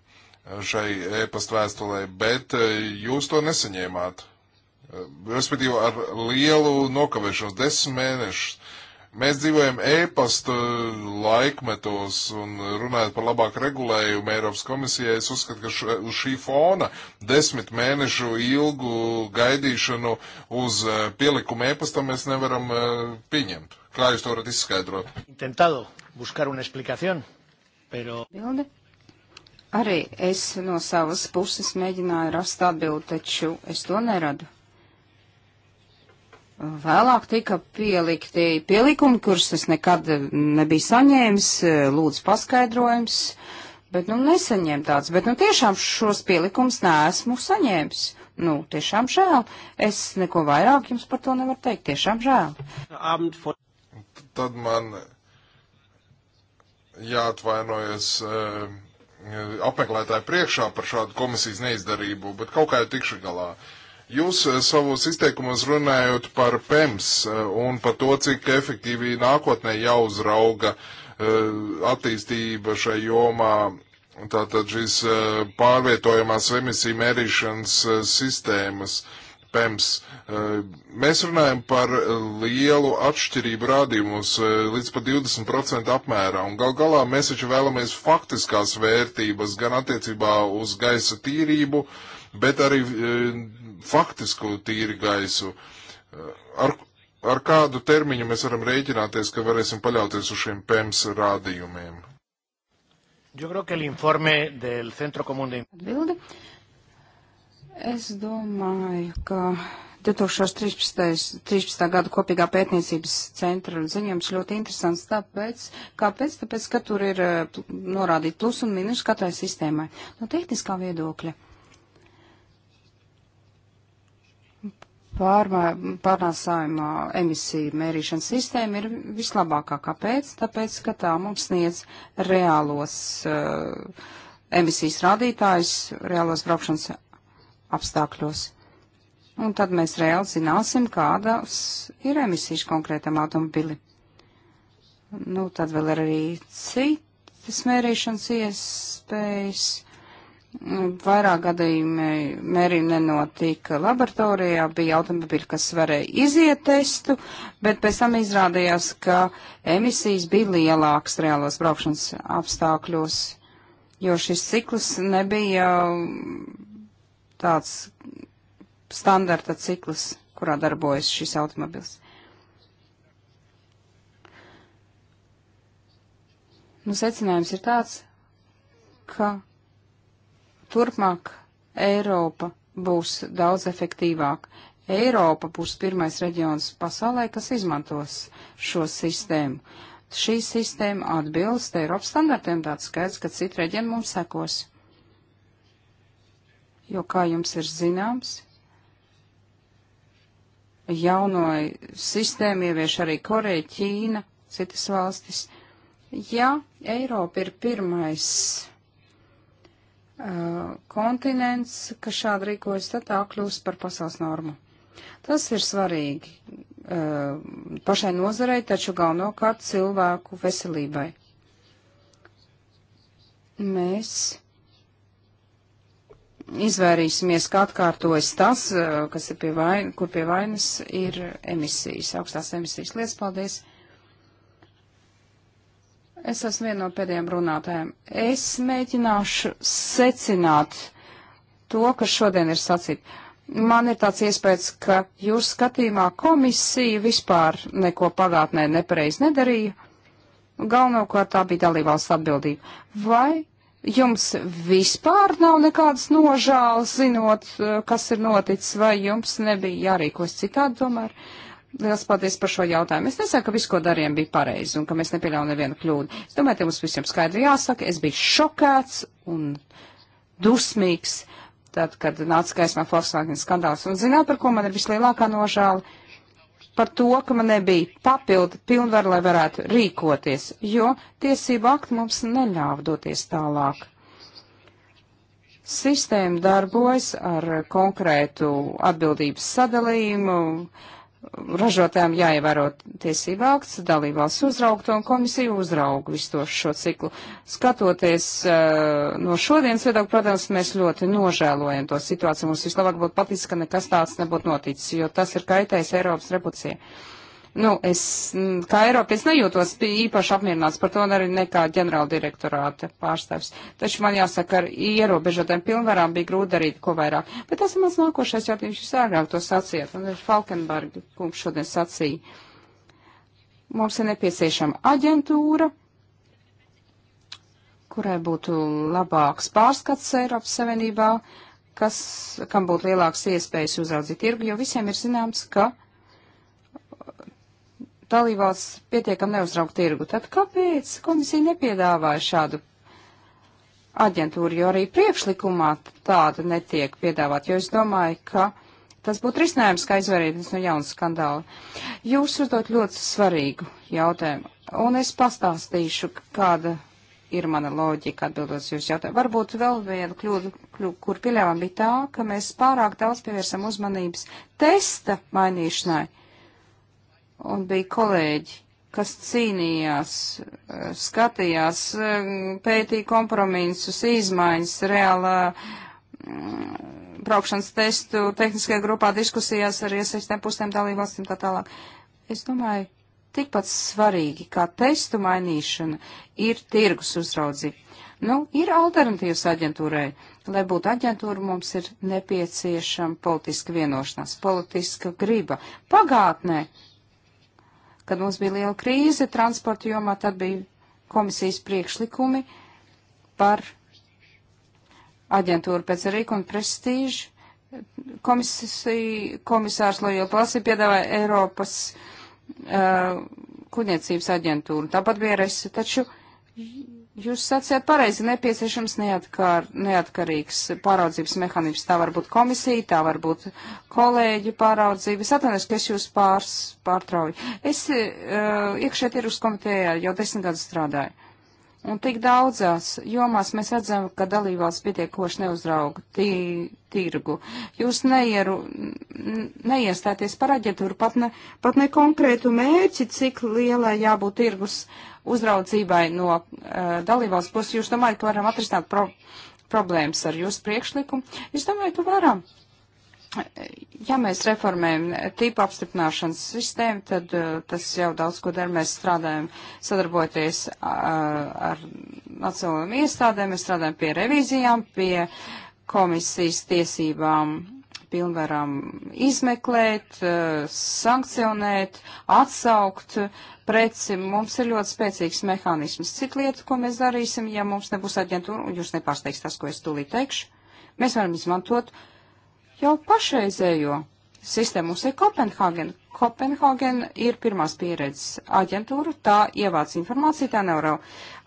šai e-pasta vēstulē, bet e, jūs to nesaņēmāt. E, respektīvi ar lielu nokavēšanos, desmit mēnešus. Mēs dzīvojam e-pasta e, laikmetos un runājot par labāku regulējumu Eiropas komisijai, es uzskatu, ka š, uz šī fona desmit mēnešu ilgu gaidīšanu uz pielikumu e-pasta mēs nevaram uh, pieņemt. Kā jūs to varat izskaidrot? Intentado buscar una explicación. Pero... Bilde. Arī es no savas puses mēģināju rast atbildi, taču es to neradu. Vēlāk tika pielikti pielikumi, kurus es nekad nebiju saņēmis, lūdzu paskaidrojums, bet nu nesaņēmu tāds, bet nu tiešām šos pielikumus neesmu saņēmis. Nu, tiešām žēl. Es neko vairāk jums par to nevaru teikt, tiešām žēl. Tad man jāatvainojas eh, apmeklētāju priekšā par šādu komisijas neizdarību, bet kaut kā jau tikšu galā. Jūs eh, savos izteikumos runājot par PEMS eh, un par to, cik efektīvi nākotnē jāuzrauga attīstība šai jomā Tātad šīs pārvietojamās emisiju mērīšanas sistēmas. Uh, PEMS. Eh, mēs runājam par lielu atšķirību rādījumus eh, līdz pat 20% apmērā, un gal galā mēs taču vēlamies faktiskās vērtības gan attiecībā uz gaisa tīrību, bet arī eh, faktisku tīri gaisu. Ar, ar kādu termiņu mēs varam rēķināties, ka varēsim paļauties uz šiem PEMS rādījumiem? Yo creo que el informe del Centro Común de... Atbildi. Es domāju, ka 2013. 13. gada kopīgā pētniecības centra ziņojums ļoti interesants. Tāpēc, kāpēc? Tāpēc, ka tur ir eh, norādīti plus un mīnus katrai sistēmai. No tehniskā viedokļa. Pārnāsājumā emisiju mērīšanas sistēma ir vislabākā. Kāpēc? Tāpēc, ka tā mums sniedz reālos uh, emisijas rādītājus, reālos braukšanas apstākļos. Un tad mēs reāli zināsim, kādas ir emisijas konkrētam automobili. Nu, tad vēl ir arī citas mērīšanas iespējas. Vairāk gadījumi mērījumi nenotika laboratorijā, bija automobili, kas varēja iziet testu, bet pēc tam izrādījās, ka emisijas bija lielākas reālos braukšanas apstākļos, jo šis cikls nebija tāds standarta cikls, kurā darbojas šis automobils. Nu, secinājums ir tāds, ka turpmāk Eiropa būs daudz efektīvāk. Eiropa būs pirmais reģions pasaulē, kas izmantos šo sistēmu. Šī sistēma atbilst Eiropas standartiem, tāds skaidrs, ka citi reģioni mums sekos jo, kā jums ir zināms, jauno sistēmu ievieš arī Koreja, Ķīna, citas valstis. Ja Eiropa ir pirmais uh, kontinents, kas šādi rīkojas, tad tā kļūst par pasaules normu. Tas ir svarīgi uh, pašai nozarei, taču galvenokārt cilvēku veselībai. Mēs izvairīsimies, ka atkārtojas tas, eh, kas ir pie vainas, kur pie vainas ir emisijas, augstās emisijas. Lielas paldies! Es esmu viena no pēdējiem runātājiem. Es mēģināšu secināt to, kas šodien ir sacīt. Man ir tāds iespējas, ka jūs skatījumā komisija vispār neko pagātnē nepareiz nedarīja. Galvenokārt tā bija dalībvalsts atbildība. Vai jums vispār nav nekādas nožēlas, zinot, eh, kas ir noticis, vai jums nebija jārīkos citādi tomēr? Liels paldies par šo jautājumu. Es nesaku, ka viss, ko darījām, bija pareizi un ka mēs nepieļaujam nevienu kļūdu. Es domāju, ka mums visiem skaidri jāsaka, es biju šokēts un dusmīgs, tad, kad nāca gaismā Volkswagen skandāls. Un zināt, par ko man ir vislielākā nožēla? par to, ka man nebija papildu pilnvaru, lai varētu rīkoties, jo tiesību akti mums neļāva doties tālāk. Sistēma darbojas ar konkrētu atbildības sadalījumu, uh, ražotājiem jāievēro tiesība akts, dalībvalsts uzraugto un komisija uzrauga visu to šo ciklu. Skatoties uh, no šodienas viedokļa, protams, mēs ļoti nožēlojam to situāciju. Mums vislabāk būtu paticis, ka nekas tāds nebūtu noticis, jo tas ir kaitējis Eiropas reputcijai. Nu, es mm, kā Eiropietis nejūtos īpaši apmierināts par to, un arī nekā ģenerāldirektorāta pārstāvs. Taču man jāsaka, ar ierobežotiem pilnvarām bija grūti darīt ko vairāk. Bet tas ir mans nākošais jautājums, jūs ārāk to sacījāt, un Falkenberga kungs šodien sacīja. Mums ir nepieciešama aģentūra, kurai būtu labāks pārskats Eiropas Savienībā, kas, kam būtu lielāks iespējas uzraudzīt tirgu, jo visiem ir zināms, ka dalībvalsts pietiekam neuzrauk tirgu, tad kāpēc komisija nepiedāvāja šādu aģentūru, jo arī priekšlikumā tāda netiek piedāvāt, jo es domāju, ka tas būtu risinājums, kā izvairīties no jauna skandāla. Jūs uzdot ļoti svarīgu jautājumu, un es pastāstīšu, kāda ir mana loģika atbildot jūs jautājumu. Varbūt vēl viena kļūda, kļūda kur pieļāvām, bija tā, ka mēs pārāk daudz pievērsam uzmanības testa mainīšanai, Un bija kolēģi, kas cīnījās, eh, skatījās, eh, pētīja kompromisus, izmaiņas reālā mm, braukšanas testu tehniskajā grupā diskusijās ar iesaistēm pusēm dalībvalstīm tā tālāk. Es domāju, tikpat svarīgi kā testu mainīšana ir tirgus uzraudzība. Nu, ir alternatīvas aģentūrai. Lai būtu aģentūra, mums ir nepieciešama politiska vienošanās, politiska griba. Pagātnē kad mums bija liela krīze transporta jomā, tad bija komisijas priekšlikumi par aģentūru pēc rīku un prestīžu. Komisija, komisārs Lojal Plasi piedāvāja Eiropas uh, kuģniecības aģentūru. Tāpat bija resi, taču Jūs sacījāt pareizi, nepieciešams neatkar, neatkarīgs pāraudzības mehānisms. Tā var būt komisija, tā var būt kolēģu pāraudzības. Atvainojos, ka es jūs pārs, pārtrauju. Es uh, iekšē tirgus komitejā jau desmit gadus strādāju. Un tik daudzās jomās mēs redzam, ka dalībvalsts pietiekoši neuzrauga tī, tirgu. Jūs neieru, neiestāties par aģentūru, pat ne, pat ne konkrētu mērķi, cik lielai jābūt tirgus uzraudzībai no uh, dalībvalsts puses. Jūs domājat, ka varam atrisināt pro, problēmas ar jūsu priekšlikumu? Es domāju, ka varam ja mēs reformējam tīpa apstiprināšanas sistēmu, tad uh, tas jau daudz ko dara. Mēs strādājam sadarboties uh, ar nacionālajām iestādēm, mēs strādājam pie revīzijām, pie komisijas tiesībām pilnvarām izmeklēt, uh, sankcionēt, atsaukt preci. Mums ir ļoti spēcīgs mehānisms. Cik lieta, ko mēs darīsim, ja mums nebūs aģentūra, un jūs nepārsteigts tas, ko es tūlīt teikšu, mēs varam izmantot uh, jau pašreizējo sistēmu. Mums ir Kopenhāgena. Kopenhāgena ir pirmās pieredzes aģentūra, tā ievāc informāciju, tā nav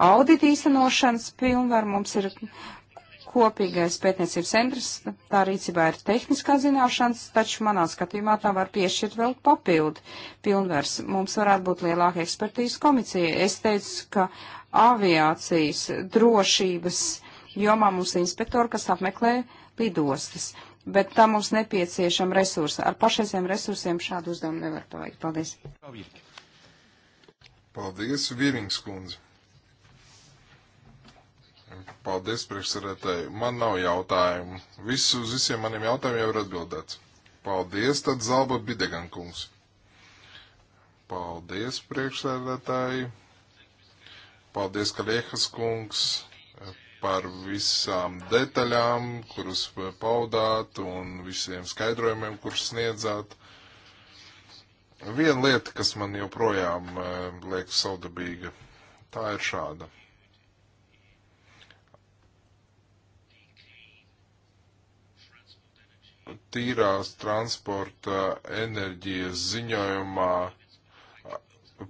audita īstenošanas pilnvar, mums ir kopīgais pētniecības centrs, tā rīcībā ir tehniskā zināšanas, taču manā skatījumā tā var piešķirt vēl papildu pilnvers. Mums varētu būt lielāka ekspertīzes komisija. Es teicu, ka aviācijas drošības jomā mums ir inspektori, kas apmeklē lidostas. Uh, bet tam mums nepieciešama resursa. Ar pašreiziem resursiem šādu uzdevumu nevar paveikt. Paldies. Paldies, Vīrings kundze. Paldies, priekšsarētāji. Man nav jautājumu. Viss uz visiem maniem jautājumiem jau ir atbildēts. Paldies, tad Zalba Bidegan kungs. Paldies, priekšsarētāji. Paldies, Kaliehas kungs par visām detaļām, kuras paudāt un visiem skaidrojumiem, kurus sniedzāt. Viena lieta, kas man joprojām e, liekas saudabīga, tā ir šāda. Tīrās transporta enerģijas ziņojumā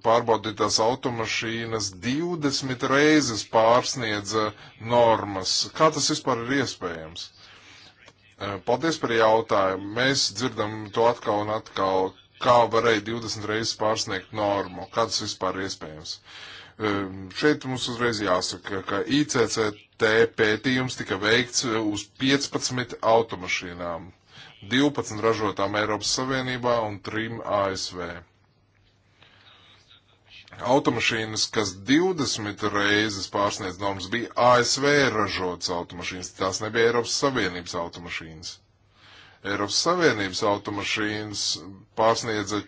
pārbaudītās automašīnas 20 reizes pārsniedza normas. Kā tas vispār ir iespējams? E, paldies par jautājumu. Mēs dzirdam to atkal un atkal, kā varēja 20 reizes pārsniegt normu. Kā tas vispār ir iespējams? E, šeit mums uzreiz jāsaka, ka ICCT pētījums tika veikts uz 15 automašīnām, 12 ražotām Eiropas Savienībā un 3 ASV Automašīnas, kas 20 reizes pārsniedz normas, bija ASV ražotas automašīnas, tās nebija Eiropas Savienības automašīnas. Eiropas Savienības automašīnas pārsniedza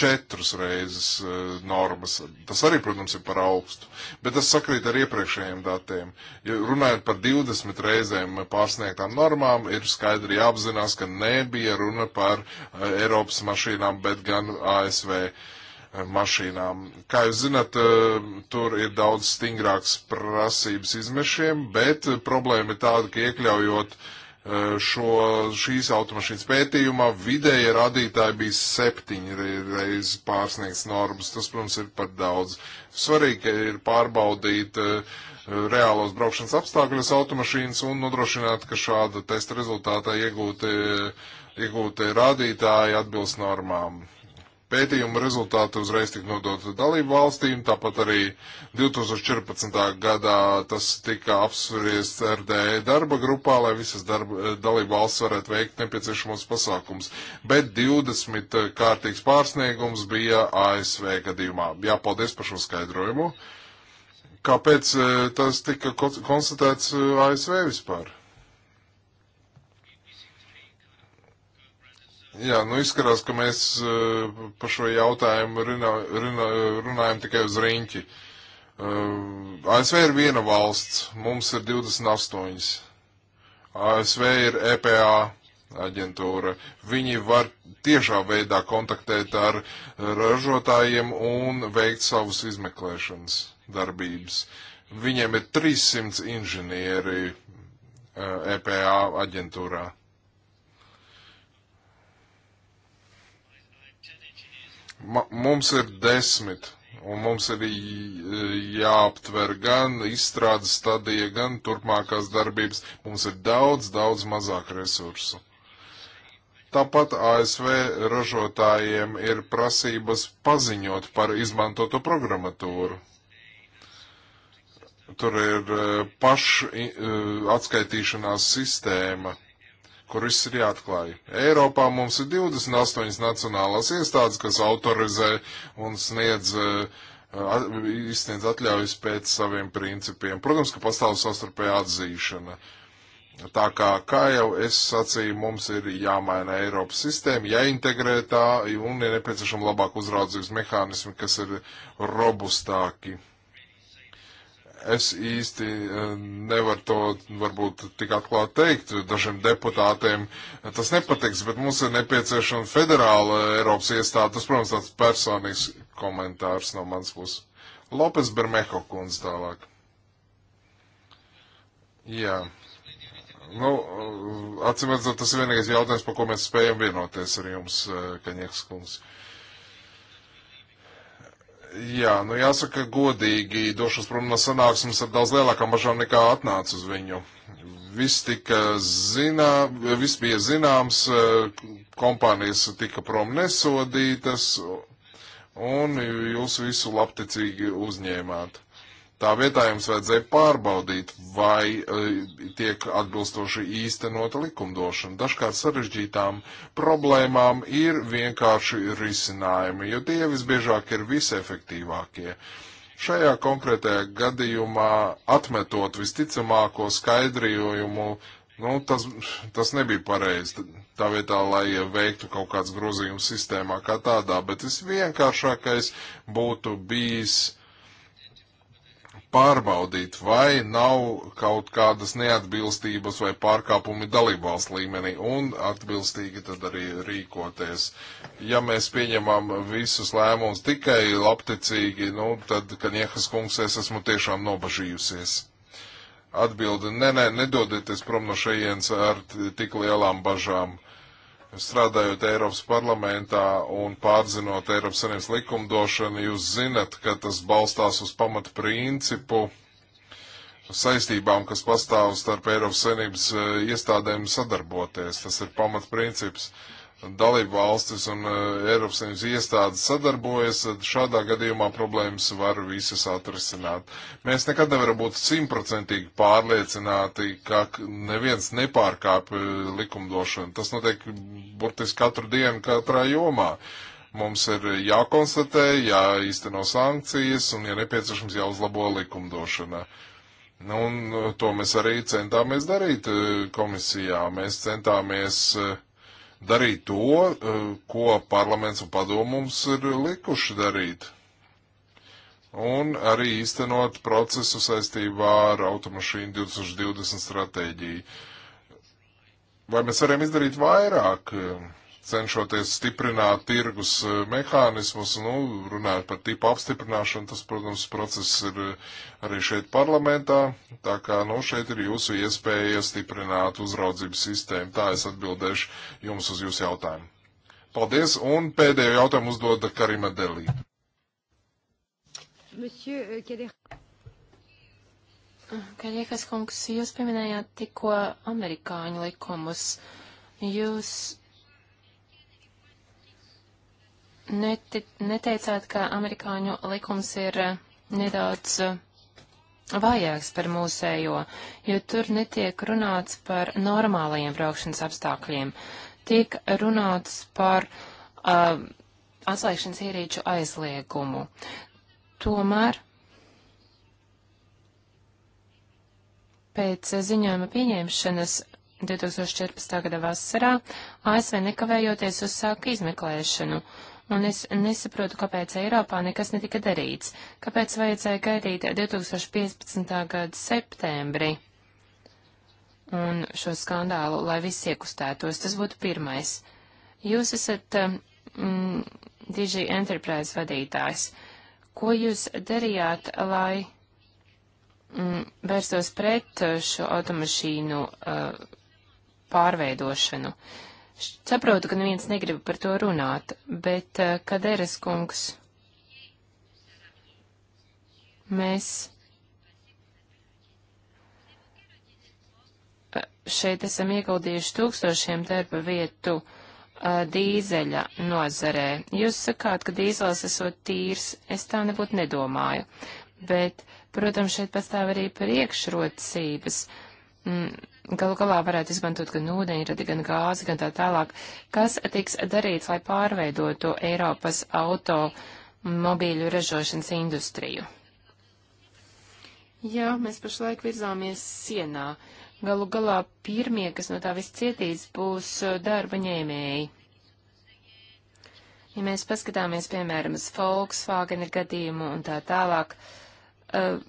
četras reizes uh, normas. Tas arī, protams, ir par augstu, bet tas sakrīt ar iepriekšējiem datiem. Ja runājot par 20 reizēm pārsniegtām normām, ir skaidri jāapzinās, ka nebija runa par uh, Eiropas mašīnām, bet gan ASV. Uh, mašīnām. Kā jūs zināt, e, tur ir daudz stingrāks prasības izmešiem, bet problēma ir tāda, ka iekļaujot e, šo, šīs automašīnas pētījumā vidēja rādītāji bija septiņi reizi pārsniegts normas. Tas, protams, ir par daudz. Svarīgi ir pārbaudīt e, reālos braukšanas apstākļus automašīnas un nodrošināt, ka šāda testa rezultātā iegūti, iegūti rādītāji atbilst normām. Pētījuma rezultāti uzreiz tika nodoti dalību valstīm, tāpat arī 2014. gadā tas tika apspriests RDE darba grupā, lai visas darba, eh, dalību valsts varētu veikt nepieciešamos pasākums. Bet 20 kārtīgs pārsniegums bija ASV gadījumā. Jāpaldies par šo skaidrojumu. Kāpēc eh, tas tika konstatēts eh, ASV vispār? Jā, nu izskatās, ka mēs eh, par šo jautājumu runā, runā, runājam tikai uz riņķi. Eh, ASV ir viena valsts, mums ir 28. ASV ir EPA aģentūra. Viņi var tiešā veidā kontaktēt ar ražotājiem un veikt savus izmeklēšanas darbības. Viņiem ir 300 inženieri EPA eh, e aģentūrā. Mums ir desmit, un mums ir jāaptver gan izstrādes stadija, gan turpmākās darbības. Mums ir daudz, daudz mazāk resursu. Tāpat ASV ražotājiem ir prasības paziņot par izmantoto programmatūru. Tur ir e, paša e, atskaitīšanās sistēma kur viss ir jāatklāj. Eiropā mums ir 28 nacionālās iestādes, kas autorizē un sniedz, eh, izsniedz atļaujas pēc saviem principiem. Protams, ka pastāv sastarpēja atzīšana. Tā kā, kā jau es sacīju, mums ir jāmaina Eiropas sistēma, jāintegrē tā un ir nepieciešama labāk uzraudzības mehānismi, kas ir robustāki. Es īsti eh, nevaru to varbūt tik atklāti teikt. Dažiem deputātiem tas nepatiks, bet mums ir nepieciešama federāla Eiropas iestāde. Tas, protams, tāds personīgs komentārs no mans puses. Lopes Bermeho kundze tālāk. Jā. Nu, atcīm redzot, tas ir vienīgais jautājums, par ko mēs spējam vienoties ar jums, eh, Kaņiekas kungs. Uh, Jā, nu jāsaka godīgi, došos prom no sanāksmes ar daudz lielākām bažām nekā atnācu uz viņu. Viss tika zinā, viss bija zināms, kompānijas tika prom nesodītas, un jūs visu labticīgi uzņēmāt. Tā vietā jums vajadzēja pārbaudīt, vai e, tiek atbilstoši īstenota likumdošana. Dažkārt sarežģītām problēmām ir vienkārši risinājumi, jo tie visbiežāk ir visefektīvākie. Šajā konkrētajā gadījumā, atmetot visticamāko skaidrojumu, nu, tas, tas nebija pareizi. Tā vietā, lai veiktu kaut kāds grozījums sistēmā kā tādā, bet visvienkāršākais būtu bijis pārbaudīt, vai nav kaut kādas neatbilstības vai pārkāpumi dalībvalsts līmenī un atbilstīgi tad arī rīkoties. Ja mēs pieņemam visus lēmumus tikai labticīgi, nu, tad, ka Niehas kungs, es esmu tiešām nobažījusies. Atbildi, nē, nē, nedodieties prom no šejienes ar tik lielām bažām strādājot Eiropas parlamentā un pārzinot Eiropas Savienības likumdošanu, jūs zinat, ka tas balstās uz pamatu principu saistībām, kas pastāv starp Eiropas Savienības eh, iestādēm sadarboties. Tas ir pamatprincips. princips dalību valstis un e, Eiropas Savienības iestādes sadarbojas, tad šādā gadījumā problēmas var visas atrisināt. Mēs nekad nevaram būt simtprocentīgi pārliecināti, ka neviens nepārkāp e, likumdošanu. Tas notiek burtiski katru dienu, katrā jomā. Mums ir jākonstatē, jāizteno sankcijas un, ja nepieciešams, jāuzlabo likumdošana. Nu, un e, to mēs arī centāmies darīt komisijā. Mēs centāmies uh, darīt to, eh, ko parlaments un padomums ir likuši darīt. Un arī īstenot procesu saistībā ar automašīnu 2020 stratēģiju. Vai mēs varam izdarīt vairāk? Uh, cenšoties stiprināt tirgus e, mehānismus, nu, runājot par tipu apstiprināšanu, tas, protams, process ir e, arī šeit parlamentā, tā kā, nu, šeit ir jūsu iespēja stiprināt uzraudzības sistēmu. Tā es atbildēšu jums uz jūsu jautājumu. Paldies, un pēdējo jautājumu uzdoda Karima Delī. E, Kaļiekas kungs, jūs pieminējāt tikko amerikāņu likumus. Jūs nete neteicāt, ka amerikāņu likums ir eh, nedaudz eh, vājāks par mūsējo, jo tur netiek runāts par normālajiem braukšanas apstākļiem. Tiek runāts par uh, atslēgšanas ierīču aizliegumu. Tomēr pēc ziņojuma pieņemšanas 2014. gada vasarā ASV nekavējoties uzsāka izmeklēšanu, un es nesaprotu, kāpēc Eiropā nekas netika darīts, kāpēc vajadzēja gaidīt 2015. gada septembrī un šo skandālu, lai viss iekustētos. Tas būtu pirmais. Jūs esat mm, um, DG Enterprise vadītājs. Ko jūs darījāt, lai mm, vērstos pret šo automašīnu uh, pārveidošanu? Uh, Saprotu, ka neviens negrib par to runāt, bet eh, Kaderes kungs, mēs eh, šeit esam ieguldījuši tūkstošiem darba vietu eh, dīzeļa nozarē. Jūs sakāt, ka dīzels esot tīrs, es tā nebūtu nedomāju, bet, protams, šeit pastāv arī priekšrocības. Mm, galu galā varētu izmantot gan ūdeņradi, gan gāzi, gan tā tālāk. Kas tiks darīts, lai pārveidotu Eiropas auto mobīļu ražošanas industriju? Jā, mēs pašlaik virzāmies sienā. Galu galā pirmie, kas no tā viss cietīs, būs uh, darba ņēmēji. Ja mēs paskatāmies, piemēram, uz Volkswagen gadījumu un tā tālāk, uh,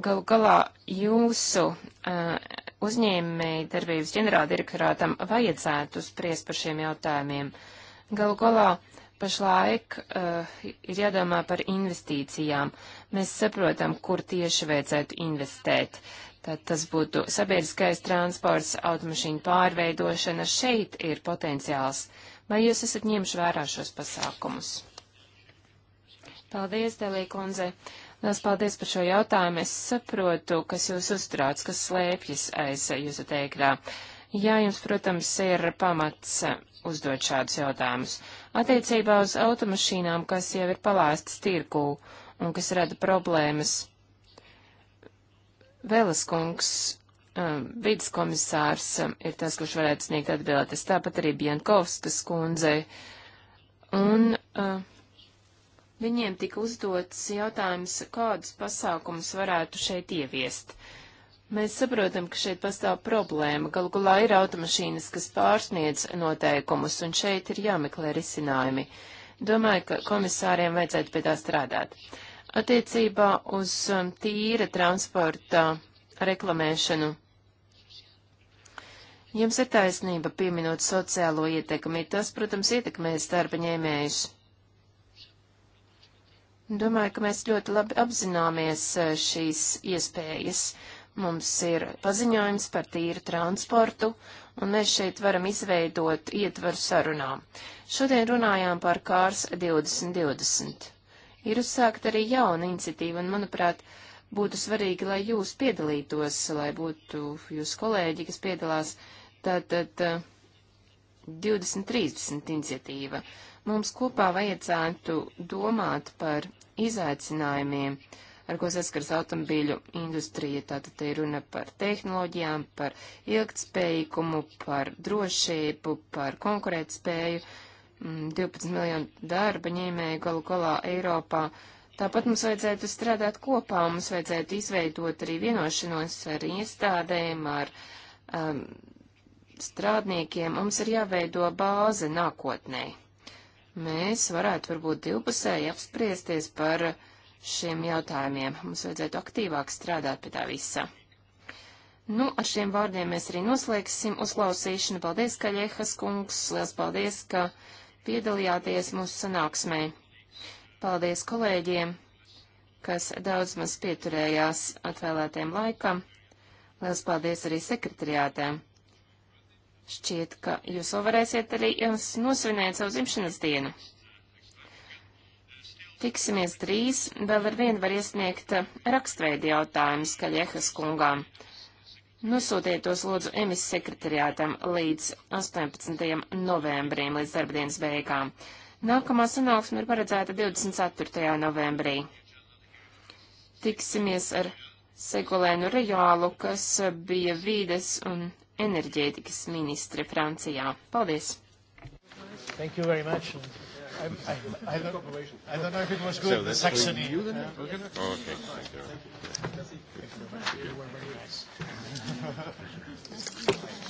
galu galā jūsu uh, uzņēmēji darbības ģenerāldirektorātam vajadzētu spriest par šiem jautājumiem. Galu galā pašlaik uh, ir jādomā par investīcijām. Mēs saprotam, kur tieši vajadzētu investēt. Tad tas būtu sabiedriskais transports, automašīnu pārveidošana. Šeit ir potenciāls. Vai jūs esat ņemši vērā šos pasākumus? Paldies, Delī kundze. Uh, Lielas paldies par šo jautājumu. Es saprotu, kas jūs uztrauc, kas slēpjas aiz jūsu teikrā. Jā, jums, protams, ir pamats uzdot šādus jautājumus. Attiecībā uz automašīnām, kas jau ir palāstas tirgū un kas rada problēmas, Vēlaskungs, um, vidas komisārs, um, ir tas, kurš varētu sniegt atbildes, tāpat arī Bienkovskas kundzei. Un uh, Viņiem tika uzdots jautājums, kādus pasākumus varētu šeit ieviest. Mēs saprotam, ka šeit pastāv problēma. Galu galā ir automašīnas, kas pārsniedz noteikumus, un šeit ir jāmeklē risinājumi. Domāju, ka komisāriem vajadzētu pie tā strādāt. Attiecībā uz um, tīra transporta reklamēšanu Jums ir taisnība pieminot sociālo ietekmi. Tas, protams, ietekmēs darba ņēmējus. Domāju, ka mēs ļoti labi apzināmies e, šīs iespējas. Mums ir paziņojums par tīru transportu, un mēs šeit varam izveidot ietvaru sarunām. Šodien runājām par kārs 2020. Ir uzsākta arī jauna iniciatīva, un, manuprāt, būtu svarīgi, lai jūs piedalītos, lai būtu jūs kolēģi, kas piedalās, tātad 2030 e, iniciatīva. Uh, Mums kopā vajadzētu domāt par izaicinājumiem, ar ko saskars automobīļu industrija. Tātad te ir runa par tehnoloģijām, par ilgtspējīgumu, par drošību, par konkurētspēju. 12 mm, miljonu darba ņēmēju galu galā Eiropā. Tāpat mums vajadzētu strādāt kopā, mums vajadzētu izveidot arī vienošanos ar iestādēm, ar um, strādniekiem. Mums ir jāveido bāze nākotnē mēs varētu varbūt divpusēji apspriesties par šiem jautājumiem. Mums vajadzētu aktīvāk strādāt pie tā visa. Nu, ar šiem vārdiem mēs arī noslēgsim uzklausīšanu. Paldies, Kaļehas kungs, liels paldies, ka piedalījāties mūsu sanāksmē. Paldies kolēģiem, kas daudz maz pieturējās atvēlētiem laikam. Liels paldies arī sekretariātēm Šķiet, ka jūs vēl varēsiet arī eh, nosvinēt savu dzimšanas dienu. Tiksimies drīz, vēl ar vienu var iesniegt eh, rakstveidi jautājumus Kaļehas kungām. Nosūtiet tos lūdzu emis sekretariātam līdz 18. novembrim, līdz darbdienas beigām. Nākamā sanāksme ir paredzēta 24. novembrī. Tiksimies ar Segolēnu Reālu, kas eh, bija vīdes un enerģētikas ministre Francijā. Paldies! Thank you very much. I, uh, I, I, don't, I don't know if it was good, so the Saxony. You, then? Uh, okay, thank you. Thank you. Thank you. You were very nice.